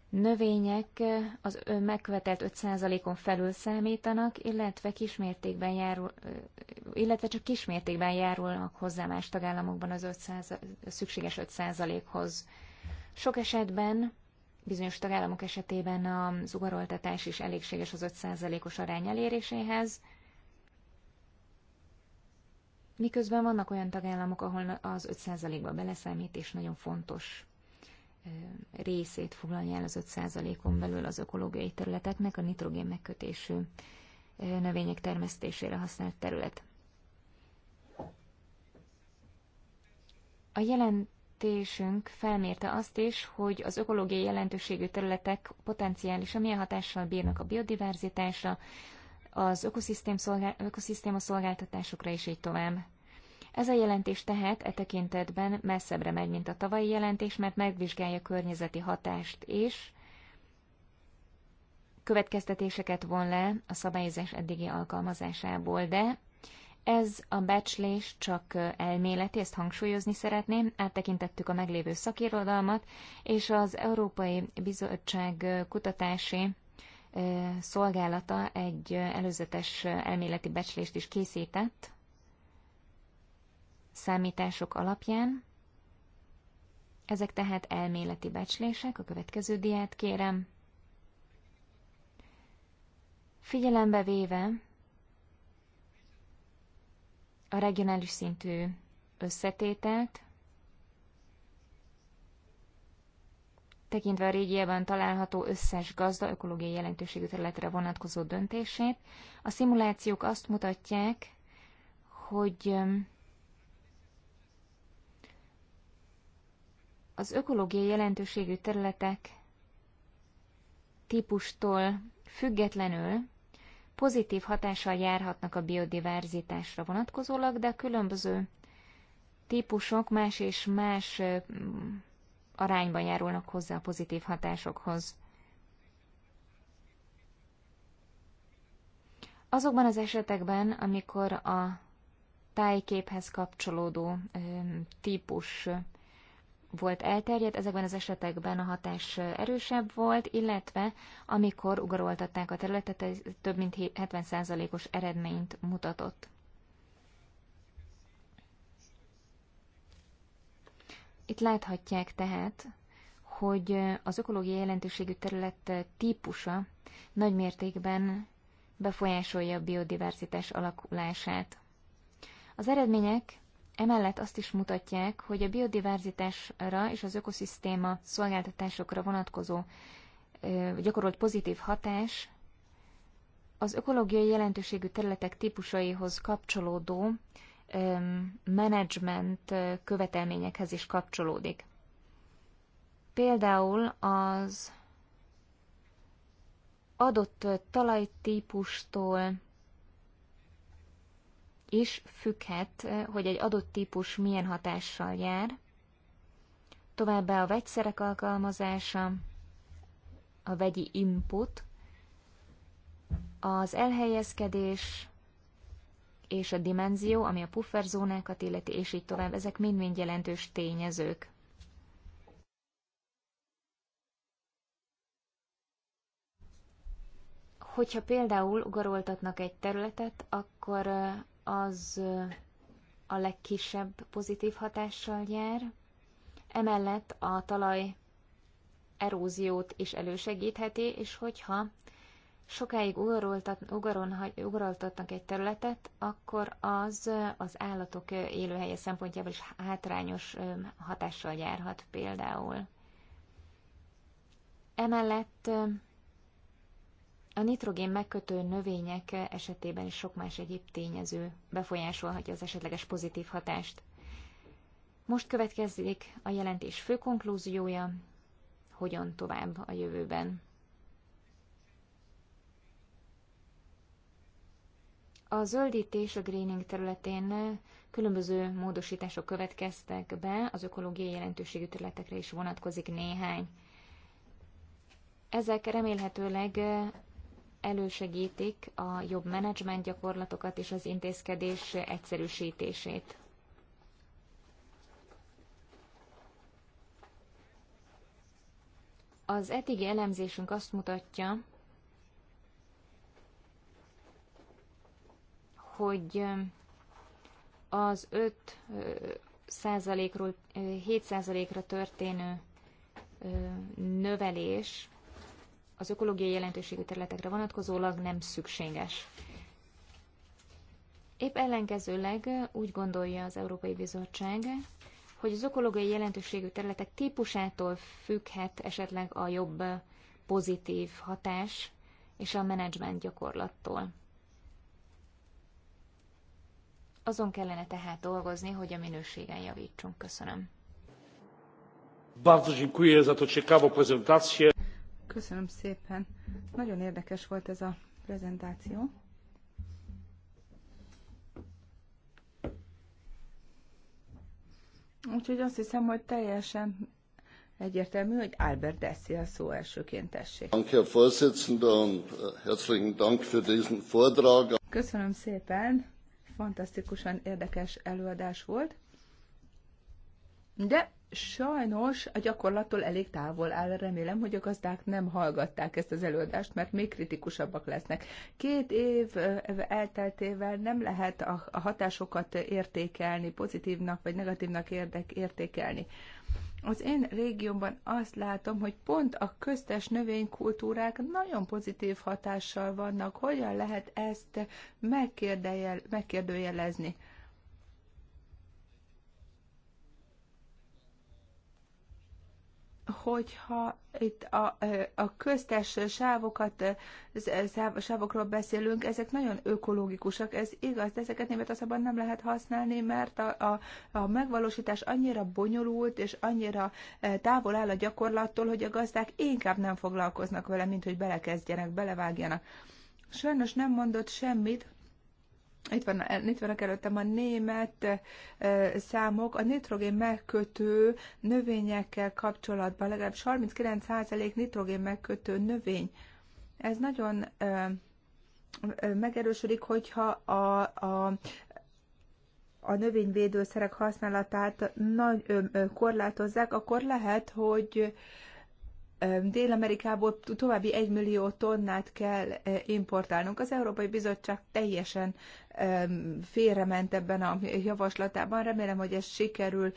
növények az megkövetelt 5%-on felül számítanak, illetve kismértékben járul, illetve csak kismértékben járulnak hozzá más tagállamokban az 500, szükséges 5%-hoz. Sok esetben, bizonyos tagállamok esetében a zugaroltatás is elégséges az 5%-os arány eléréséhez, Miközben vannak olyan tagállamok, ahol az 5%-ba beleszámít, és nagyon fontos részét foglalja el az 5%-on belül az ökológiai területeknek a nitrogén megkötésű növények termesztésére használt terület. A jelentésünk felmérte azt is, hogy az ökológiai jelentőségű területek potenciálisan milyen hatással bírnak a biodiverzitásra, az ökoszisztém szolgál, ökoszisztéma szolgáltatásokra, is így tovább. Ez a jelentés tehát e tekintetben messzebbre megy, mint a tavalyi jelentés, mert megvizsgálja környezeti hatást és következtetéseket von le a szabályozás eddigi alkalmazásából, de ez a becslés csak elméleti, ezt hangsúlyozni szeretném. Áttekintettük a meglévő szakirodalmat, és az Európai Bizottság kutatási szolgálata egy előzetes elméleti becslést is készített számítások alapján. Ezek tehát elméleti becslések. A következő diát kérem. Figyelembe véve a regionális szintű összetételt, tekintve a régiában található összes gazda ökológiai jelentőségű területre vonatkozó döntését. A szimulációk azt mutatják, hogy az ökológiai jelentőségű területek típustól függetlenül pozitív hatással járhatnak a biodiverzitásra vonatkozólag, de különböző típusok más és más arányban járulnak hozzá a pozitív hatásokhoz. Azokban az esetekben, amikor a tájképhez kapcsolódó ö, típus volt elterjedt, ezekben az esetekben a hatás erősebb volt, illetve amikor ugaroltatták a területet, ez több mint 70%-os eredményt mutatott. Itt láthatják tehát, hogy az ökológiai jelentőségű terület típusa nagy mértékben befolyásolja a biodiverzitás alakulását. Az eredmények emellett azt is mutatják, hogy a biodiverzitásra és az ökoszisztéma szolgáltatásokra vonatkozó gyakorolt pozitív hatás az ökológiai jelentőségű területek típusaihoz kapcsolódó menedzsment követelményekhez is kapcsolódik. Például az adott talajtípustól is függhet, hogy egy adott típus milyen hatással jár, továbbá a vegyszerek alkalmazása, a vegyi input, az elhelyezkedés, és a dimenzió, ami a pufferzónákat illeti, és így tovább, ezek mind-mind jelentős tényezők. Hogyha például ugaroltatnak egy területet, akkor az a legkisebb pozitív hatással jár. Emellett a talaj eróziót is elősegítheti, és hogyha sokáig ugaroltatnak egy területet, akkor az az állatok élőhelye szempontjából is hátrányos hatással járhat például. Emellett a nitrogén megkötő növények esetében is sok más egyéb tényező befolyásolhatja az esetleges pozitív hatást. Most következik a jelentés fő konklúziója, hogyan tovább a jövőben. A zöldítés a greening területén különböző módosítások következtek be, az ökológiai jelentőségű területekre is vonatkozik néhány. Ezek remélhetőleg elősegítik a jobb menedzsment gyakorlatokat és az intézkedés egyszerűsítését. Az etigi elemzésünk azt mutatja, hogy az 5 százalékról 7 százalékra történő növelés az ökológiai jelentőségű területekre vonatkozólag nem szükséges. Épp ellenkezőleg úgy gondolja az Európai Bizottság, hogy az ökológiai jelentőségű területek típusától függhet esetleg a jobb pozitív hatás és a menedzsment gyakorlattól. Azon kellene tehát dolgozni, hogy a minőségen javítsunk. Köszönöm. Bardzo dziękuję za to ciekawą prezentację. Köszönöm szépen. Nagyon érdekes volt ez a prezentáció. Úgyhogy azt hiszem, hogy teljesen egyértelmű, hogy Albert Dessi a szó elsőként tessék. Äh, Köszönöm szépen fantasztikusan érdekes előadás volt, de Sajnos a gyakorlattól elég távol áll, remélem, hogy a gazdák nem hallgatták ezt az előadást, mert még kritikusabbak lesznek. Két év elteltével nem lehet a hatásokat értékelni, pozitívnak vagy negatívnak érdek értékelni. Az én régiómban azt látom, hogy pont a köztes növénykultúrák nagyon pozitív hatással vannak. Hogyan lehet ezt megkérdőjelezni? hogyha itt a, a köztes sávokat, sávokról beszélünk, ezek nagyon ökológikusak, ez igaz, de ezeket Németországban nem lehet használni, mert a, a, a megvalósítás annyira bonyolult és annyira e, távol áll a gyakorlattól, hogy a gazdák inkább nem foglalkoznak vele, mint hogy belekezdjenek, belevágjanak. Sajnos nem mondott semmit itt, van, itt vannak előttem a német eh, számok, a nitrogén megkötő növényekkel kapcsolatban legalább 39% nitrogén megkötő növény. Ez nagyon eh, eh, megerősödik, hogyha a, a, a növényvédőszerek használatát nagy, ö, korlátozzák, akkor lehet, hogy Dél-Amerikából további egy millió tonnát kell importálnunk. Az Európai Bizottság teljesen félrement ebben a javaslatában. Remélem, hogy ezt sikerül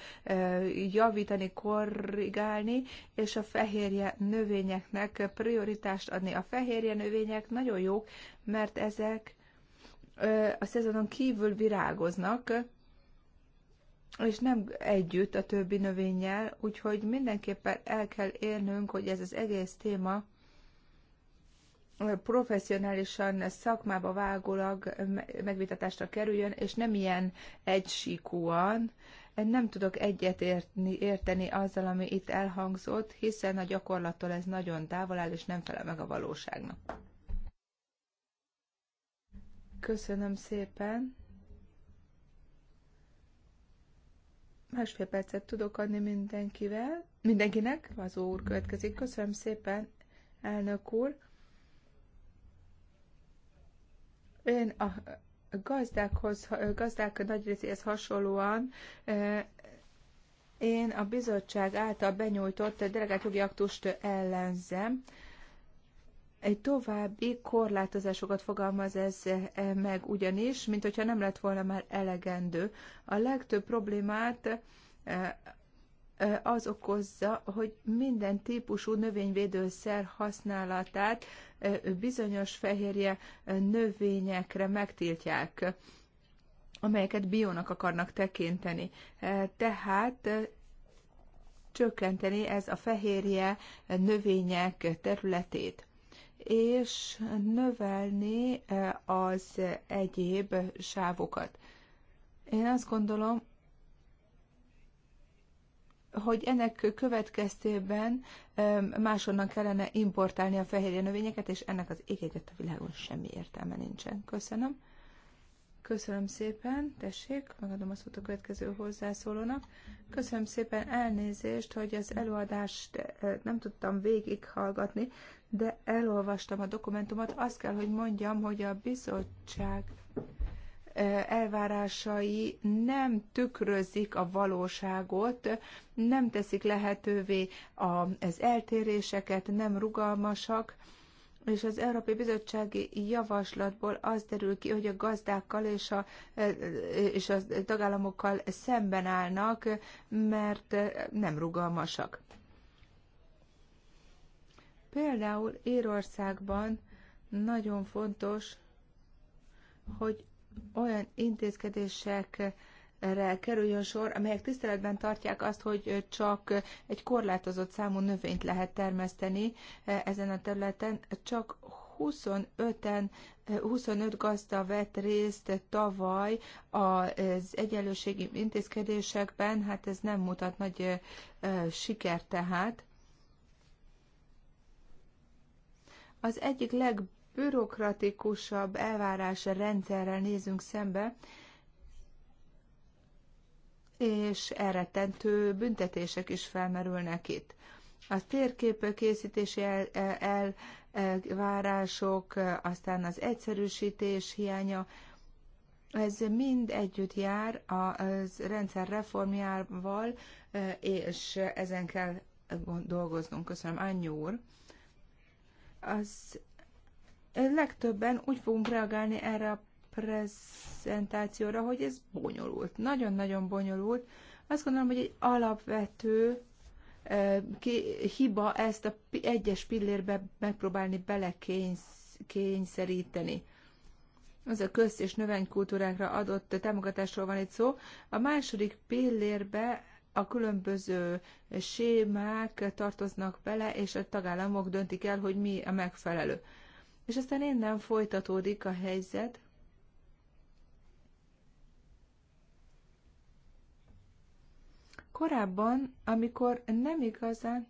javítani, korrigálni, és a fehérje növényeknek prioritást adni. A fehérje növények nagyon jók, mert ezek a szezonon kívül virágoznak, és nem együtt a többi növényel, úgyhogy mindenképpen el kell érnünk, hogy ez az egész téma professzionálisan, szakmába vágólag megvitatásra kerüljön, és nem ilyen egysíkúan. Nem tudok egyet érteni, érteni azzal, ami itt elhangzott, hiszen a gyakorlattól ez nagyon távol áll, és nem felel meg a valóságnak. Köszönöm szépen! másfél percet tudok adni mindenkivel, mindenkinek. az úr következik. Köszönöm szépen, elnök úr. Én a gazdákhoz, gazdák nagy részéhez hasonlóan e, én a bizottság által benyújtott delegált jogi aktust ellenzem egy további korlátozásokat fogalmaz ez e, meg ugyanis, mint hogyha nem lett volna már elegendő. A legtöbb problémát e, e, az okozza, hogy minden típusú növényvédőszer használatát bizonyos fehérje növényekre megtiltják, amelyeket biónak akarnak tekinteni. Tehát csökkenteni ez a fehérje növények területét és növelni e, az egyéb sávokat. Én azt gondolom, hogy ennek következtében e, másonnan kellene importálni a fehérje növényeket, és ennek az ég a világon semmi értelme nincsen. Köszönöm. Köszönöm szépen, tessék, megadom a szót a következő hozzászólónak. Köszönöm szépen elnézést, hogy az előadást eh, nem tudtam végighallgatni, de elolvastam a dokumentumot. Azt kell, hogy mondjam, hogy a bizottság eh, elvárásai nem tükrözik a valóságot, nem teszik lehetővé az eltéréseket, nem rugalmasak és az Európai Bizottsági Javaslatból az derül ki, hogy a gazdákkal és a, e, e, és a tagállamokkal szemben állnak, mert nem rugalmasak. Például Írországban nagyon fontos, hogy olyan intézkedések erre kerüljön sor, amelyek tiszteletben tartják azt, hogy csak egy korlátozott számú növényt lehet termeszteni e, ezen a területen, csak 25-en, 25 e, gazda vett részt tavaly az egyenlőségi intézkedésekben, hát ez nem mutat nagy e, sikert tehát. Az egyik legbürokratikusabb elvárás rendszerrel nézünk szembe, és elrettentő büntetések is felmerülnek itt. A térkép készítési e, elvárások, el, el, aztán az egyszerűsítés hiánya, ez mind együtt jár a rendszer reformjával, e, és ezen kell dolgoznunk. Köszönöm, Annyú úr. Az legtöbben úgy fogunk reagálni erre a prezentációra, hogy ez bonyolult. Nagyon-nagyon bonyolult. Azt gondolom, hogy egy alapvető eh, hiba ezt a egyes pillérbe megpróbálni belekényszeríteni. Az a köz- és növénykultúrákra adott támogatásról van itt szó. A második pillérbe a különböző sémák tartoznak bele, és a tagállamok döntik el, hogy mi a megfelelő. És aztán innen folytatódik a helyzet, Korábban, amikor nem igazán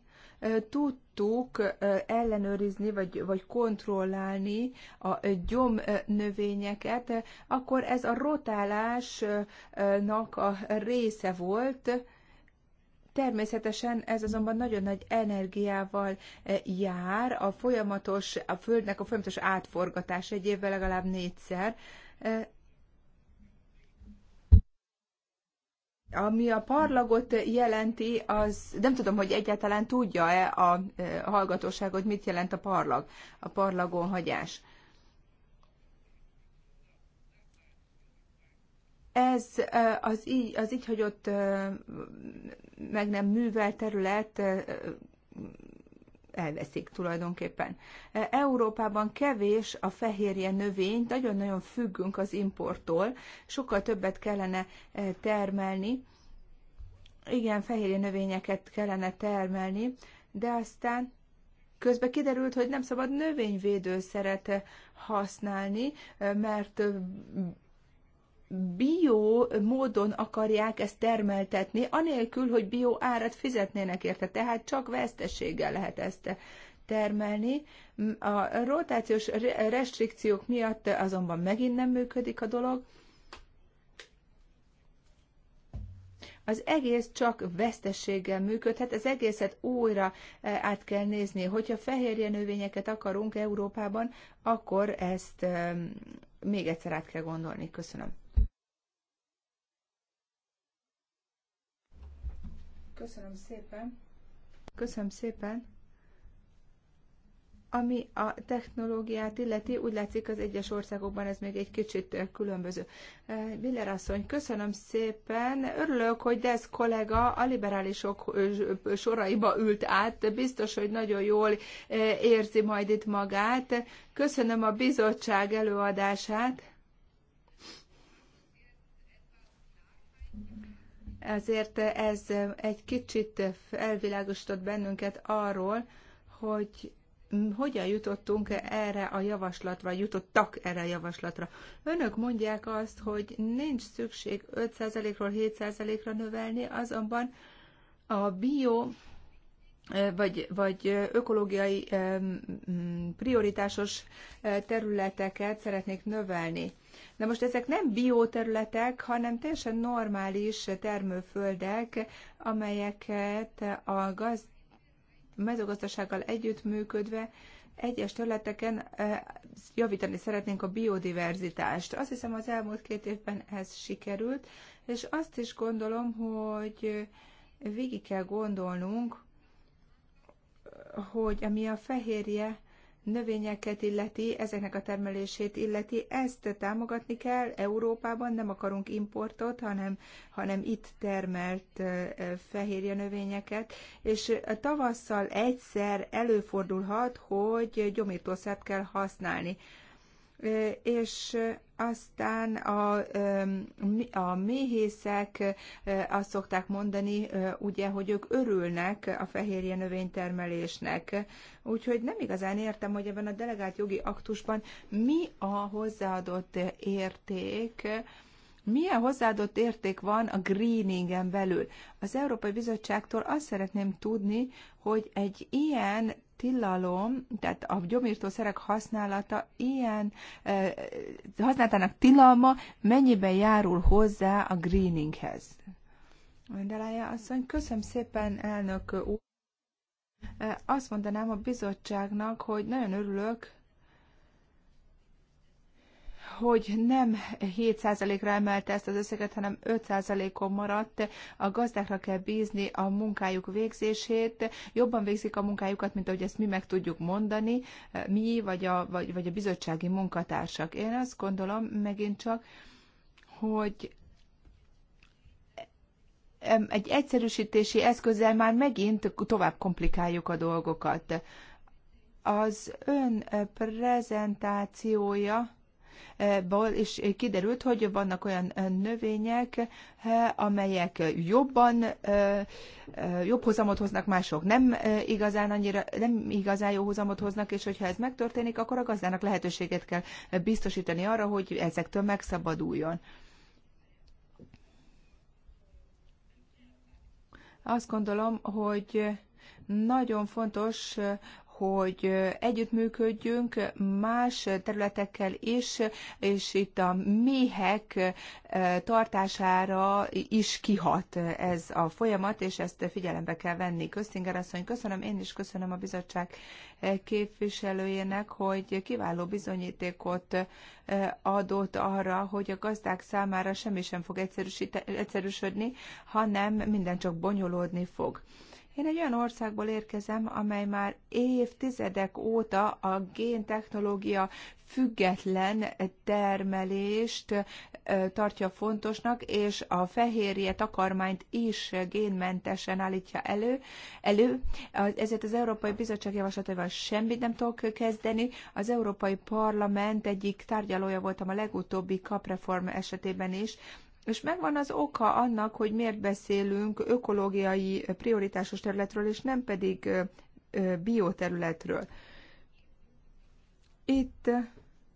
tudtuk ellenőrizni, vagy, vagy kontrollálni a gyomnövényeket, akkor ez a rotálásnak a része volt, Természetesen ez azonban nagyon nagy energiával jár, a folyamatos, a földnek a folyamatos átforgatás egy évvel legalább négyszer, Ami a parlagot jelenti, az nem tudom, hogy egyáltalán tudja-e a e, hallgatóság, hogy mit jelent a parlag, a parlagon hagyás. Ez e, az így, az így hagyott e, meg nem művel terület elveszik tulajdonképpen. E, Európában kevés a fehérje növény, nagyon-nagyon függünk az importtól, sokkal többet kellene e, termelni, igen, fehérje növényeket kellene termelni, de aztán Közben kiderült, hogy nem szabad növényvédőszeret e, használni, mert bio módon akarják ezt termeltetni, anélkül, hogy bio árat fizetnének érte, tehát csak veszteséggel lehet ezt termelni. A rotációs restrikciók miatt azonban megint nem működik a dolog. az egész csak vesztességgel működhet, az egészet újra eh, át kell nézni. Hogyha fehérje növényeket akarunk Európában, akkor ezt eh, még egyszer át kell gondolni. Köszönöm. Köszönöm szépen. Köszönöm szépen. Ami a technológiát illeti, úgy látszik az egyes országokban ez még egy kicsit eh, különböző. Eh, Miller asszony, köszönöm szépen. Örülök, hogy Dez kollega a liberálisok eh, soraiba ült át. Biztos, hogy nagyon jól érzi majd itt magát. Köszönöm a bizottság előadását Ezért ez egy kicsit elvilágosított bennünket arról, hogy hogyan jutottunk erre a javaslatra, jutottak erre a javaslatra. Önök mondják azt, hogy nincs szükség 5%-ról 7%-ra növelni, azonban a bio vagy, vagy ökológiai prioritásos eh, területeket szeretnék növelni. Na most ezek nem bioterületek, hanem teljesen normális termőföldek, amelyeket a gaz, mezőgazdasággal együttműködve egyes területeken javítani szeretnénk a biodiverzitást. Azt hiszem az elmúlt két évben ez sikerült, és azt is gondolom, hogy végig kell gondolnunk, hogy ami a fehérje növényeket illeti, ezeknek a termelését illeti, ezt támogatni kell Európában, nem akarunk importot, hanem, hanem itt termelt fehérje növényeket, és tavasszal egyszer előfordulhat, hogy gyomítószert kell használni és aztán a, a méhészek azt szokták mondani, ugye, hogy ők örülnek a fehérje növénytermelésnek. Úgyhogy nem igazán értem, hogy ebben a delegált jogi aktusban mi a hozzáadott érték, milyen hozzáadott érték van a greeningen belül? Az Európai Bizottságtól azt szeretném tudni, hogy egy ilyen tilalom, tehát a gyomírtószerek használata ilyen eh, használatának tilalma mennyiben járul hozzá a greeninghez? Mendelája asszony, köszönöm szépen, elnök úr. Eh, azt mondanám a bizottságnak, hogy nagyon örülök hogy nem 7%-ra emelte ezt az összeget, hanem 5%-on maradt. A gazdákra kell bízni a munkájuk végzését. Jobban végzik a munkájukat, mint ahogy ezt mi meg tudjuk mondani, mi vagy a, vagy, vagy a bizottsági munkatársak. Én azt gondolom megint csak, hogy egy egyszerűsítési eszközzel már megint tovább komplikáljuk a dolgokat. Az ön prezentációja ból is kiderült, hogy vannak olyan növények, amelyek jobban, jobb hozamot hoznak, mások nem igazán annyira, nem igazán jó hozamot hoznak, és hogyha ez megtörténik, akkor a gazdának lehetőséget kell biztosítani arra, hogy ezektől megszabaduljon. Azt gondolom, hogy nagyon fontos, hogy együttműködjünk más területekkel is, és itt a méhek tartására is kihat ez a folyamat, és ezt figyelembe kell venni. Köztinger asszony, köszönöm, én is köszönöm a bizottság képviselőjének, hogy kiváló bizonyítékot adott arra, hogy a gazdák számára semmi sem fog egyszerűsödni, hanem minden csak bonyolódni fog. Én egy olyan országból érkezem, amely már évtizedek óta a géntechnológia független termelést tartja fontosnak, és a fehérje takarmányt is génmentesen állítja elő. elő. Ezért az Európai Bizottság javaslatával semmit nem tudok kezdeni. Az Európai Parlament egyik tárgyalója voltam a legutóbbi kapreform esetében is, és megvan az oka annak, hogy miért beszélünk ökológiai prioritásos területről, és nem pedig bioterületről. Itt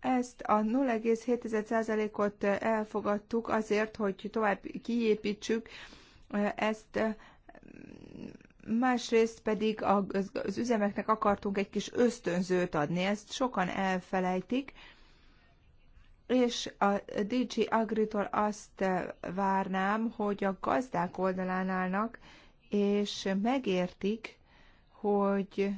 ezt a 0,7%-ot elfogadtuk azért, hogy tovább kiépítsük ezt, másrészt pedig az üzemeknek akartunk egy kis ösztönzőt adni, ezt sokan elfelejtik, és a DG Agritól azt várnám, hogy a gazdák oldalán állnak, és megértik, hogy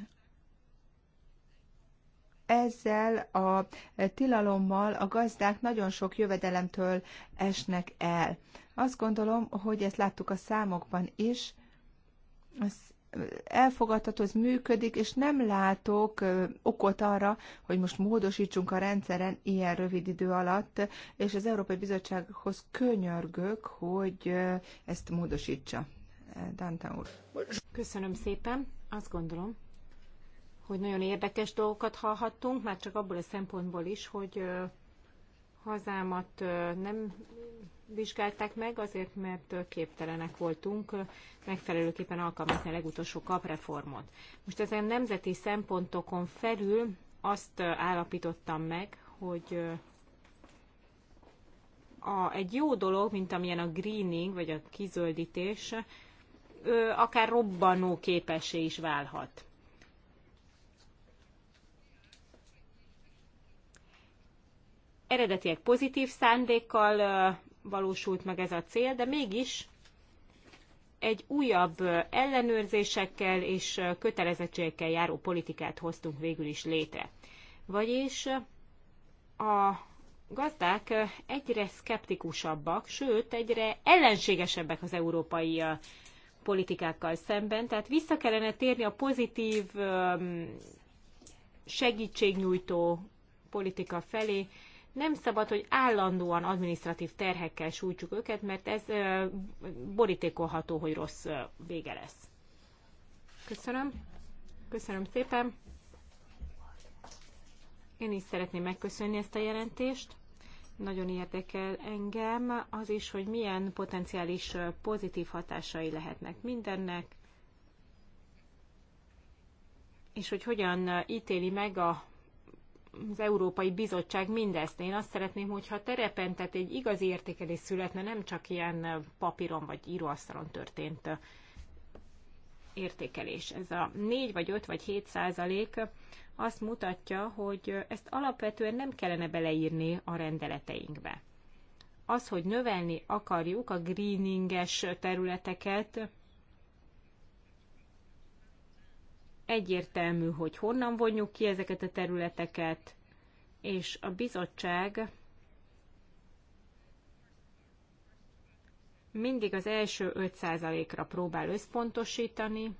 ezzel a tilalommal a gazdák nagyon sok jövedelemtől esnek el. Azt gondolom, hogy ezt láttuk a számokban is, az elfogadható, ez működik, és nem látok okot arra, hogy most módosítsunk a rendszeren ilyen rövid idő alatt, és az Európai Bizottsághoz könyörgök, hogy ezt módosítsa. Dante úr. Köszönöm szépen. Azt gondolom, hogy nagyon érdekes dolgokat hallhattunk, már csak abból a szempontból is, hogy hazámat nem vizsgálták meg, azért mert képtelenek voltunk megfelelőképpen alkalmazni a legutolsó kapreformot. Most ezen nemzeti szempontokon felül azt állapítottam meg, hogy a, egy jó dolog, mint amilyen a greening, vagy a kizöldítés, akár robbanó képessé is válhat. Eredetileg pozitív szándékkal valósult meg ez a cél, de mégis egy újabb ellenőrzésekkel és kötelezettségekkel járó politikát hoztunk végül is létre. Vagyis a gazdák egyre szkeptikusabbak, sőt, egyre ellenségesebbek az európai politikákkal szemben, tehát vissza kellene térni a pozitív segítségnyújtó politika felé, nem szabad, hogy állandóan administratív terhekkel sújtsuk őket, mert ez borítékolható, hogy rossz vége lesz. Köszönöm. Köszönöm szépen. Én is szeretném megköszönni ezt a jelentést. Nagyon érdekel engem az is, hogy milyen potenciális pozitív hatásai lehetnek mindennek, és hogy hogyan ítéli meg a az Európai Bizottság mindezt. Én azt szeretném, hogyha terepen, tehát egy igazi értékelés születne, nem csak ilyen papíron vagy íróasztalon történt értékelés. Ez a 4 vagy 5 vagy 7 százalék azt mutatja, hogy ezt alapvetően nem kellene beleírni a rendeleteinkbe. Az, hogy növelni akarjuk a greeninges területeket, egyértelmű, hogy honnan vonjuk ki ezeket a területeket, és a bizottság mindig az első 5%-ra próbál összpontosítani,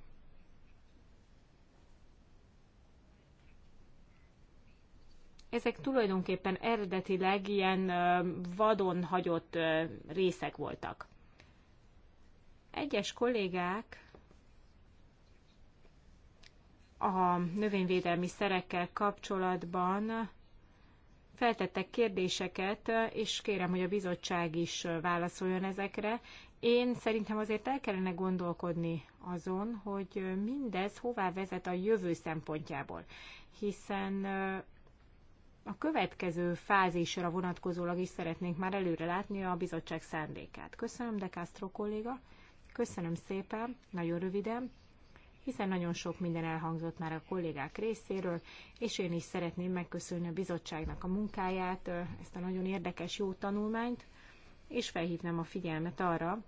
ezek tulajdonképpen eredetileg ilyen vadon hagyott részek voltak. Egyes kollégák a növényvédelmi szerekkel kapcsolatban feltettek kérdéseket, és kérem, hogy a bizottság is válaszoljon ezekre. Én szerintem azért el kellene gondolkodni azon, hogy mindez hová vezet a jövő szempontjából, hiszen a következő fázisra vonatkozólag is szeretnénk már előre látni a bizottság szándékát. Köszönöm, de Castro kolléga. Köszönöm szépen, nagyon röviden hiszen nagyon sok minden elhangzott már a kollégák részéről, és én is szeretném megköszönni a bizottságnak a munkáját, ezt a nagyon érdekes jó tanulmányt, és felhívnám a figyelmet arra,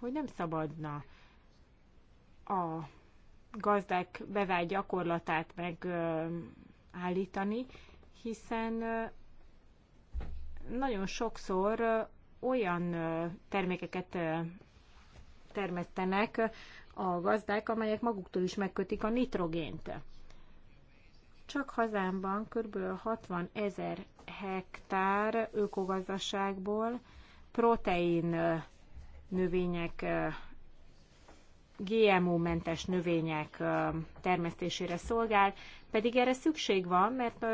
hogy nem szabadna a gazdák bevált gyakorlatát megállítani, hiszen nagyon sokszor olyan termékeket termettenek, a gazdák, amelyek maguktól is megkötik a nitrogént. Csak hazámban kb. 60 ezer hektár ökogazdaságból protein növények, GMO-mentes növények termesztésére szolgál, pedig erre szükség van, mert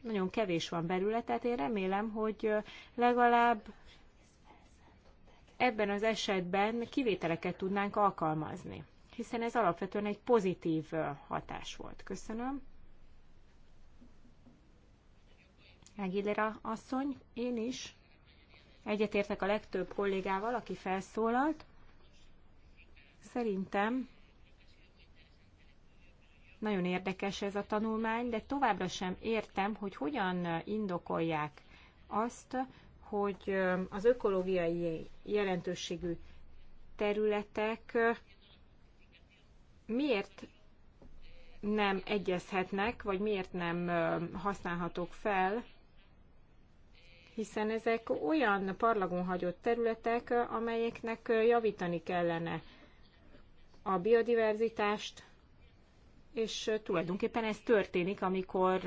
nagyon kevés van belőle, tehát én remélem, hogy legalább ebben az esetben kivételeket tudnánk alkalmazni, hiszen ez alapvetően egy pozitív hatás volt. Köszönöm. Megillera asszony, én is egyetértek a legtöbb kollégával, aki felszólalt. Szerintem nagyon érdekes ez a tanulmány, de továbbra sem értem, hogy hogyan indokolják azt, hogy az ökológiai jelentőségű területek miért nem egyezhetnek, vagy miért nem használhatók fel, hiszen ezek olyan parlagon hagyott területek, amelyeknek javítani kellene a biodiverzitást, és tulajdonképpen ez történik, amikor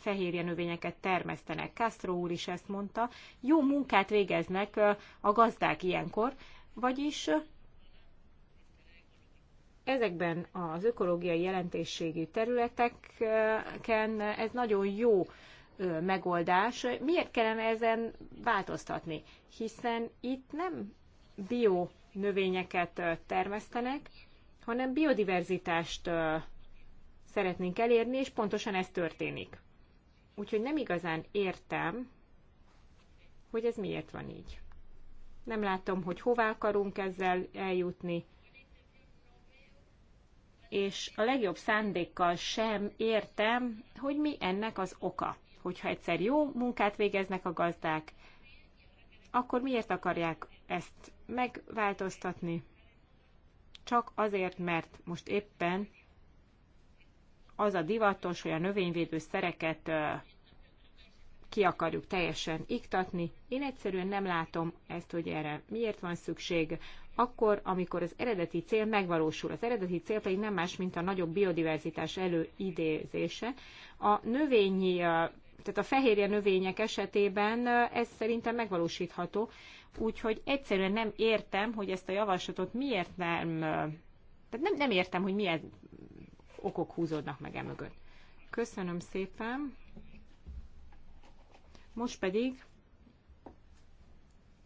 fehérje növényeket termesztenek. Castro úr is ezt mondta, jó munkát végeznek a gazdák ilyenkor, vagyis ezekben az ökológiai jelentésségi területeken ez nagyon jó megoldás. Miért kellene ezen változtatni? Hiszen itt nem bio növényeket termesztenek, hanem biodiverzitást szeretnénk elérni, és pontosan ez történik. Úgyhogy nem igazán értem, hogy ez miért van így. Nem látom, hogy hová akarunk ezzel eljutni, és a legjobb szándékkal sem értem, hogy mi ennek az oka. Hogyha egyszer jó munkát végeznek a gazdák, akkor miért akarják ezt megváltoztatni? Csak azért, mert most éppen az a divatos, hogy a növényvédő szereket ki akarjuk teljesen iktatni. Én egyszerűen nem látom ezt, hogy erre miért van szükség, akkor, amikor az eredeti cél megvalósul. Az eredeti cél pedig nem más, mint a nagyobb biodiverzitás előidézése. A növényi, tehát a fehérje növények esetében ez szerintem megvalósítható, úgyhogy egyszerűen nem értem, hogy ezt a javaslatot miért nem, tehát nem, nem értem, hogy miért okok húzódnak meg emögött. Köszönöm szépen. Most pedig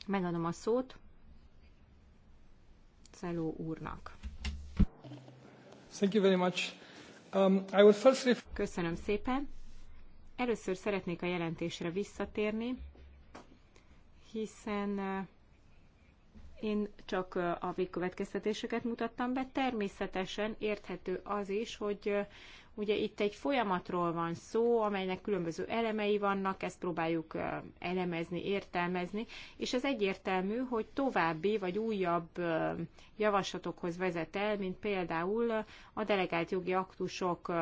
megadom a szót Celó úrnak. Thank you very much. Um, I will firstly... Köszönöm szépen. Először szeretnék a jelentésre visszatérni, hiszen uh, én csak a végkövetkeztetéseket mutattam be. Természetesen érthető az is, hogy ugye itt egy folyamatról van szó, amelynek különböző elemei vannak, ezt próbáljuk elemezni, értelmezni, és ez egyértelmű, hogy további vagy újabb javaslatokhoz vezet el, mint például a delegált jogi aktusok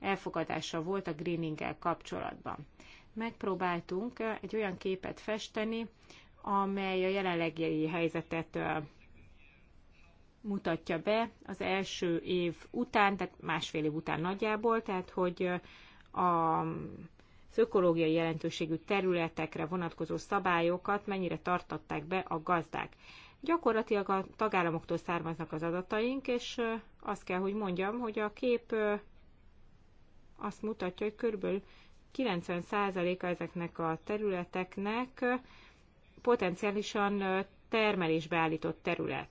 elfogadása volt a greening kapcsolatban. Megpróbáltunk egy olyan képet festeni, amely a jelenlegi helyzetet mutatja be az első év után, tehát másfél év után nagyjából, tehát hogy a az ökológiai jelentőségű területekre vonatkozó szabályokat mennyire tartatták be a gazdák. Gyakorlatilag a tagállamoktól származnak az adataink, és azt kell, hogy mondjam, hogy a kép azt mutatja, hogy körülbelül 90%-a ezeknek a területeknek potenciálisan termelésbe állított terület.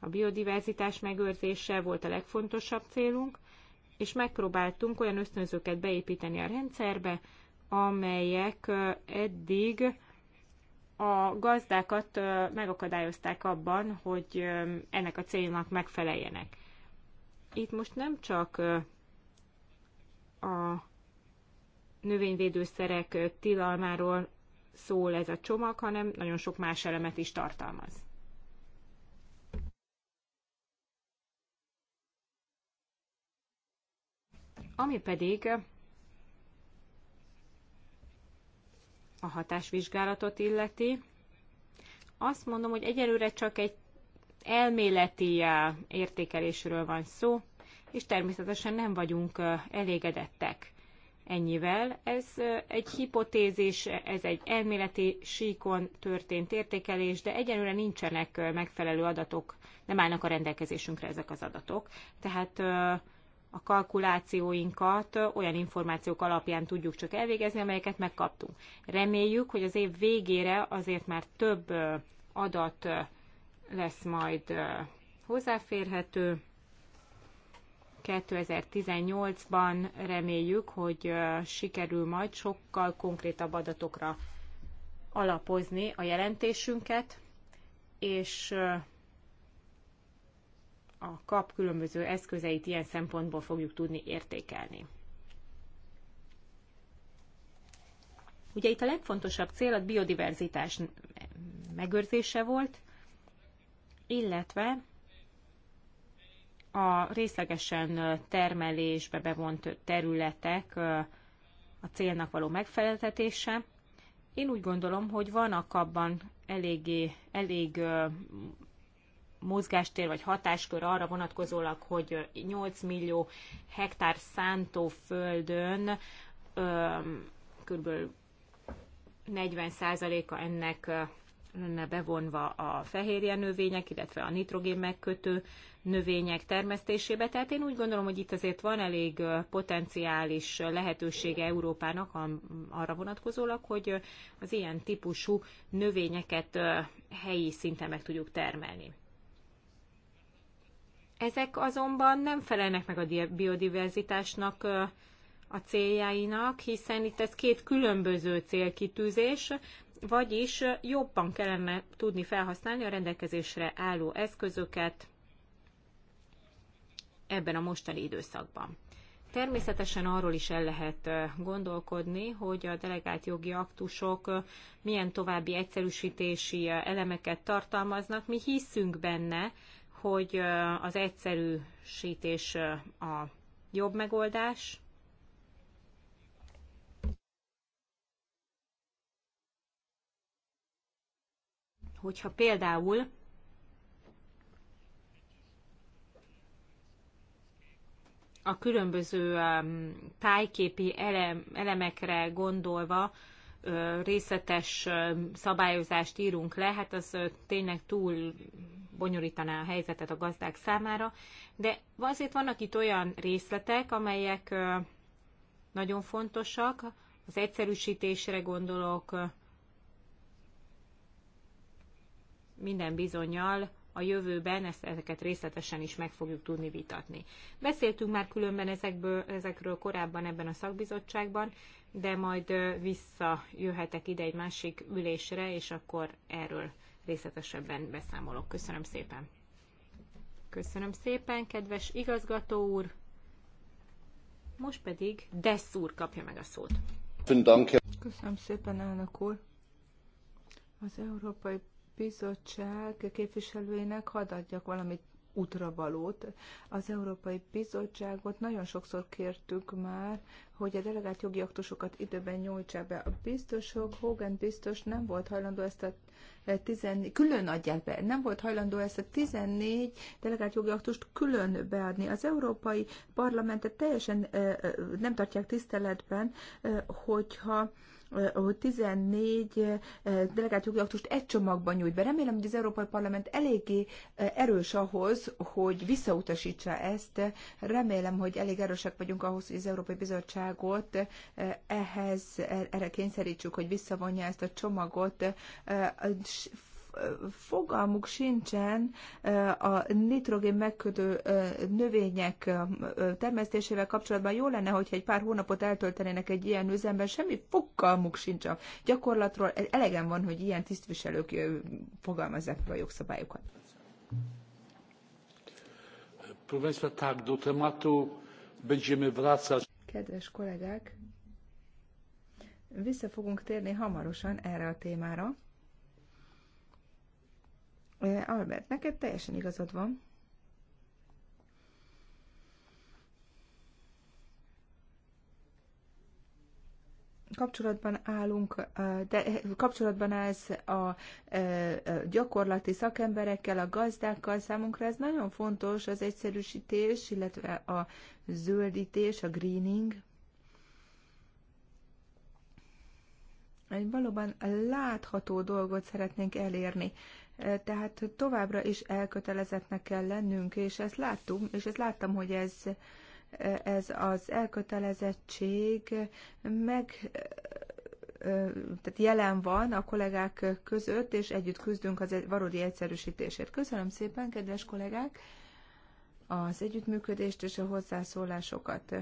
A biodiverzitás megőrzése volt a legfontosabb célunk, és megpróbáltunk olyan ösztönzőket beépíteni a rendszerbe, amelyek eddig a gazdákat megakadályozták abban, hogy ennek a célnak megfeleljenek. Itt most nem csak a növényvédőszerek tilalmáról szól ez a csomag, hanem nagyon sok más elemet is tartalmaz. Ami pedig a hatásvizsgálatot illeti, azt mondom, hogy egyelőre csak egy elméleti eh, értékelésről van szó, és természetesen nem vagyunk eh, elégedettek ennyivel. Ez egy hipotézis, ez egy elméleti síkon történt értékelés, de egyelőre nincsenek megfelelő adatok, nem állnak a rendelkezésünkre ezek az adatok. Tehát a kalkulációinkat olyan információk alapján tudjuk csak elvégezni, amelyeket megkaptunk. Reméljük, hogy az év végére azért már több adat lesz majd hozzáférhető, 2018-ban reméljük, hogy sikerül majd sokkal konkrétabb adatokra alapozni a jelentésünket, és a kap különböző eszközeit ilyen szempontból fogjuk tudni értékelni. Ugye itt a legfontosabb cél a biodiverzitás megőrzése volt, illetve a részlegesen termelésbe bevont területek a célnak való megfeleltetése. Én úgy gondolom, hogy van abban eléggé, elég mozgástér vagy hatáskör arra vonatkozólag, hogy 8 millió hektár szántóföldön kb. 40%-a ennek lenne bevonva a fehérje növények, illetve a nitrogén megkötő növények termesztésébe. Tehát én úgy gondolom, hogy itt azért van elég potenciális lehetősége Európának arra vonatkozólag, hogy az ilyen típusú növényeket helyi szinten meg tudjuk termelni. Ezek azonban nem felelnek meg a biodiverzitásnak a céljainak, hiszen itt ez két különböző célkitűzés vagyis jobban kellene tudni felhasználni a rendelkezésre álló eszközöket ebben a mostani időszakban. Természetesen arról is el lehet gondolkodni, hogy a delegált jogi aktusok milyen további egyszerűsítési elemeket tartalmaznak. Mi hiszünk benne, hogy az egyszerűsítés a jobb megoldás, hogyha például a különböző um, tájképi elemekre gondolva részletes szabályozást írunk le, hát az tényleg túl bonyolítaná a helyzetet a gazdák számára, de azért vannak itt olyan részletek, amelyek nagyon fontosak, az egyszerűsítésre gondolok, minden bizonyal a jövőben ezt, ezeket részletesen is meg fogjuk tudni vitatni. Beszéltünk már különben ezekből, ezekről korábban ebben a szakbizottságban, de majd visszajöhetek ide egy másik ülésre, és akkor erről részletesebben beszámolok. Köszönöm szépen! Köszönöm szépen, kedves igazgató úr! Most pedig Dessz úr kapja meg a szót. Köszönöm szépen, elnök úr! Az Európai Bizottság képviselőinek hadd adjak valamit útravalót. Az Európai Bizottságot nagyon sokszor kértük már, hogy a delegált jogi aktusokat időben nyújtsák be. A biztosok, Hogan biztos nem volt hajlandó ezt a 14, e, külön adják be, nem volt hajlandó ezt a 14 delegált jogi aktust külön beadni. Az Európai Parlamentet teljesen e, e, nem tartják tiszteletben, hogyha hogy 14 eh, delegált jogi aktust egy csomagban nyújt be. Remélem, hogy az Európai Parlament eléggé eh, erős ahhoz, hogy visszautasítsa ezt. Remélem, hogy elég erősek vagyunk ahhoz, hogy az Európai Bizottságot eh, ehhez, erre kényszerítsük, hogy visszavonja ezt a csomagot fogalmuk sincsen a nitrogén megködő növények termesztésével kapcsolatban. Jó lenne, hogyha egy pár hónapot eltöltenének egy ilyen üzemben, semmi fogalmuk sincs a gyakorlatról. E- elegem van, hogy ilyen tisztviselők fogalmazzák a jogszabályokat. do tematu będziemy wracać. Kedves kollégák, vissza fogunk térni hamarosan erre a témára. Albert, neked teljesen igazad van. kapcsolatban állunk, de kapcsolatban állsz a gyakorlati szakemberekkel, a gazdákkal, számunkra ez nagyon fontos, az egyszerűsítés, illetve a zöldítés, a greening. Egy valóban látható dolgot szeretnénk elérni tehát továbbra is elkötelezettnek kell lennünk, és ezt láttuk, és ezt láttam, hogy ez ez az elkötelezettség meg tehát jelen van a kollégák között, és együtt küzdünk az valódi egyszerűsítésért. Köszönöm szépen, kedves kollégák, az együttműködést és a hozzászólásokat.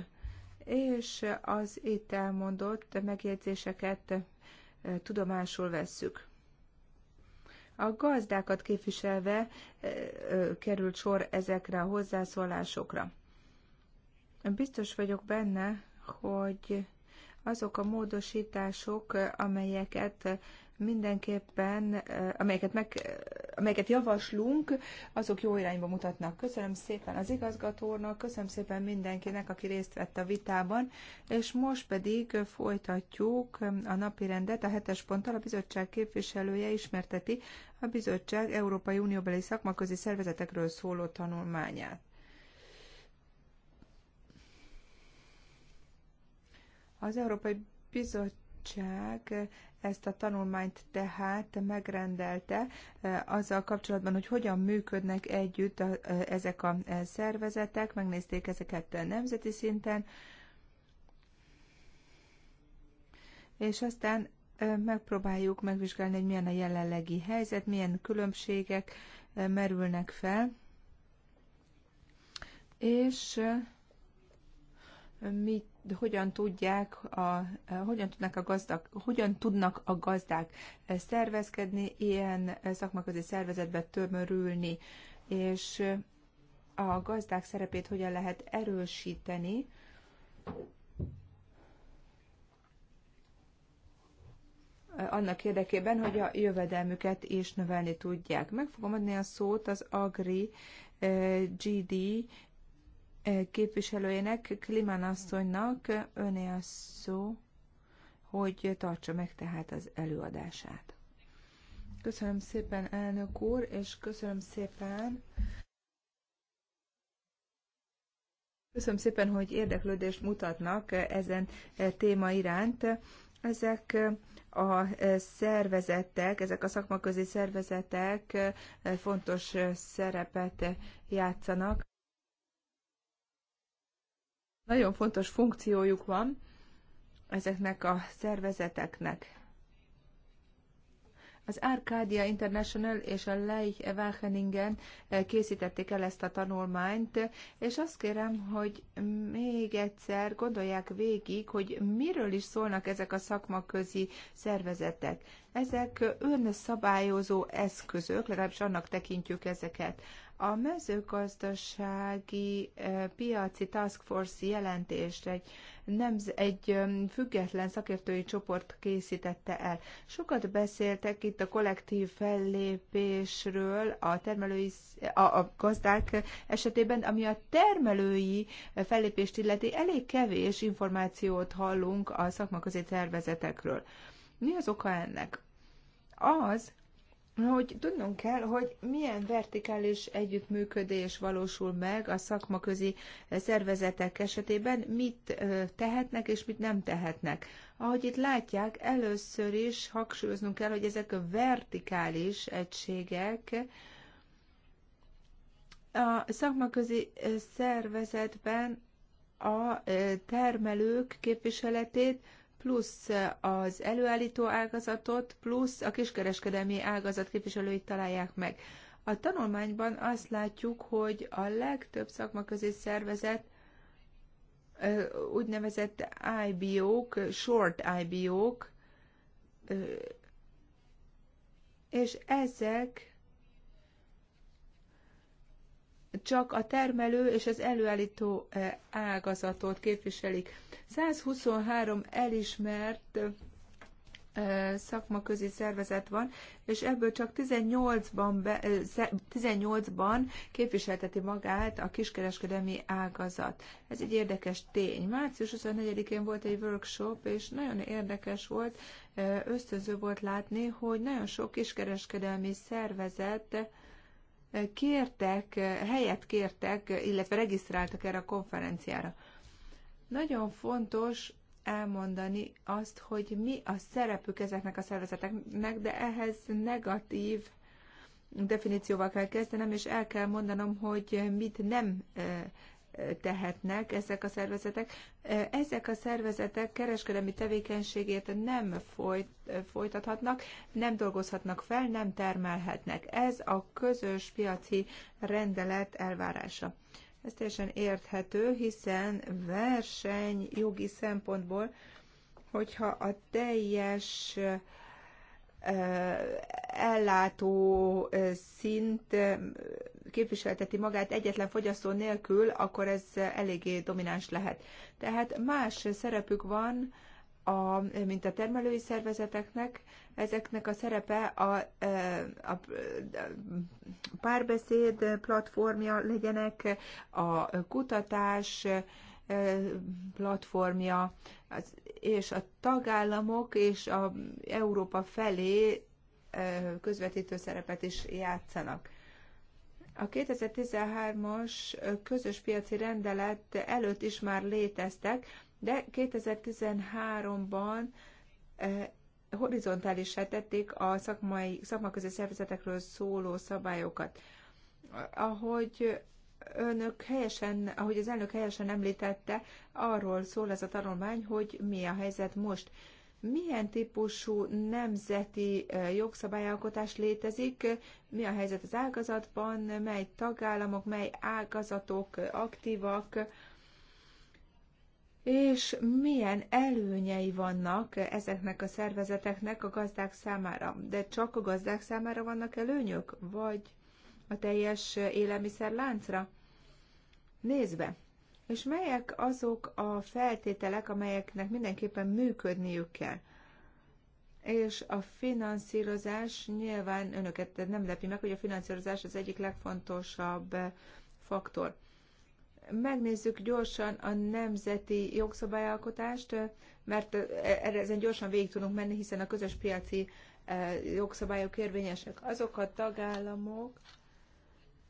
És az itt elmondott megjegyzéseket tudomásul vesszük. A gazdákat képviselve e, e, került sor ezekre a hozzászólásokra. Biztos vagyok benne, hogy azok a módosítások, amelyeket mindenképpen, amelyeket, meg, amelyeket javaslunk, azok jó irányba mutatnak. Köszönöm szépen az igazgatónak, köszönöm szépen mindenkinek, aki részt vett a vitában, és most pedig folytatjuk a napi rendet. A hetes ponttal a bizottság képviselője ismerteti a bizottság Európai Unióbeli szakmaközi szervezetekről szóló tanulmányát. Az Európai Bizottság bizottság ezt a tanulmányt tehát megrendelte eh, azzal kapcsolatban, hogy hogyan működnek együtt a, eh, ezek a eh, szervezetek, megnézték ezeket a nemzeti szinten, és aztán megpróbáljuk megvizsgálni, hogy milyen a jelenlegi helyzet, milyen különbségek merülnek fel, és mit hogyan tudják a, hogyan tudnak a gazdag, hogyan tudnak a gazdák szervezkedni, ilyen szakmaközi szervezetbe tömörülni, és a gazdák szerepét hogyan lehet erősíteni, annak érdekében, hogy a jövedelmüket is növelni tudják. Meg fogom adni a szót az Agri eh, GD képviselőjének, Klimán asszonynak öné a szó, hogy tartsa meg tehát az előadását. Köszönöm szépen, elnök úr, és köszönöm szépen. Köszönöm szépen, hogy érdeklődést mutatnak ezen téma iránt. Ezek a szervezetek, ezek a szakmaközi szervezetek fontos szerepet játszanak. Nagyon fontos funkciójuk van ezeknek a szervezeteknek. Az Arcadia International és a Leich Wageningen eh, készítették el ezt a tanulmányt, és azt kérem, hogy még egyszer gondolják végig, hogy miről is szólnak ezek a szakmaközi szervezetek. Ezek eh, önszabályozó eszközök, legalábbis annak tekintjük ezeket. A mezőgazdasági eh, piaci task force jelentést egy, nem, egy független szakértői csoport készítette el. Sokat beszéltek itt a kollektív fellépésről a, termelői, a, a gazdák esetében, ami a termelői fellépést illeti, elég kevés információt hallunk a szakmaközi tervezetekről. Mi az oka ennek? Az, hogy tudnunk kell, hogy milyen vertikális együttműködés valósul meg a szakmaközi eh, szervezetek esetében, mit eh, tehetnek és mit nem tehetnek. Ahogy itt látják, először is hangsúlyoznunk kell, hogy ezek a vertikális egységek a szakmaközi eh, szervezetben a termelők képviseletét plusz az előállító ágazatot, plusz a kiskereskedelmi ágazat képviselőit találják meg. A tanulmányban azt látjuk, hogy a legtöbb szakmaközi szervezet úgynevezett IBO-k, short IBO-k, és ezek csak a termelő és az előállító eh, ágazatot képviselik. 123 elismert eh, szakmaközi szervezet van, és ebből csak 18-ban, be, 18-ban eh, képviselteti magát a kiskereskedelmi ágazat. Ez egy érdekes tény. Március 24-én volt egy workshop, és nagyon érdekes volt, ösztönző volt látni, hogy nagyon sok kiskereskedelmi szervezet kértek, helyet kértek, illetve regisztráltak erre a konferenciára. Nagyon fontos elmondani azt, hogy mi a szerepük ezeknek a szervezeteknek, de ehhez negatív definícióval kell kezdenem, és el kell mondanom, hogy mit nem eh, tehetnek ezek a szervezetek. Ezek a szervezetek kereskedelmi tevékenységét nem folyt, folytathatnak, nem dolgozhatnak fel, nem termelhetnek. Ez a közös piaci rendelet elvárása. Ez teljesen érthető, hiszen verseny jogi szempontból, hogyha a teljes ellátó szint képviselteti magát egyetlen fogyasztó nélkül, akkor ez eléggé domináns lehet. Tehát más szerepük van, a, mint a termelői szervezeteknek, ezeknek a szerepe a, a, a párbeszéd platformja legyenek, a kutatás, platformja, és a tagállamok és a Európa felé közvetítő szerepet is játszanak. A 2013-as közös piaci rendelet előtt is már léteztek, de 2013-ban horizontális tették a szakmai, szakmaközi szervezetekről szóló szabályokat. Ahogy önök helyesen, ahogy az elnök helyesen említette, arról szól ez a tanulmány, hogy mi a helyzet most. Milyen típusú nemzeti jogszabályalkotás létezik, mi a helyzet az ágazatban, mely tagállamok, mely ágazatok aktívak, és milyen előnyei vannak ezeknek a szervezeteknek a gazdák számára. De csak a gazdák számára vannak előnyök, vagy a teljes élelmiszerláncra? nézve. És melyek azok a feltételek, amelyeknek mindenképpen működniük kell? És a finanszírozás nyilván önöket nem lepi meg, hogy a finanszírozás az egyik legfontosabb eh, faktor. Megnézzük gyorsan a nemzeti jogszabályalkotást, eh, mert eh, erre ezen gyorsan végig tudunk menni, hiszen a közös piaci jogszabályok érvényesek. Azok a tagállamok,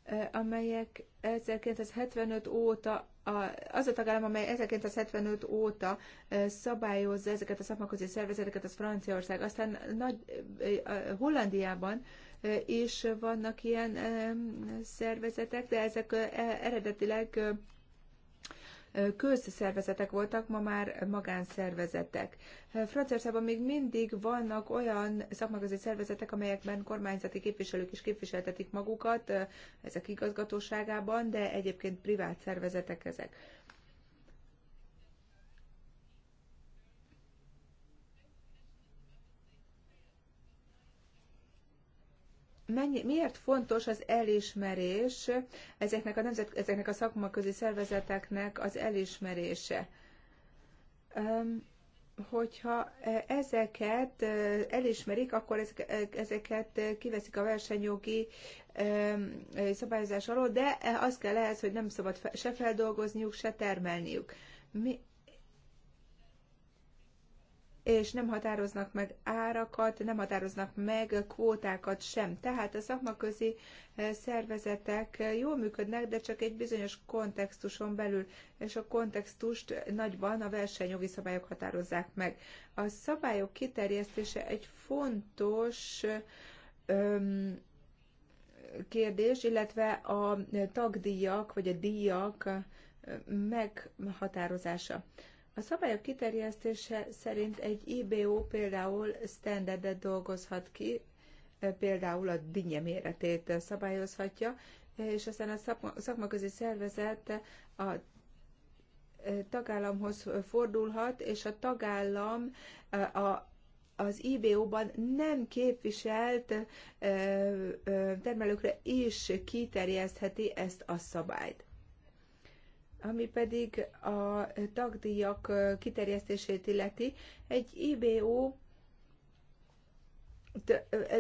Eh, amelyek 1975 óta az a tagállam, amely 1975 óta eh, szabályozza ezeket a szakmaközi szervezeteket, az Franciaország. Aztán nagy, eh, Hollandiában is vannak ilyen szervezetek, de ezek eredetileg közszervezetek voltak, ma már magánszervezetek. Franciaországban még mindig vannak olyan szakmagazi szervezetek, amelyekben kormányzati képviselők is képviseltetik magukat ezek igazgatóságában, de egyébként privát szervezetek ezek. mennyi, miért fontos az elismerés ezeknek a, nemzet, ezeknek a szakmaközi szervezeteknek az elismerése? hogyha ezeket elismerik, akkor ezeket kiveszik a versenyjogi szabályozás alól, de az kell ehhez, hogy nem szabad se feldolgozniuk, se termelniük. Mi, és nem határoznak meg árakat, nem határoznak meg kvótákat sem. Tehát a szakmaközi eh, szervezetek eh, jól működnek, de csak egy bizonyos kontextuson belül, és a kontextust nagyban a versenyjogi szabályok határozzák meg. A szabályok kiterjesztése egy fontos öm, kérdés, illetve a tagdíjak vagy a díjak eh, meghatározása. A szabályok kiterjesztése szerint egy IBO például standardet dolgozhat ki, például a dinnye méretét szabályozhatja, és aztán a szakmaközi szervezet a tagállamhoz fordulhat, és a tagállam a az IBO-ban nem képviselt termelőkre is kiterjesztheti ezt a szabályt ami pedig a tagdíjak kiterjesztését illeti, egy IBO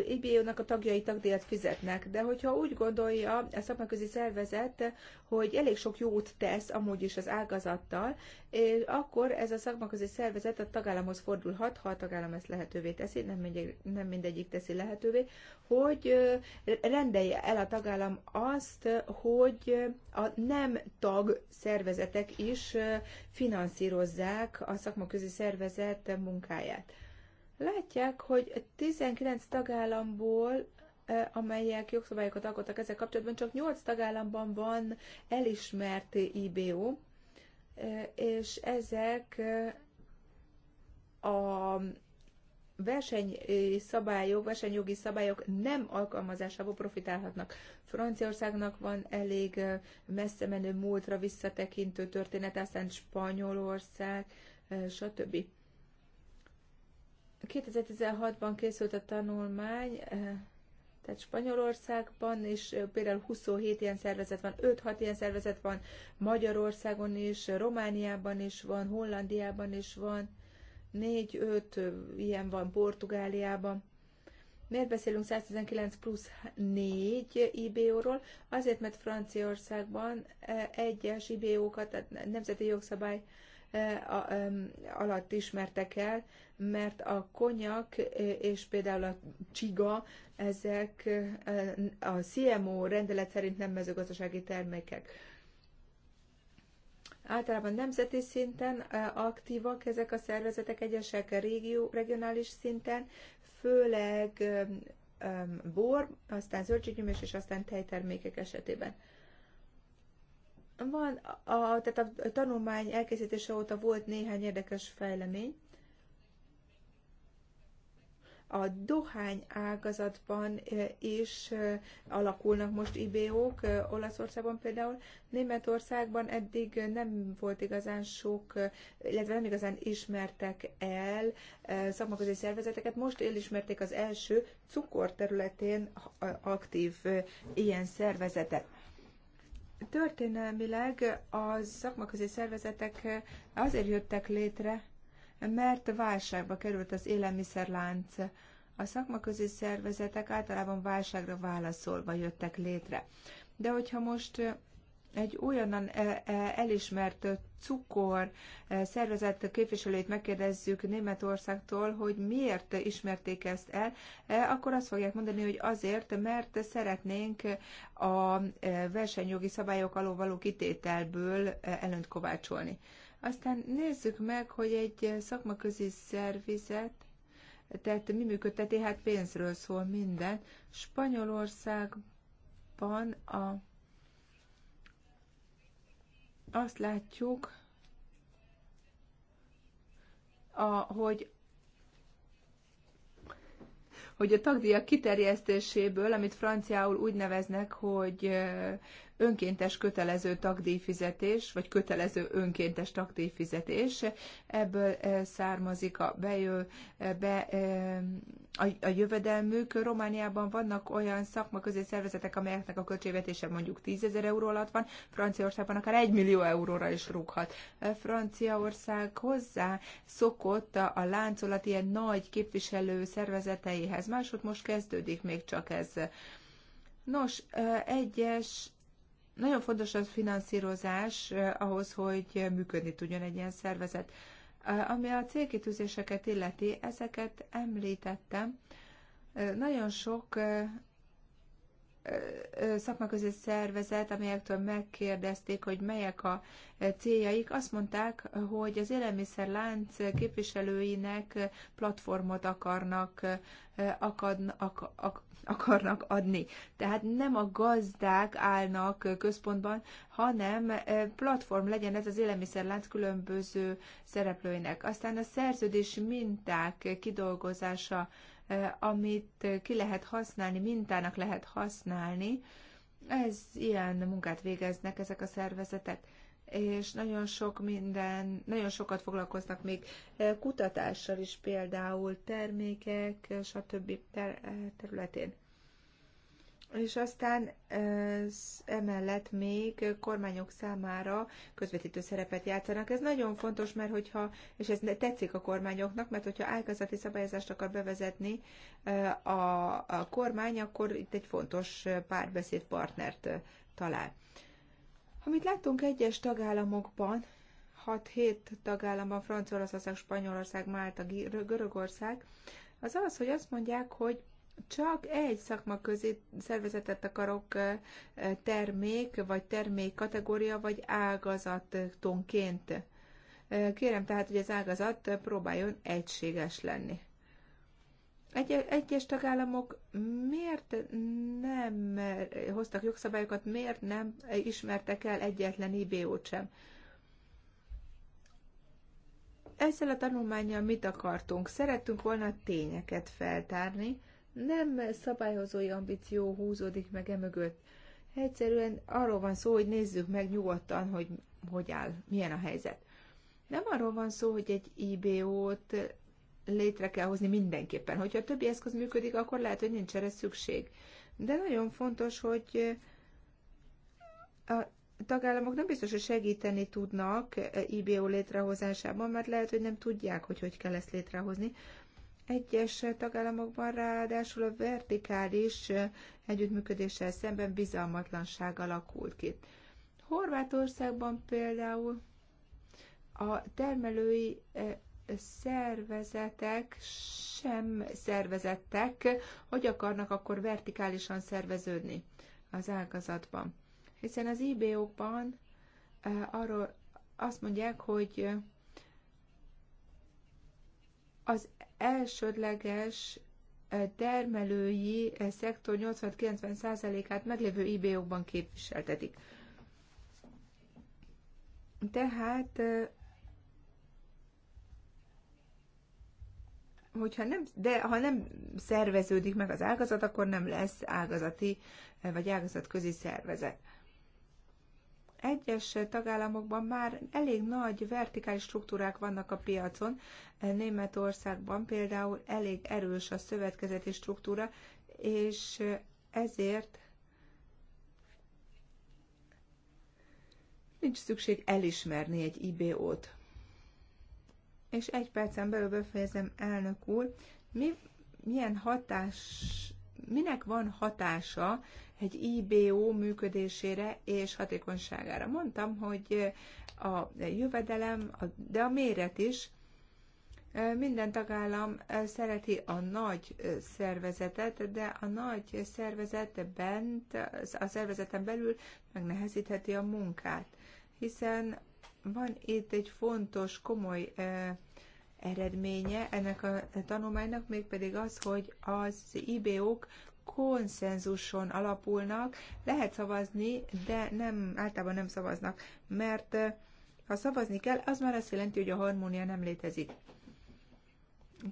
IBO-nak e a tagjai tagdíjat fizetnek, de hogyha úgy gondolja a szakmaközi szervezet, hogy elég sok jót tesz amúgy is az ágazattal, és akkor ez a szakmaközi szervezet a tagállamhoz fordulhat, ha a tagállam ezt lehetővé teszi, nem, mindegy, nem mindegyik teszi lehetővé, hogy rendelje el a tagállam azt, hogy a nem tag szervezetek is finanszírozzák a szakmaközi szervezet munkáját. Látják, hogy 19 tagállamból eh, amelyek jogszabályokat alkottak ezzel kapcsolatban, csak 8 tagállamban van elismert IBO, eh, és ezek eh, a versenyszabályok, versenyjogi szabályok nem alkalmazásából profitálhatnak. Franciaországnak van elég messze menő múltra visszatekintő történet, aztán Spanyolország, stb. 2016-ban készült a tanulmány, eh, tehát Spanyolországban is eh, például 27 ilyen szervezet van, 5-6 ilyen szervezet van, Magyarországon is, Romániában is van, Hollandiában is van, 4-5 eh, ilyen van Portugáliában. Miért beszélünk 119 plusz 4 IBO-ról? Azért, mert Franciaországban egyes IBO-kat, tehát nemzeti jogszabály alatt ismertek el, mert a konyak és például a csiga, ezek a CMO rendelet szerint nem mezőgazdasági termékek. Általában nemzeti szinten aktívak ezek a szervezetek, egyesek a régió, regionális szinten, főleg bor, aztán zöldséggyümölcs és aztán tejtermékek esetében. Van, a, tehát a tanulmány elkészítése óta volt néhány érdekes fejlemény. A dohány ágazatban is alakulnak most IBO-k, Olaszországban például, Németországban eddig nem volt igazán sok, illetve nem igazán ismertek el szakmaközi szervezeteket, most elismerték az első cukor területén aktív ilyen szervezetet. Történelmileg a szakmaközi szervezetek azért jöttek létre, mert válságba került az élelmiszerlánc. A szakmaközi szervezetek általában válságra válaszolva jöttek létre. De hogyha most egy olyan elismert cukor szervezett képviselőjét megkérdezzük Németországtól, hogy miért ismerték ezt el, akkor azt fogják mondani, hogy azért, mert szeretnénk a versenyjogi szabályok alól való kitételből előnt kovácsolni. Aztán nézzük meg, hogy egy szakmaközi szervizet, tehát mi működteti, hát pénzről szól minden. Spanyolországban a, azt látjuk, a, hogy hogy a tagdíjak kiterjesztéséből, amit franciául úgy neveznek, hogy önkéntes kötelező tagdíjfizetés, vagy kötelező önkéntes tagdíjfizetés. Ebből eh, származik a, bejö, eh, be, eh, a, a jövedelmük. Romániában vannak olyan szakmaközi szervezetek, amelyeknek a költségvetése mondjuk 10 ezer euró alatt van, Franciaországban akár 1 millió euróra is rúghat. Franciaország hozzá szokott a láncolat ilyen nagy képviselő szervezeteihez. Másod most kezdődik még csak ez. Nos, egyes nagyon fontos az finanszírozás eh, ahhoz, hogy működni tudjon egy ilyen szervezet. Eh, ami a célkitűzéseket illeti, ezeket említettem. Eh, nagyon sok szakmaközi szervezet, amelyektől megkérdezték, hogy melyek a céljaik, azt mondták, hogy az élelmiszerlánc képviselőinek platformot akarnak, akad, ak, ak, akarnak adni. Tehát nem a gazdák állnak központban, hanem e, platform legyen ez az élelmiszerlánc különböző szereplőinek. Aztán a szerződés minták kidolgozása, e, amit ki lehet használni, mintának lehet használni, ez ilyen munkát végeznek ezek a szervezetek és nagyon sok minden, nagyon sokat foglalkoznak még eh, kutatással is, például termékek, eh, stb. Eh, területén. És aztán ez, emellett még kormányok számára közvetítő szerepet játszanak. Ez nagyon fontos, mert hogyha, és ez tetszik a kormányoknak, mert hogyha ágazati szabályozást akar bevezetni a, a kormány, akkor itt egy fontos párbeszédpartnert talál. Amit láttunk egyes tagállamokban, 6-7 tagállamban, Franciaország, Spanyolország, Málta, Görögország, az az, hogy azt mondják, hogy csak egy közé szervezetet akarok termék, vagy termék kategória, vagy ágazatonként. Kérem tehát, hogy az ágazat próbáljon egységes lenni. Egy, egyes tagállamok miért nem hoztak jogszabályokat, miért nem ismertek el egyetlen IBO-t sem? Ezzel a tanulmányjal mit akartunk? Szerettünk volna tényeket feltárni, nem szabályozói ambíció húzódik meg emögött. Egyszerűen arról van szó, hogy nézzük meg nyugodtan, hogy hogy áll, milyen a helyzet. Nem arról van szó, hogy egy IBO-t létre kell hozni mindenképpen. Hogyha a többi eszköz működik, akkor lehet, hogy nincs erre szükség. De nagyon fontos, hogy a tagállamok nem biztos, hogy segíteni tudnak IBO létrehozásában, mert lehet, hogy nem tudják, hogy hogy kell ezt létrehozni. Egyes tagállamokban ráadásul a vertikális együttműködéssel szemben bizalmatlanság alakult ki. Horvátországban például a termelői szervezetek sem szervezettek, hogy akarnak akkor vertikálisan szerveződni az ágazatban. Hiszen az IBO-kban arról azt mondják, hogy az elsődleges termelői szektor 80-90%-át meglévő IBO-kban képviseltetik. Tehát hogyha nem, de ha nem szerveződik meg az ágazat, akkor nem lesz ágazati eh, vagy ágazatközi szervezet. Egyes tagállamokban már elég nagy vertikális struktúrák vannak a piacon. Eh, Németországban például elég erős a szövetkezeti struktúra, és eh, ezért nincs szükség elismerni egy IBO-t és egy percen belül befejezem, elnök úr. Mi, milyen hatás, minek van hatása egy IBO működésére és hatékonyságára? Mondtam, hogy a jövedelem, de a méret is, minden tagállam szereti a nagy szervezetet, de a nagy szervezet bent, a szervezeten belül megnehezítheti a munkát, hiszen van itt egy fontos, komoly eh, eredménye ennek a tanulmánynak mégpedig az, hogy az IBO-k konszenzuson alapulnak, lehet szavazni, de nem, általában nem szavaznak, mert ha szavazni kell, az már azt jelenti, hogy a harmónia nem létezik.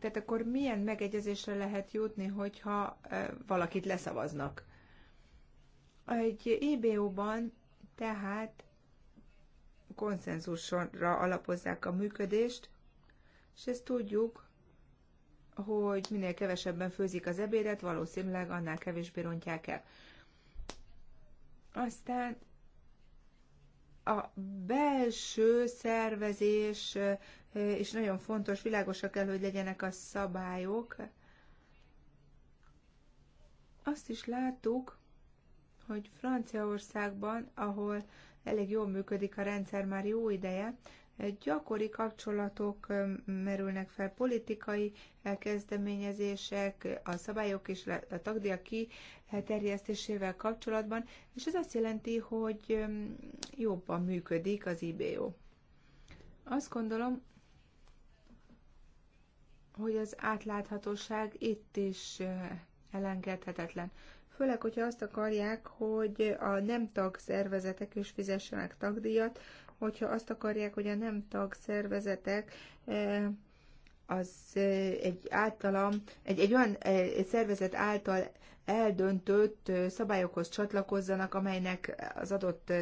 Tehát akkor milyen megegyezésre lehet jutni, hogyha valakit leszavaznak? Egy IBO-ban tehát konszenzusra alapozzák a működést, és ezt tudjuk, hogy minél kevesebben főzik az ebédet, valószínűleg annál kevésbé rontják el. Aztán a belső szervezés is nagyon fontos, világosak kell, hogy legyenek a szabályok. Azt is láttuk, hogy Franciaországban, ahol elég jól működik a rendszer már jó ideje, gyakori kapcsolatok merülnek fel, politikai kezdeményezések, a szabályok és a tagdíjak kiterjesztésével kapcsolatban, és ez azt jelenti, hogy jobban működik az IBO. Azt gondolom, hogy az átláthatóság itt is elengedhetetlen. Főleg, hogyha azt akarják, hogy a nem tag szervezetek is fizessenek tagdíjat, hogyha azt akarják, hogy a nem szervezetek, eh, az eh, egy általam, egy, egy olyan eh, egy szervezet által eldöntött szabályokhoz csatlakozzanak, amelynek az adott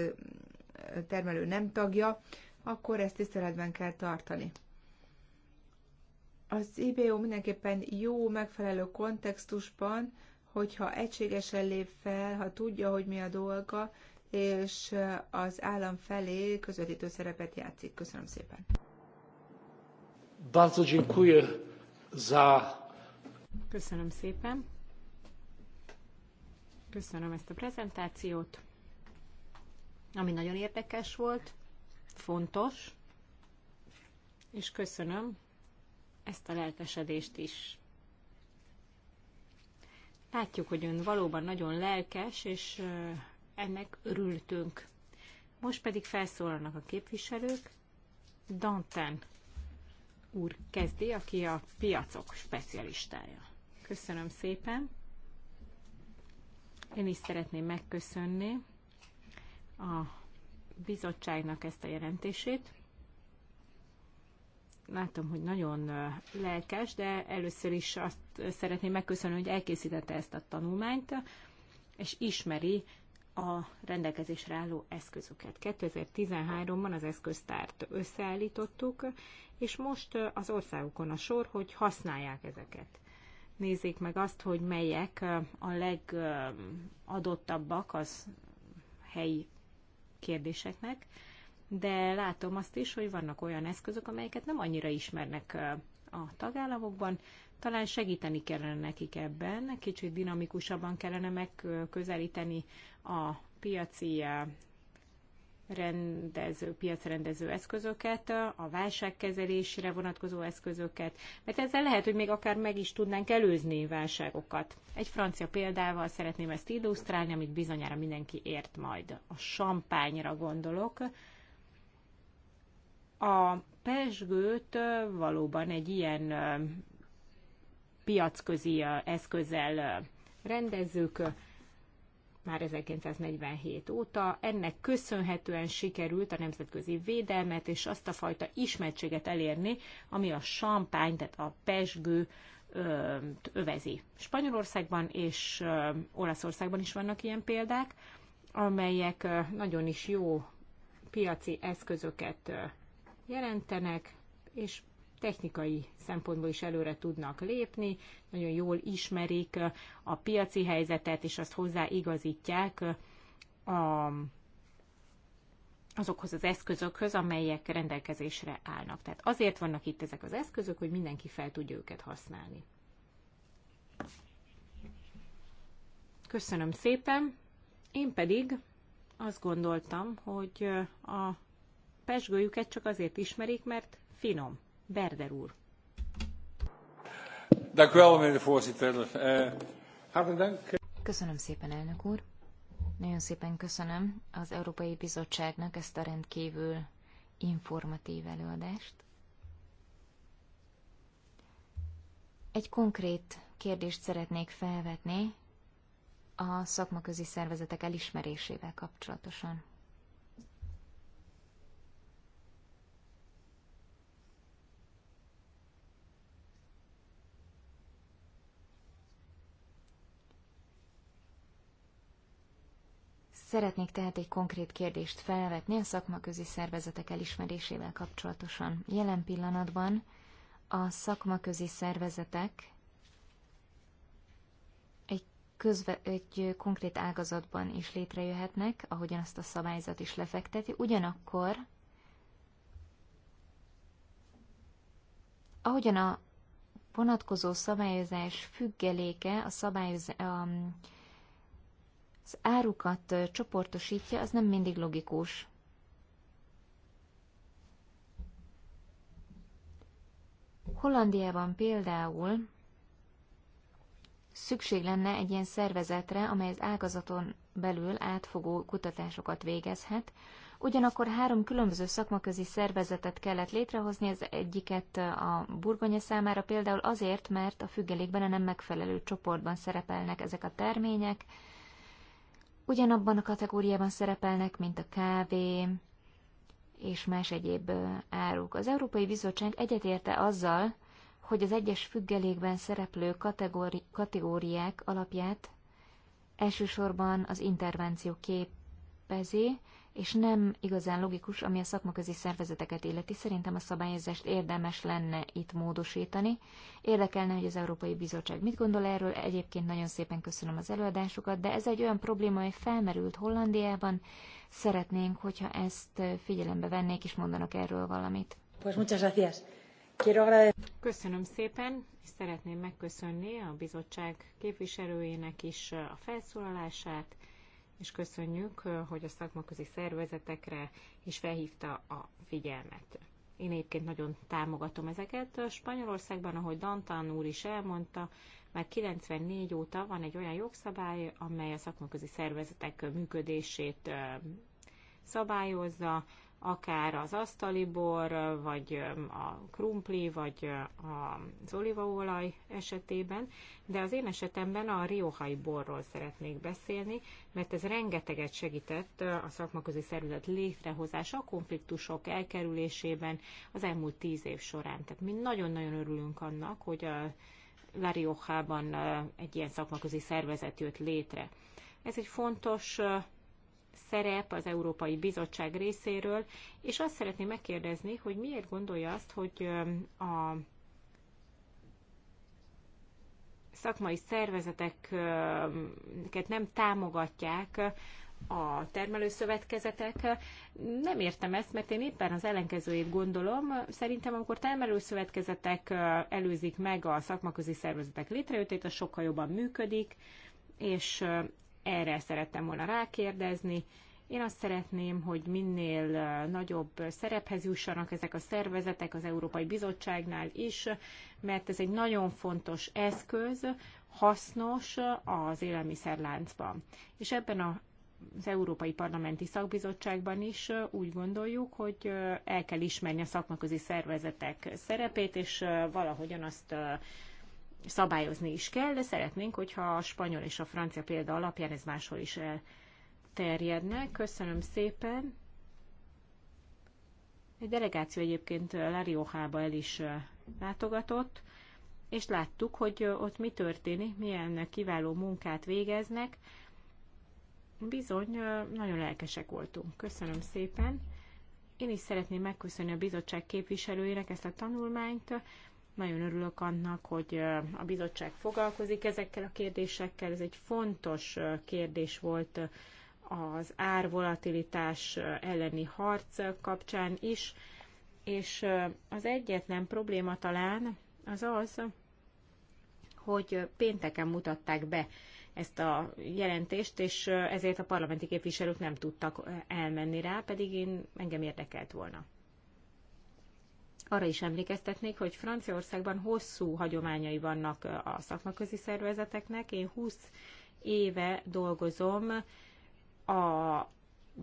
termelő nem tagja, akkor ezt tiszteletben kell tartani. Az IBO mindenképpen jó, megfelelő kontextusban, hogyha egységesen lép fel, ha tudja, hogy mi a dolga, és az állam felé közvetítő szerepet játszik. Köszönöm szépen. Bardzo dziękuję za... Köszönöm szépen. Köszönöm ezt a prezentációt, ami nagyon érdekes volt, fontos, és köszönöm ezt a lelkesedést is. Látjuk, hogy ön valóban nagyon lelkes, és ennek örültünk. Most pedig felszólalnak a képviselők. Danten úr kezdi, aki a piacok specialistája. Köszönöm szépen. Én is szeretném megköszönni a bizottságnak ezt a jelentését. Látom, hogy nagyon lelkes, de először is azt szeretném megköszönni, hogy elkészítette ezt a tanulmányt, és ismeri a rendelkezésre álló eszközöket. 2013-ban az eszköztárt összeállítottuk, és most az országokon a sor, hogy használják ezeket. Nézzék meg azt, hogy melyek a legadottabbak az helyi kérdéseknek, de látom azt is, hogy vannak olyan eszközök, amelyeket nem annyira ismernek a tagállamokban, talán segíteni kellene nekik ebben, kicsit dinamikusabban kellene megközelíteni a piaci eh, rendező, piacrendező eszközöket, a válságkezelésre vonatkozó eszközöket, mert ezzel lehet, hogy még akár meg is tudnánk előzni válságokat. Egy francia példával szeretném ezt illusztrálni, amit bizonyára mindenki ért majd. A sampányra gondolok. A pesgőt eh, valóban egy ilyen eh, piacközi eszközzel rendezzük már 1947 óta. Ennek köszönhetően sikerült a nemzetközi védelmet és azt a fajta ismertséget elérni, ami a champagne, tehát a pesgő övezi. Spanyolországban és Olaszországban is vannak ilyen példák, amelyek nagyon is jó piaci eszközöket jelentenek, és technikai szempontból is előre tudnak lépni, nagyon jól ismerik a piaci helyzetet, és azt hozzáigazítják a, azokhoz az eszközökhöz, amelyek rendelkezésre állnak. Tehát azért vannak itt ezek az eszközök, hogy mindenki fel tudja őket használni. Köszönöm szépen. Én pedig azt gondoltam, hogy a pesgőjüket csak azért ismerik, mert finom. Berder úr. Eh, köszönöm szépen, elnök úr. Nagyon szépen köszönöm az Európai Bizottságnak ezt a rendkívül informatív előadást. Egy konkrét kérdést szeretnék felvetni a szakmaközi szervezetek elismerésével kapcsolatosan. Szeretnék tehát egy konkrét kérdést felvetni a szakmaközi szervezetek elismerésével kapcsolatosan. Jelen pillanatban a szakmaközi szervezetek egy, közve, egy konkrét ágazatban is létrejöhetnek, ahogyan azt a szabályzat is lefekteti, ugyanakkor ahogyan a vonatkozó szabályozás függeléke a, szabályozás. a az árukat csoportosítja, az nem mindig logikus. Hollandiában például szükség lenne egy ilyen szervezetre, amely az ágazaton belül átfogó kutatásokat végezhet, ugyanakkor három különböző szakmaközi szervezetet kellett létrehozni, az egyiket a burgonya számára például azért, mert a függelékben a nem megfelelő csoportban szerepelnek ezek a termények, ugyanabban a kategóriában szerepelnek, mint a kávé és más egyéb áruk. Az Európai Bizottság egyetérte azzal, hogy az egyes függelékben szereplő kategóri- kategóriák alapját elsősorban az intervenció képezi, és nem igazán logikus, ami a szakmaközi szervezeteket illeti. Szerintem a szabályozást érdemes lenne itt módosítani. Érdekelne, hogy az Európai Bizottság mit gondol erről. Egyébként nagyon szépen köszönöm az előadásokat, de ez egy olyan probléma, ami felmerült Hollandiában. Szeretnénk, hogyha ezt figyelembe vennék, és mondanak erről valamit. Köszönöm szépen, és szeretném megköszönni a bizottság képviselőjének is a felszólalását és köszönjük, hogy a szakmaközi szervezetekre is felhívta a figyelmet. Én egyébként nagyon támogatom ezeket. Spanyolországban, ahogy Dantan úr is elmondta, már 94 óta van egy olyan jogszabály, amely a szakmaközi szervezetek működését szabályozza, akár az asztalibor, vagy a krumpli, vagy az olívaolaj esetében, de az én esetemben a riohai borról szeretnék beszélni, mert ez rengeteget segített a szakmaközi szervezet létrehozása a konfliktusok elkerülésében az elmúlt tíz év során. Tehát mi nagyon-nagyon örülünk annak, hogy a La Riojában egy ilyen szakmaközi szervezet jött létre. Ez egy fontos szerep az Európai Bizottság részéről, és azt szeretném megkérdezni, hogy miért gondolja azt, hogy a szakmai szervezeteket nem támogatják a termelőszövetkezetek. Nem értem ezt, mert én éppen az ellenkezőjét gondolom. Szerintem, amikor termelőszövetkezetek előzik meg a szakmaközi szervezetek létrejöttét, az sokkal jobban működik, és erre szerettem volna rákérdezni. Én azt szeretném, hogy minél nagyobb szerephez jussanak ezek a szervezetek az Európai Bizottságnál is, mert ez egy nagyon fontos eszköz, hasznos az élelmiszerláncban. És ebben a az Európai Parlamenti Szakbizottságban is úgy gondoljuk, hogy el kell ismerni a szakmaközi szervezetek szerepét, és valahogyan azt szabályozni is kell, de szeretnénk, hogyha a spanyol és a francia példa alapján ez máshol is elterjedne. Köszönöm szépen! Egy delegáció egyébként La Riojába el is látogatott, és láttuk, hogy ott mi történik, milyen kiváló munkát végeznek. Bizony, nagyon lelkesek voltunk. Köszönöm szépen! Én is szeretném megköszönni a bizottság képviselőjének ezt a tanulmányt, nagyon örülök annak, hogy a bizottság foglalkozik ezekkel a kérdésekkel. Ez egy fontos kérdés volt az árvolatilitás elleni harc kapcsán is, és az egyetlen probléma talán az az, hogy pénteken mutatták be ezt a jelentést, és ezért a parlamenti képviselők nem tudtak elmenni rá, pedig én engem érdekelt volna. Arra is emlékeztetnék, hogy Franciaországban hosszú hagyományai vannak a szakmaközi szervezeteknek. Én 20 éve dolgozom a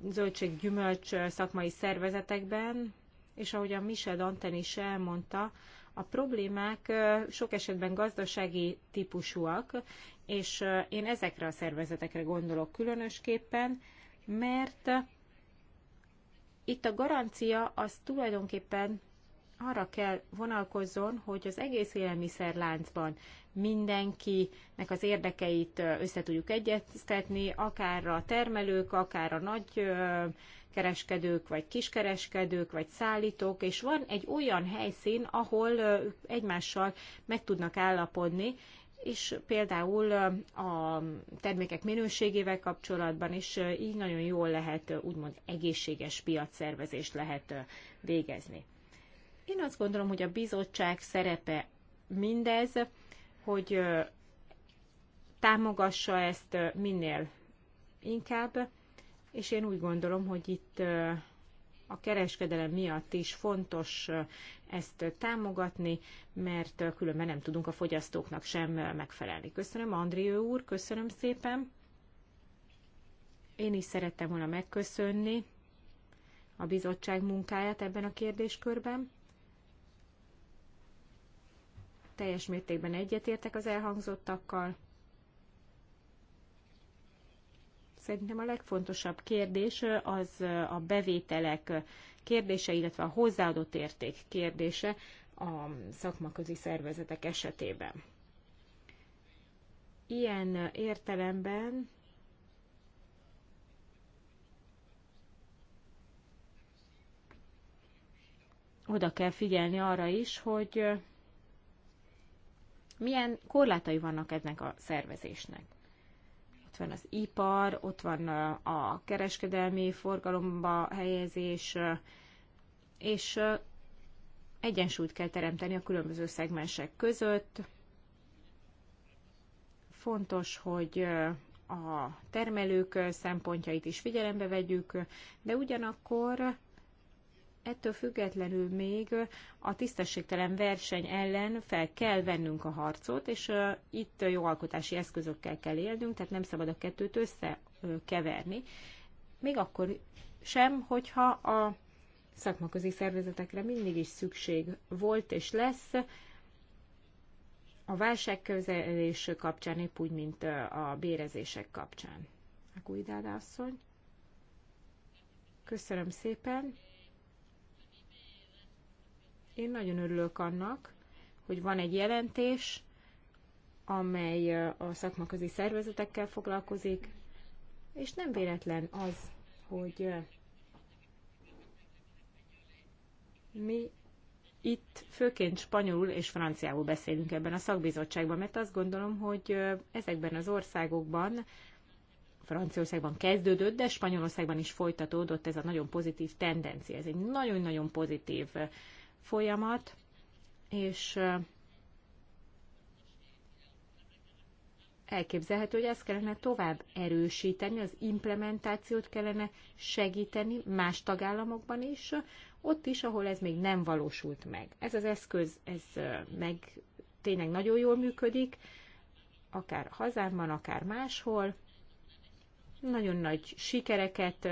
zöldséggyümölcs szakmai szervezetekben, és ahogy a Michel Danten is elmondta, a problémák sok esetben gazdasági típusúak, és én ezekre a szervezetekre gondolok különösképpen, mert itt a garancia az tulajdonképpen arra kell vonalkozzon, hogy az egész élelmiszerláncban mindenkinek az érdekeit össze tudjuk egyeztetni, akár a termelők, akár a nagy kereskedők, vagy kiskereskedők, vagy szállítók, és van egy olyan helyszín, ahol egymással meg tudnak állapodni, és például a termékek minőségével kapcsolatban is így nagyon jól lehet, úgymond egészséges piacszervezést lehet végezni. Én azt gondolom, hogy a bizottság szerepe mindez, hogy támogassa ezt minél inkább, és én úgy gondolom, hogy itt a kereskedelem miatt is fontos ezt támogatni, mert különben nem tudunk a fogyasztóknak sem megfelelni. Köszönöm, Andrió úr, köszönöm szépen. Én is szerettem volna megköszönni a bizottság munkáját ebben a kérdéskörben teljes mértékben egyetértek az elhangzottakkal. Szerintem a legfontosabb kérdés az a bevételek kérdése, illetve a hozzáadott érték kérdése a szakmaközi szervezetek esetében. Ilyen értelemben oda kell figyelni arra is, hogy milyen korlátai vannak ennek a szervezésnek. Ott van az ipar, ott van a kereskedelmi forgalomba helyezés, és egyensúlyt kell teremteni a különböző szegmensek között. Fontos, hogy a termelők szempontjait is figyelembe vegyük, de ugyanakkor Ettől függetlenül még a tisztességtelen verseny ellen fel kell vennünk a harcot, és itt jogalkotási eszközökkel kell élnünk, tehát nem szabad a kettőt összekeverni. Még akkor sem, hogyha a szakmaközi szervezetekre mindig is szükség volt és lesz, a válságkezelés kapcsán épp úgy, mint a bérezések kapcsán. A asszony. Köszönöm szépen. Én nagyon örülök annak, hogy van egy jelentés, amely a szakmaközi szervezetekkel foglalkozik, és nem véletlen az, hogy mi itt főként spanyolul és franciául beszélünk ebben a szakbizottságban, mert azt gondolom, hogy ezekben az országokban, Franciaországban kezdődött, de Spanyolországban is folytatódott ez a nagyon pozitív tendencia. Ez egy nagyon-nagyon pozitív folyamat, és elképzelhető, hogy ezt kellene tovább erősíteni, az implementációt kellene segíteni más tagállamokban is, ott is, ahol ez még nem valósult meg. Ez az eszköz, ez meg tényleg nagyon jól működik, akár hazámban, akár máshol. Nagyon nagy sikereket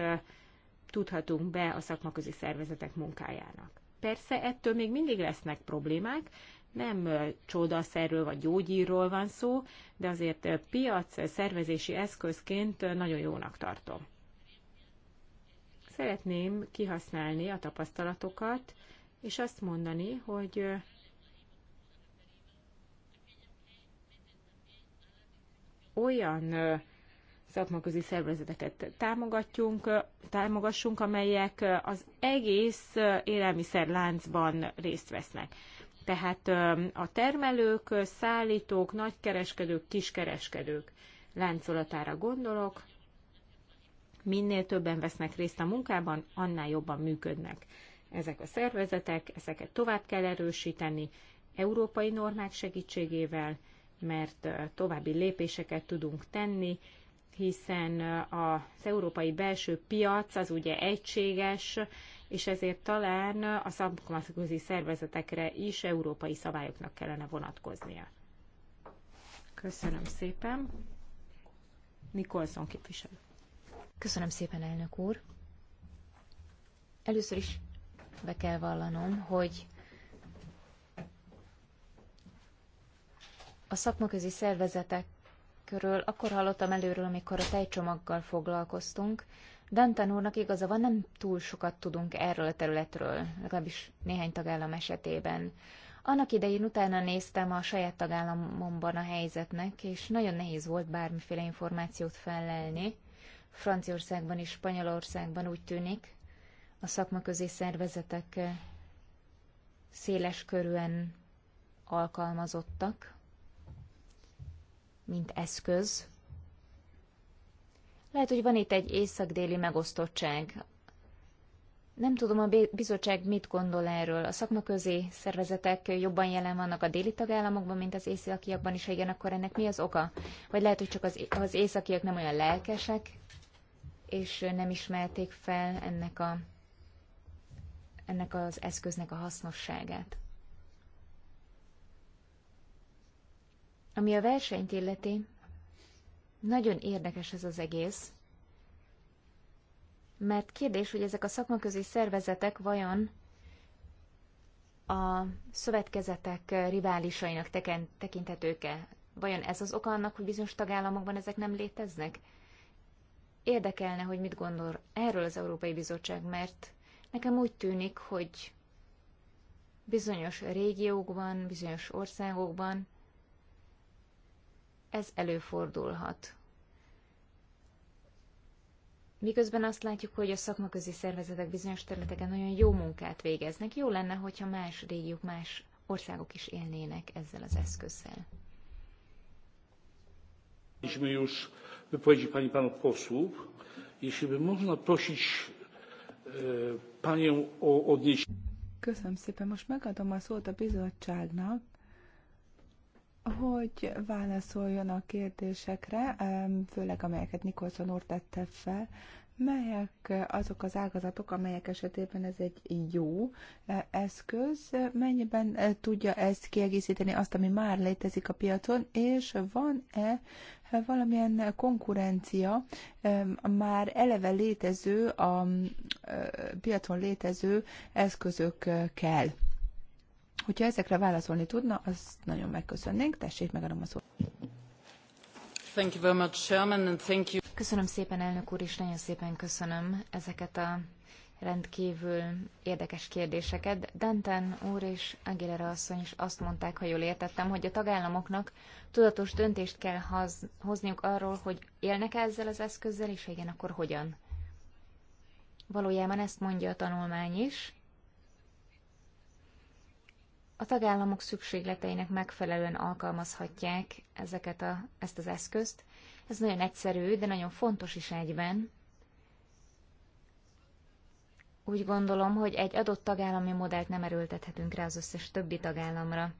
tudhatunk be a szakmaközi szervezetek munkájának persze ettől még mindig lesznek problémák, nem csodaszerről vagy gyógyírról van szó, de azért piac szervezési eszközként nagyon jónak tartom. Szeretném kihasználni a tapasztalatokat, és azt mondani, hogy olyan szakmaközi szervezeteket támogatjunk, támogassunk, amelyek az egész élelmiszerláncban részt vesznek. Tehát a termelők, szállítók, nagykereskedők, kiskereskedők láncolatára gondolok. Minél többen vesznek részt a munkában, annál jobban működnek ezek a szervezetek, ezeket tovább kell erősíteni európai normák segítségével, mert további lépéseket tudunk tenni hiszen az európai belső piac az ugye egységes, és ezért talán a szabkomatkozi szervezetekre is európai szabályoknak kellene vonatkoznia. Köszönöm szépen. Nikolson képviselő. Köszönöm szépen, elnök úr. Először is be kell vallanom, hogy a szakmaközi szervezetek Ezekről akkor hallottam előről, amikor a tejcsomaggal foglalkoztunk. Dantan úrnak igaza van, nem túl sokat tudunk erről a területről, legalábbis néhány tagállam esetében. Annak idején utána néztem a saját tagállamomban a helyzetnek, és nagyon nehéz volt bármiféle információt fellelni. Franciaországban és Spanyolországban úgy tűnik, a szakmaközi szervezetek széles körűen alkalmazottak mint eszköz. Lehet, hogy van itt egy észak-déli megosztottság. Nem tudom, a bizottság mit gondol erről. A szakmaközi szervezetek jobban jelen vannak a déli tagállamokban, mint az északiakban is, ha igen, akkor ennek mi az oka? Vagy lehet, hogy csak az, az északiak nem olyan lelkesek, és nem ismerték fel ennek, a, ennek az eszköznek a hasznosságát. Ami a versenyt illeti, nagyon érdekes ez az egész, mert kérdés, hogy ezek a szakmaközi szervezetek vajon a szövetkezetek riválisainak tekinthetők-e? Vajon ez az oka annak, hogy bizonyos tagállamokban ezek nem léteznek? Érdekelne, hogy mit gondol erről az Európai Bizottság, mert nekem úgy tűnik, hogy bizonyos régiókban, bizonyos országokban ez előfordulhat. Miközben azt látjuk, hogy a szakmaközi szervezetek bizonyos területeken nagyon jó munkát végeznek, jó lenne, hogyha más régiók, más országok is élnének ezzel az eszközzel. Mieliśmy już wypowiedzi pani panów posłów. Jeśli by można prosić e, panią o odniesienie. Köszönöm szépen, most megadom a szót a bizottságnak, hogy válaszoljon a kérdésekre, főleg amelyeket Nikolson úr tette fel, melyek azok az ágazatok, amelyek esetében ez egy jó e, eszköz, mennyiben e, tudja ezt kiegészíteni azt, ami már létezik a piacon, és van-e e, valamilyen konkurencia már eleve létező, a piacon létező eszközökkel? Hogyha ezekre válaszolni tudna, az nagyon megköszönnénk. Tessék, megadom a szót. Thank you very much, Chairman, and thank you. Köszönöm szépen, elnök úr, és nagyon szépen köszönöm ezeket a rendkívül érdekes kérdéseket. Denten úr és Aguilera asszony is azt mondták, ha jól értettem, hogy a tagállamoknak tudatos döntést kell hozniuk arról, hogy élnek -e ezzel az eszközzel, és ha igen, akkor hogyan. Valójában ezt mondja a tanulmány is, a tagállamok szükségleteinek megfelelően alkalmazhatják ezeket a, ezt az eszközt. Ez nagyon egyszerű, de nagyon fontos is egyben. Úgy gondolom, hogy egy adott tagállami modellt nem erőltethetünk rá az összes többi tagállamra.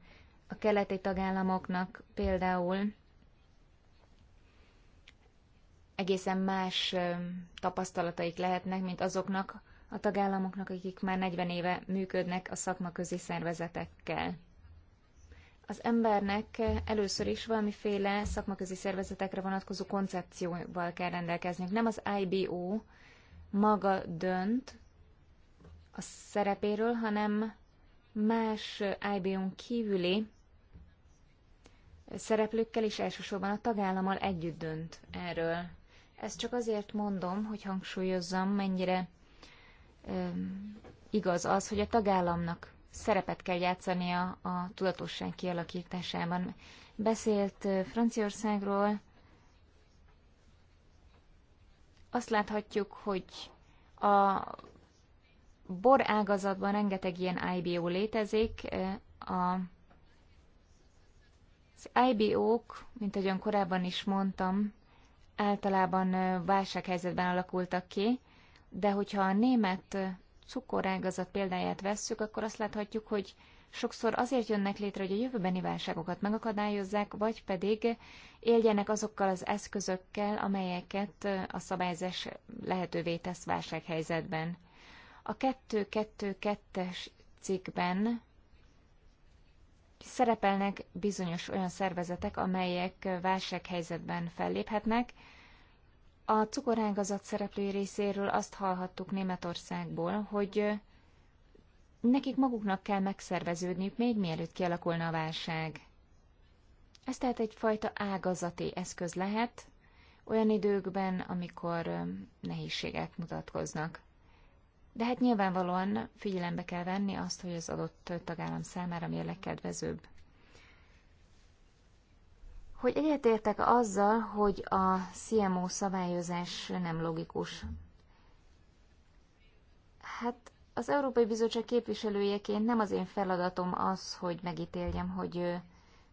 A keleti tagállamoknak például egészen más tapasztalataik lehetnek, mint azoknak, a tagállamoknak, akik már 40 éve működnek a szakmaközi szervezetekkel. Az embernek először is valamiféle szakmaközi szervezetekre vonatkozó koncepcióval kell rendelkezniük. Nem az IBO maga dönt a szerepéről, hanem más IBO-n kívüli szereplőkkel is elsősorban a tagállammal együtt dönt erről. Ezt csak azért mondom, hogy hangsúlyozzam, mennyire igaz az, hogy a tagállamnak szerepet kell játszania a tudatosság kialakításában. Beszélt Franciaországról, azt láthatjuk, hogy a bor ágazatban rengeteg ilyen IBO létezik. A, az IBO-k, mint ahogyan korábban is mondtam, általában válsághelyzetben alakultak ki, de hogyha a német cukorágazat példáját vesszük, akkor azt láthatjuk, hogy sokszor azért jönnek létre, hogy a jövőbeni válságokat megakadályozzák, vagy pedig éljenek azokkal az eszközökkel, amelyeket a szabályzás lehetővé tesz válsághelyzetben. A 2.2.2-es cikkben szerepelnek bizonyos olyan szervezetek, amelyek válsághelyzetben felléphetnek, a cukorágazat szereplő részéről azt hallhattuk Németországból, hogy nekik maguknak kell megszerveződniük, még mielőtt kialakulna a válság. Ez tehát egyfajta ágazati eszköz lehet, olyan időkben, amikor nehézségek mutatkoznak. De hát nyilvánvalóan figyelembe kell venni azt, hogy az adott tagállam számára mi a legkedvezőbb hogy egyetértek azzal, hogy a CMO szabályozás nem logikus. Hát az Európai Bizottság képviselőjeként nem az én feladatom az, hogy megítéljem, hogy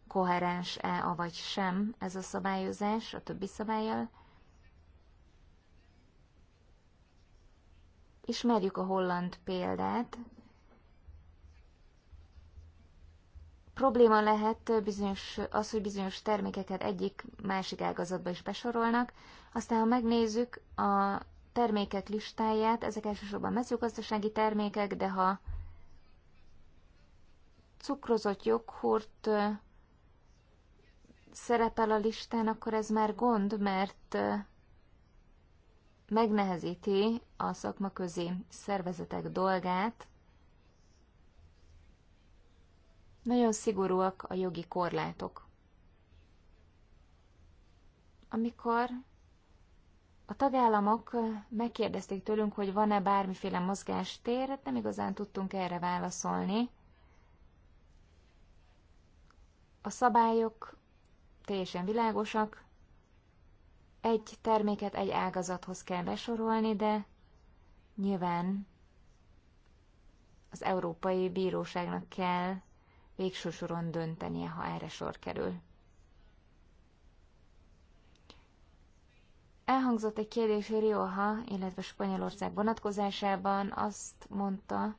koherens-e, vagy sem ez a szabályozás a többi szabályjal. Ismerjük a holland példát, Probléma lehet bizonyos, az, hogy bizonyos termékeket egyik másik ágazatba is besorolnak. Aztán, ha megnézzük a termékek listáját, ezek elsősorban mezőgazdasági termékek, de ha cukrozott joghurt szerepel a listán, akkor ez már gond, mert megnehezíti a szakmaközi szervezetek dolgát, Nagyon szigorúak a jogi korlátok. Amikor a tagállamok megkérdezték tőlünk, hogy van-e bármiféle mozgástér, hát nem igazán tudtunk erre válaszolni. A szabályok teljesen világosak, egy terméket egy ágazathoz kell besorolni, de nyilván az Európai Bíróságnak kell végső soron döntenie, ha erre sor kerül. Elhangzott egy kérdés Rioja, illetve Spanyolország vonatkozásában azt mondta,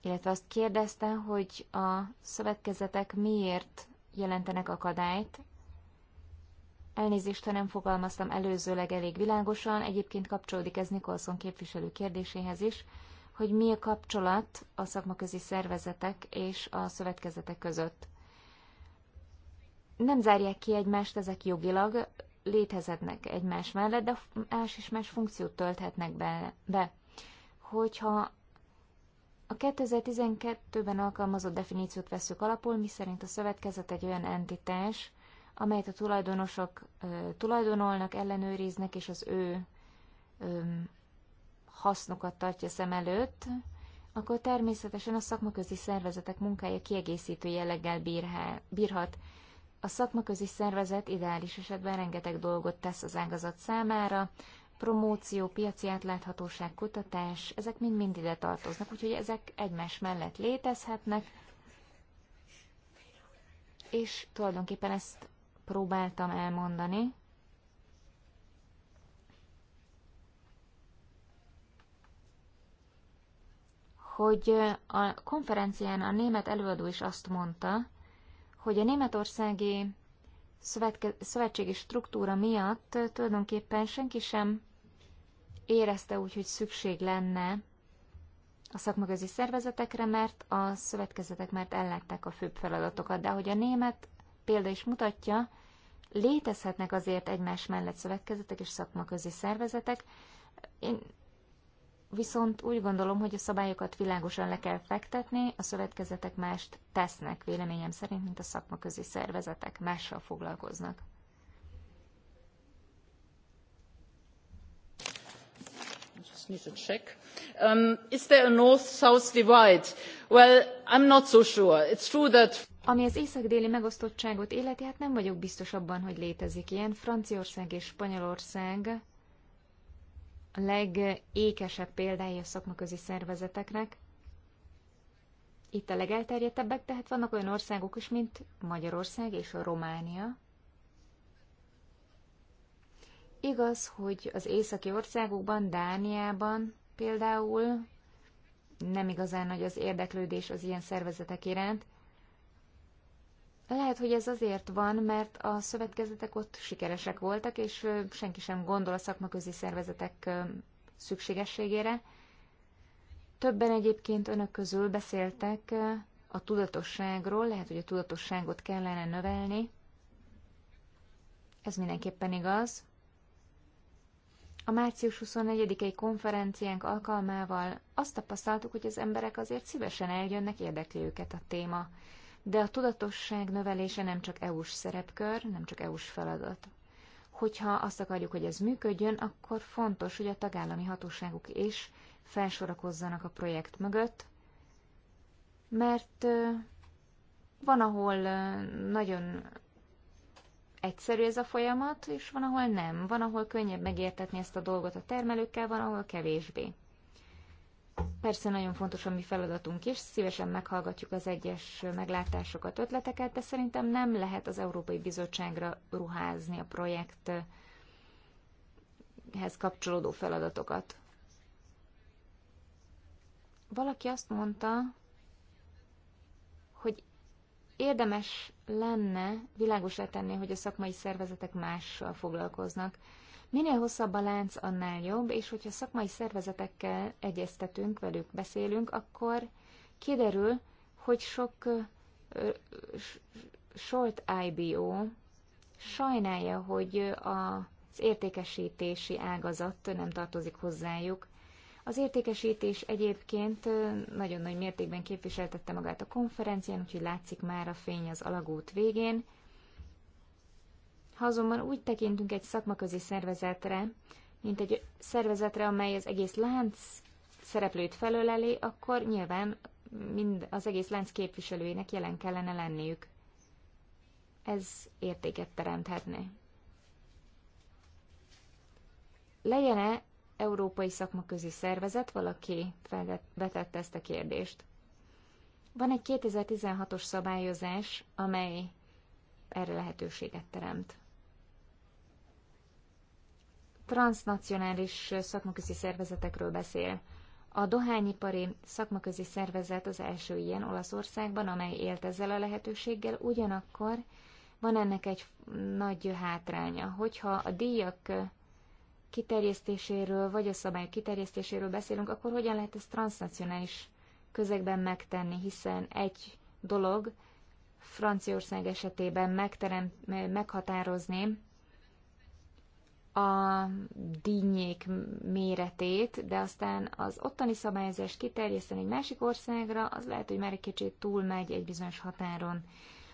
illetve azt kérdezte, hogy a szövetkezetek miért jelentenek akadályt. Elnézést, ha nem fogalmaztam előzőleg elég világosan, egyébként kapcsolódik ez Nikolson képviselő kérdéséhez is hogy mi a kapcsolat a szakmaközi szervezetek és a szövetkezetek között. Nem zárják ki egymást ezek jogilag, létezhetnek egymás mellett, de más és más funkciót tölthetnek be. Hogyha a 2012-ben alkalmazott definíciót veszük alapul, miszerint a szövetkezet egy olyan entitás, amelyet a tulajdonosok ö, tulajdonolnak, ellenőriznek, és az ő ö, hasznokat tartja szem előtt, akkor természetesen a szakmaközi szervezetek munkája kiegészítő jelleggel bírhat. A szakmaközi szervezet ideális esetben rengeteg dolgot tesz az ágazat számára, promóció, piaci átláthatóság, kutatás, ezek mind-mind ide tartoznak, úgyhogy ezek egymás mellett létezhetnek, és tulajdonképpen ezt próbáltam elmondani. hogy a konferencián a német előadó is azt mondta, hogy a németországi szövetségi struktúra miatt tulajdonképpen senki sem érezte úgy, hogy szükség lenne a szakmagazi szervezetekre, mert a szövetkezetek mert ellettek a főbb feladatokat, de ahogy a német példa is mutatja, létezhetnek azért egymás mellett szövetkezetek és szakmaközi szervezetek. Én viszont úgy gondolom, hogy a szabályokat világosan le kell fektetni, a szövetkezetek mást tesznek, véleményem szerint, mint a szakmaközi szervezetek, mással foglalkoznak. just need to check. Um, is there a north-south divide? Well, I'm not so sure. It's true that... Ami az észak-déli megosztottságot illeti, hát nem vagyok biztos abban, hogy létezik ilyen. Franciaország és Spanyolország a legékesebb példája a szakmaközi szervezeteknek. Itt a legelterjedtebbek, tehát vannak olyan országok is, mint Magyarország és a Románia. Igaz, hogy az északi országokban, Dániában például nem igazán nagy az érdeklődés az ilyen szervezetek iránt, lehet, hogy ez azért van, mert a szövetkezetek ott sikeresek voltak, és senki sem gondol a szakmaközi szervezetek szükségességére. Többen egyébként önök közül beszéltek a tudatosságról, lehet, hogy a tudatosságot kellene növelni. Ez mindenképpen igaz. A március 24-i konferenciánk alkalmával azt tapasztaltuk, hogy az emberek azért szívesen eljönnek, érdekli őket a téma de a tudatosság növelése nem csak EU-s szerepkör, nem csak EU-s feladat. Hogyha azt akarjuk, hogy ez működjön, akkor fontos, hogy a tagállami hatóságok is felsorakozzanak a projekt mögött, mert van, ahol nagyon egyszerű ez a folyamat, és van, ahol nem. Van, ahol könnyebb megértetni ezt a dolgot a termelőkkel, van, ahol kevésbé. Persze nagyon fontos a mi feladatunk is, szívesen meghallgatjuk az egyes meglátásokat, ötleteket, de szerintem nem lehet az Európai Bizottságra ruházni a projekthez kapcsolódó feladatokat. Valaki azt mondta, hogy érdemes lenne világosra tenni, hogy a szakmai szervezetek mással foglalkoznak. Minél hosszabb a lánc, annál jobb, és hogyha szakmai szervezetekkel egyeztetünk, velük beszélünk, akkor kiderül, hogy sok short IBO sajnálja, hogy az értékesítési ágazat nem tartozik hozzájuk. Az értékesítés egyébként nagyon nagy mértékben képviseltette magát a konferencián, úgyhogy látszik már a fény az alagút végén. Ha azonban úgy tekintünk egy szakmaközi szervezetre, mint egy szervezetre, amely az egész lánc szereplőt felöleli, akkor nyilván mind az egész lánc képviselőinek jelen kellene lenniük. Ez értéket teremthetne. Legyen-e európai szakmaközi szervezet, valaki vetette ezt a kérdést. Van egy 2016-os szabályozás, amely erre lehetőséget teremt transnacionális szakmaközi szervezetekről beszél. A dohányipari szakmaközi szervezet az első ilyen Olaszországban, amely élt ezzel a lehetőséggel, ugyanakkor van ennek egy nagy hátránya, hogyha a díjak kiterjesztéséről, vagy a szabály kiterjesztéséről beszélünk, akkor hogyan lehet ezt transnacionális közegben megtenni, hiszen egy dolog Franciaország esetében megterem, meghatározni a díjnyék méretét, de aztán az ottani szabályozást kiterjeszteni egy másik országra, az lehet, hogy már egy kicsit túlmegy egy bizonyos határon.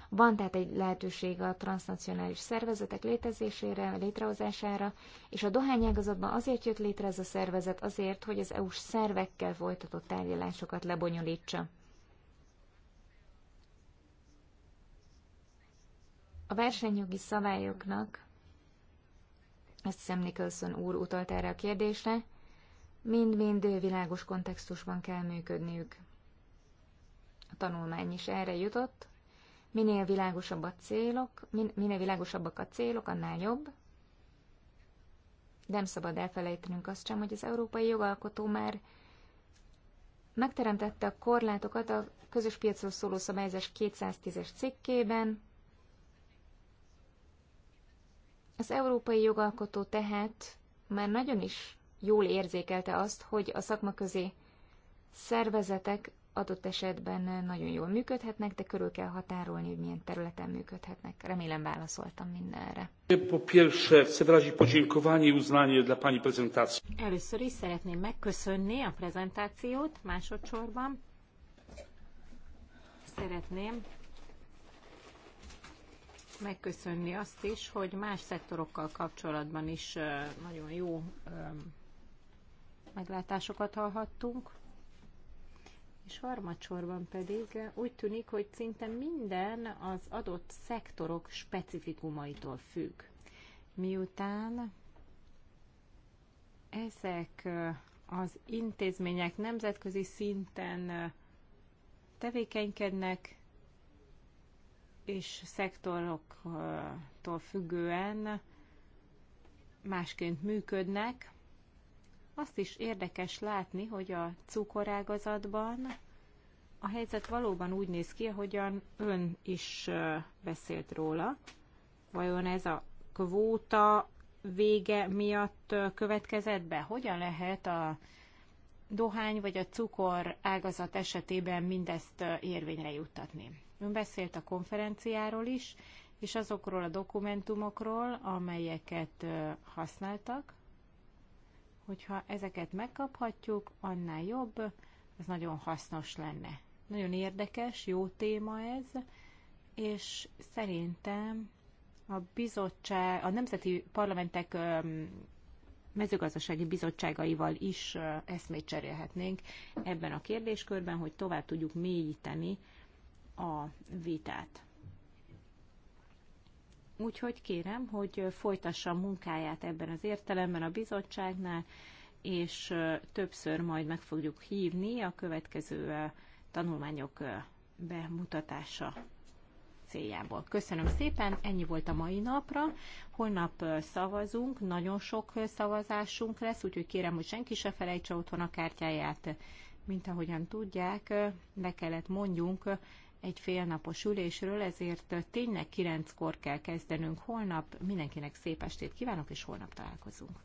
Van tehát egy lehetőség a transnacionális szervezetek létezésére, létrehozására, és a dohányágazatban azért jött létre ez a szervezet, azért, hogy az EU-s szervekkel folytatott tárgyalásokat lebonyolítsa. A versenyjogi szabályoknak ezt Sam Nicholson úr utalt erre a kérdésre. Mind-mind világos kontextusban kell működniük. A tanulmány is erre jutott. Minél világosabb a célok, min- minél világosabbak a célok, annál jobb. Nem szabad elfelejtenünk azt sem, hogy az európai jogalkotó már megteremtette a korlátokat a közös piacról szóló szabályozás 210-es cikkében, Az európai jogalkotó tehát már nagyon is jól érzékelte azt, hogy a szakmaközi szervezetek adott esetben nagyon jól működhetnek, de körül kell határolni, hogy milyen területen működhetnek. Remélem válaszoltam mindenre. pani Először is szeretném megköszönni a prezentációt másodszorban. Szeretném megköszönni azt is, hogy más szektorokkal kapcsolatban is nagyon jó meglátásokat hallhattunk. És harmadsorban pedig úgy tűnik, hogy szinte minden az adott szektorok specifikumaitól függ. Miután ezek az intézmények nemzetközi szinten tevékenykednek, és szektoroktól függően másként működnek. Azt is érdekes látni, hogy a cukorágazatban a helyzet valóban úgy néz ki, ahogyan ön is beszélt róla. Vajon ez a kvóta vége miatt következett be? Hogyan lehet a dohány vagy a cukor ágazat esetében mindezt érvényre juttatni? Ön beszélt a konferenciáról is, és azokról a dokumentumokról, amelyeket használtak. Hogyha ezeket megkaphatjuk, annál jobb, ez nagyon hasznos lenne. Nagyon érdekes, jó téma ez, és szerintem a bizottság, a nemzeti parlamentek mezőgazdasági bizottságaival is eszmét cserélhetnénk ebben a kérdéskörben, hogy tovább tudjuk mélyíteni a vitát. Úgyhogy kérem, hogy folytassa a munkáját ebben az értelemben a bizottságnál, és többször majd meg fogjuk hívni a következő tanulmányok bemutatása céljából. Köszönöm szépen, ennyi volt a mai napra. Holnap szavazunk, nagyon sok szavazásunk lesz, úgyhogy kérem, hogy senki se felejtse otthon a kártyáját. Mint ahogyan tudják, le kellett mondjunk egy félnapos ülésről, ezért tényleg kilenckor kell kezdenünk holnap. Mindenkinek szép estét kívánok, és holnap találkozunk.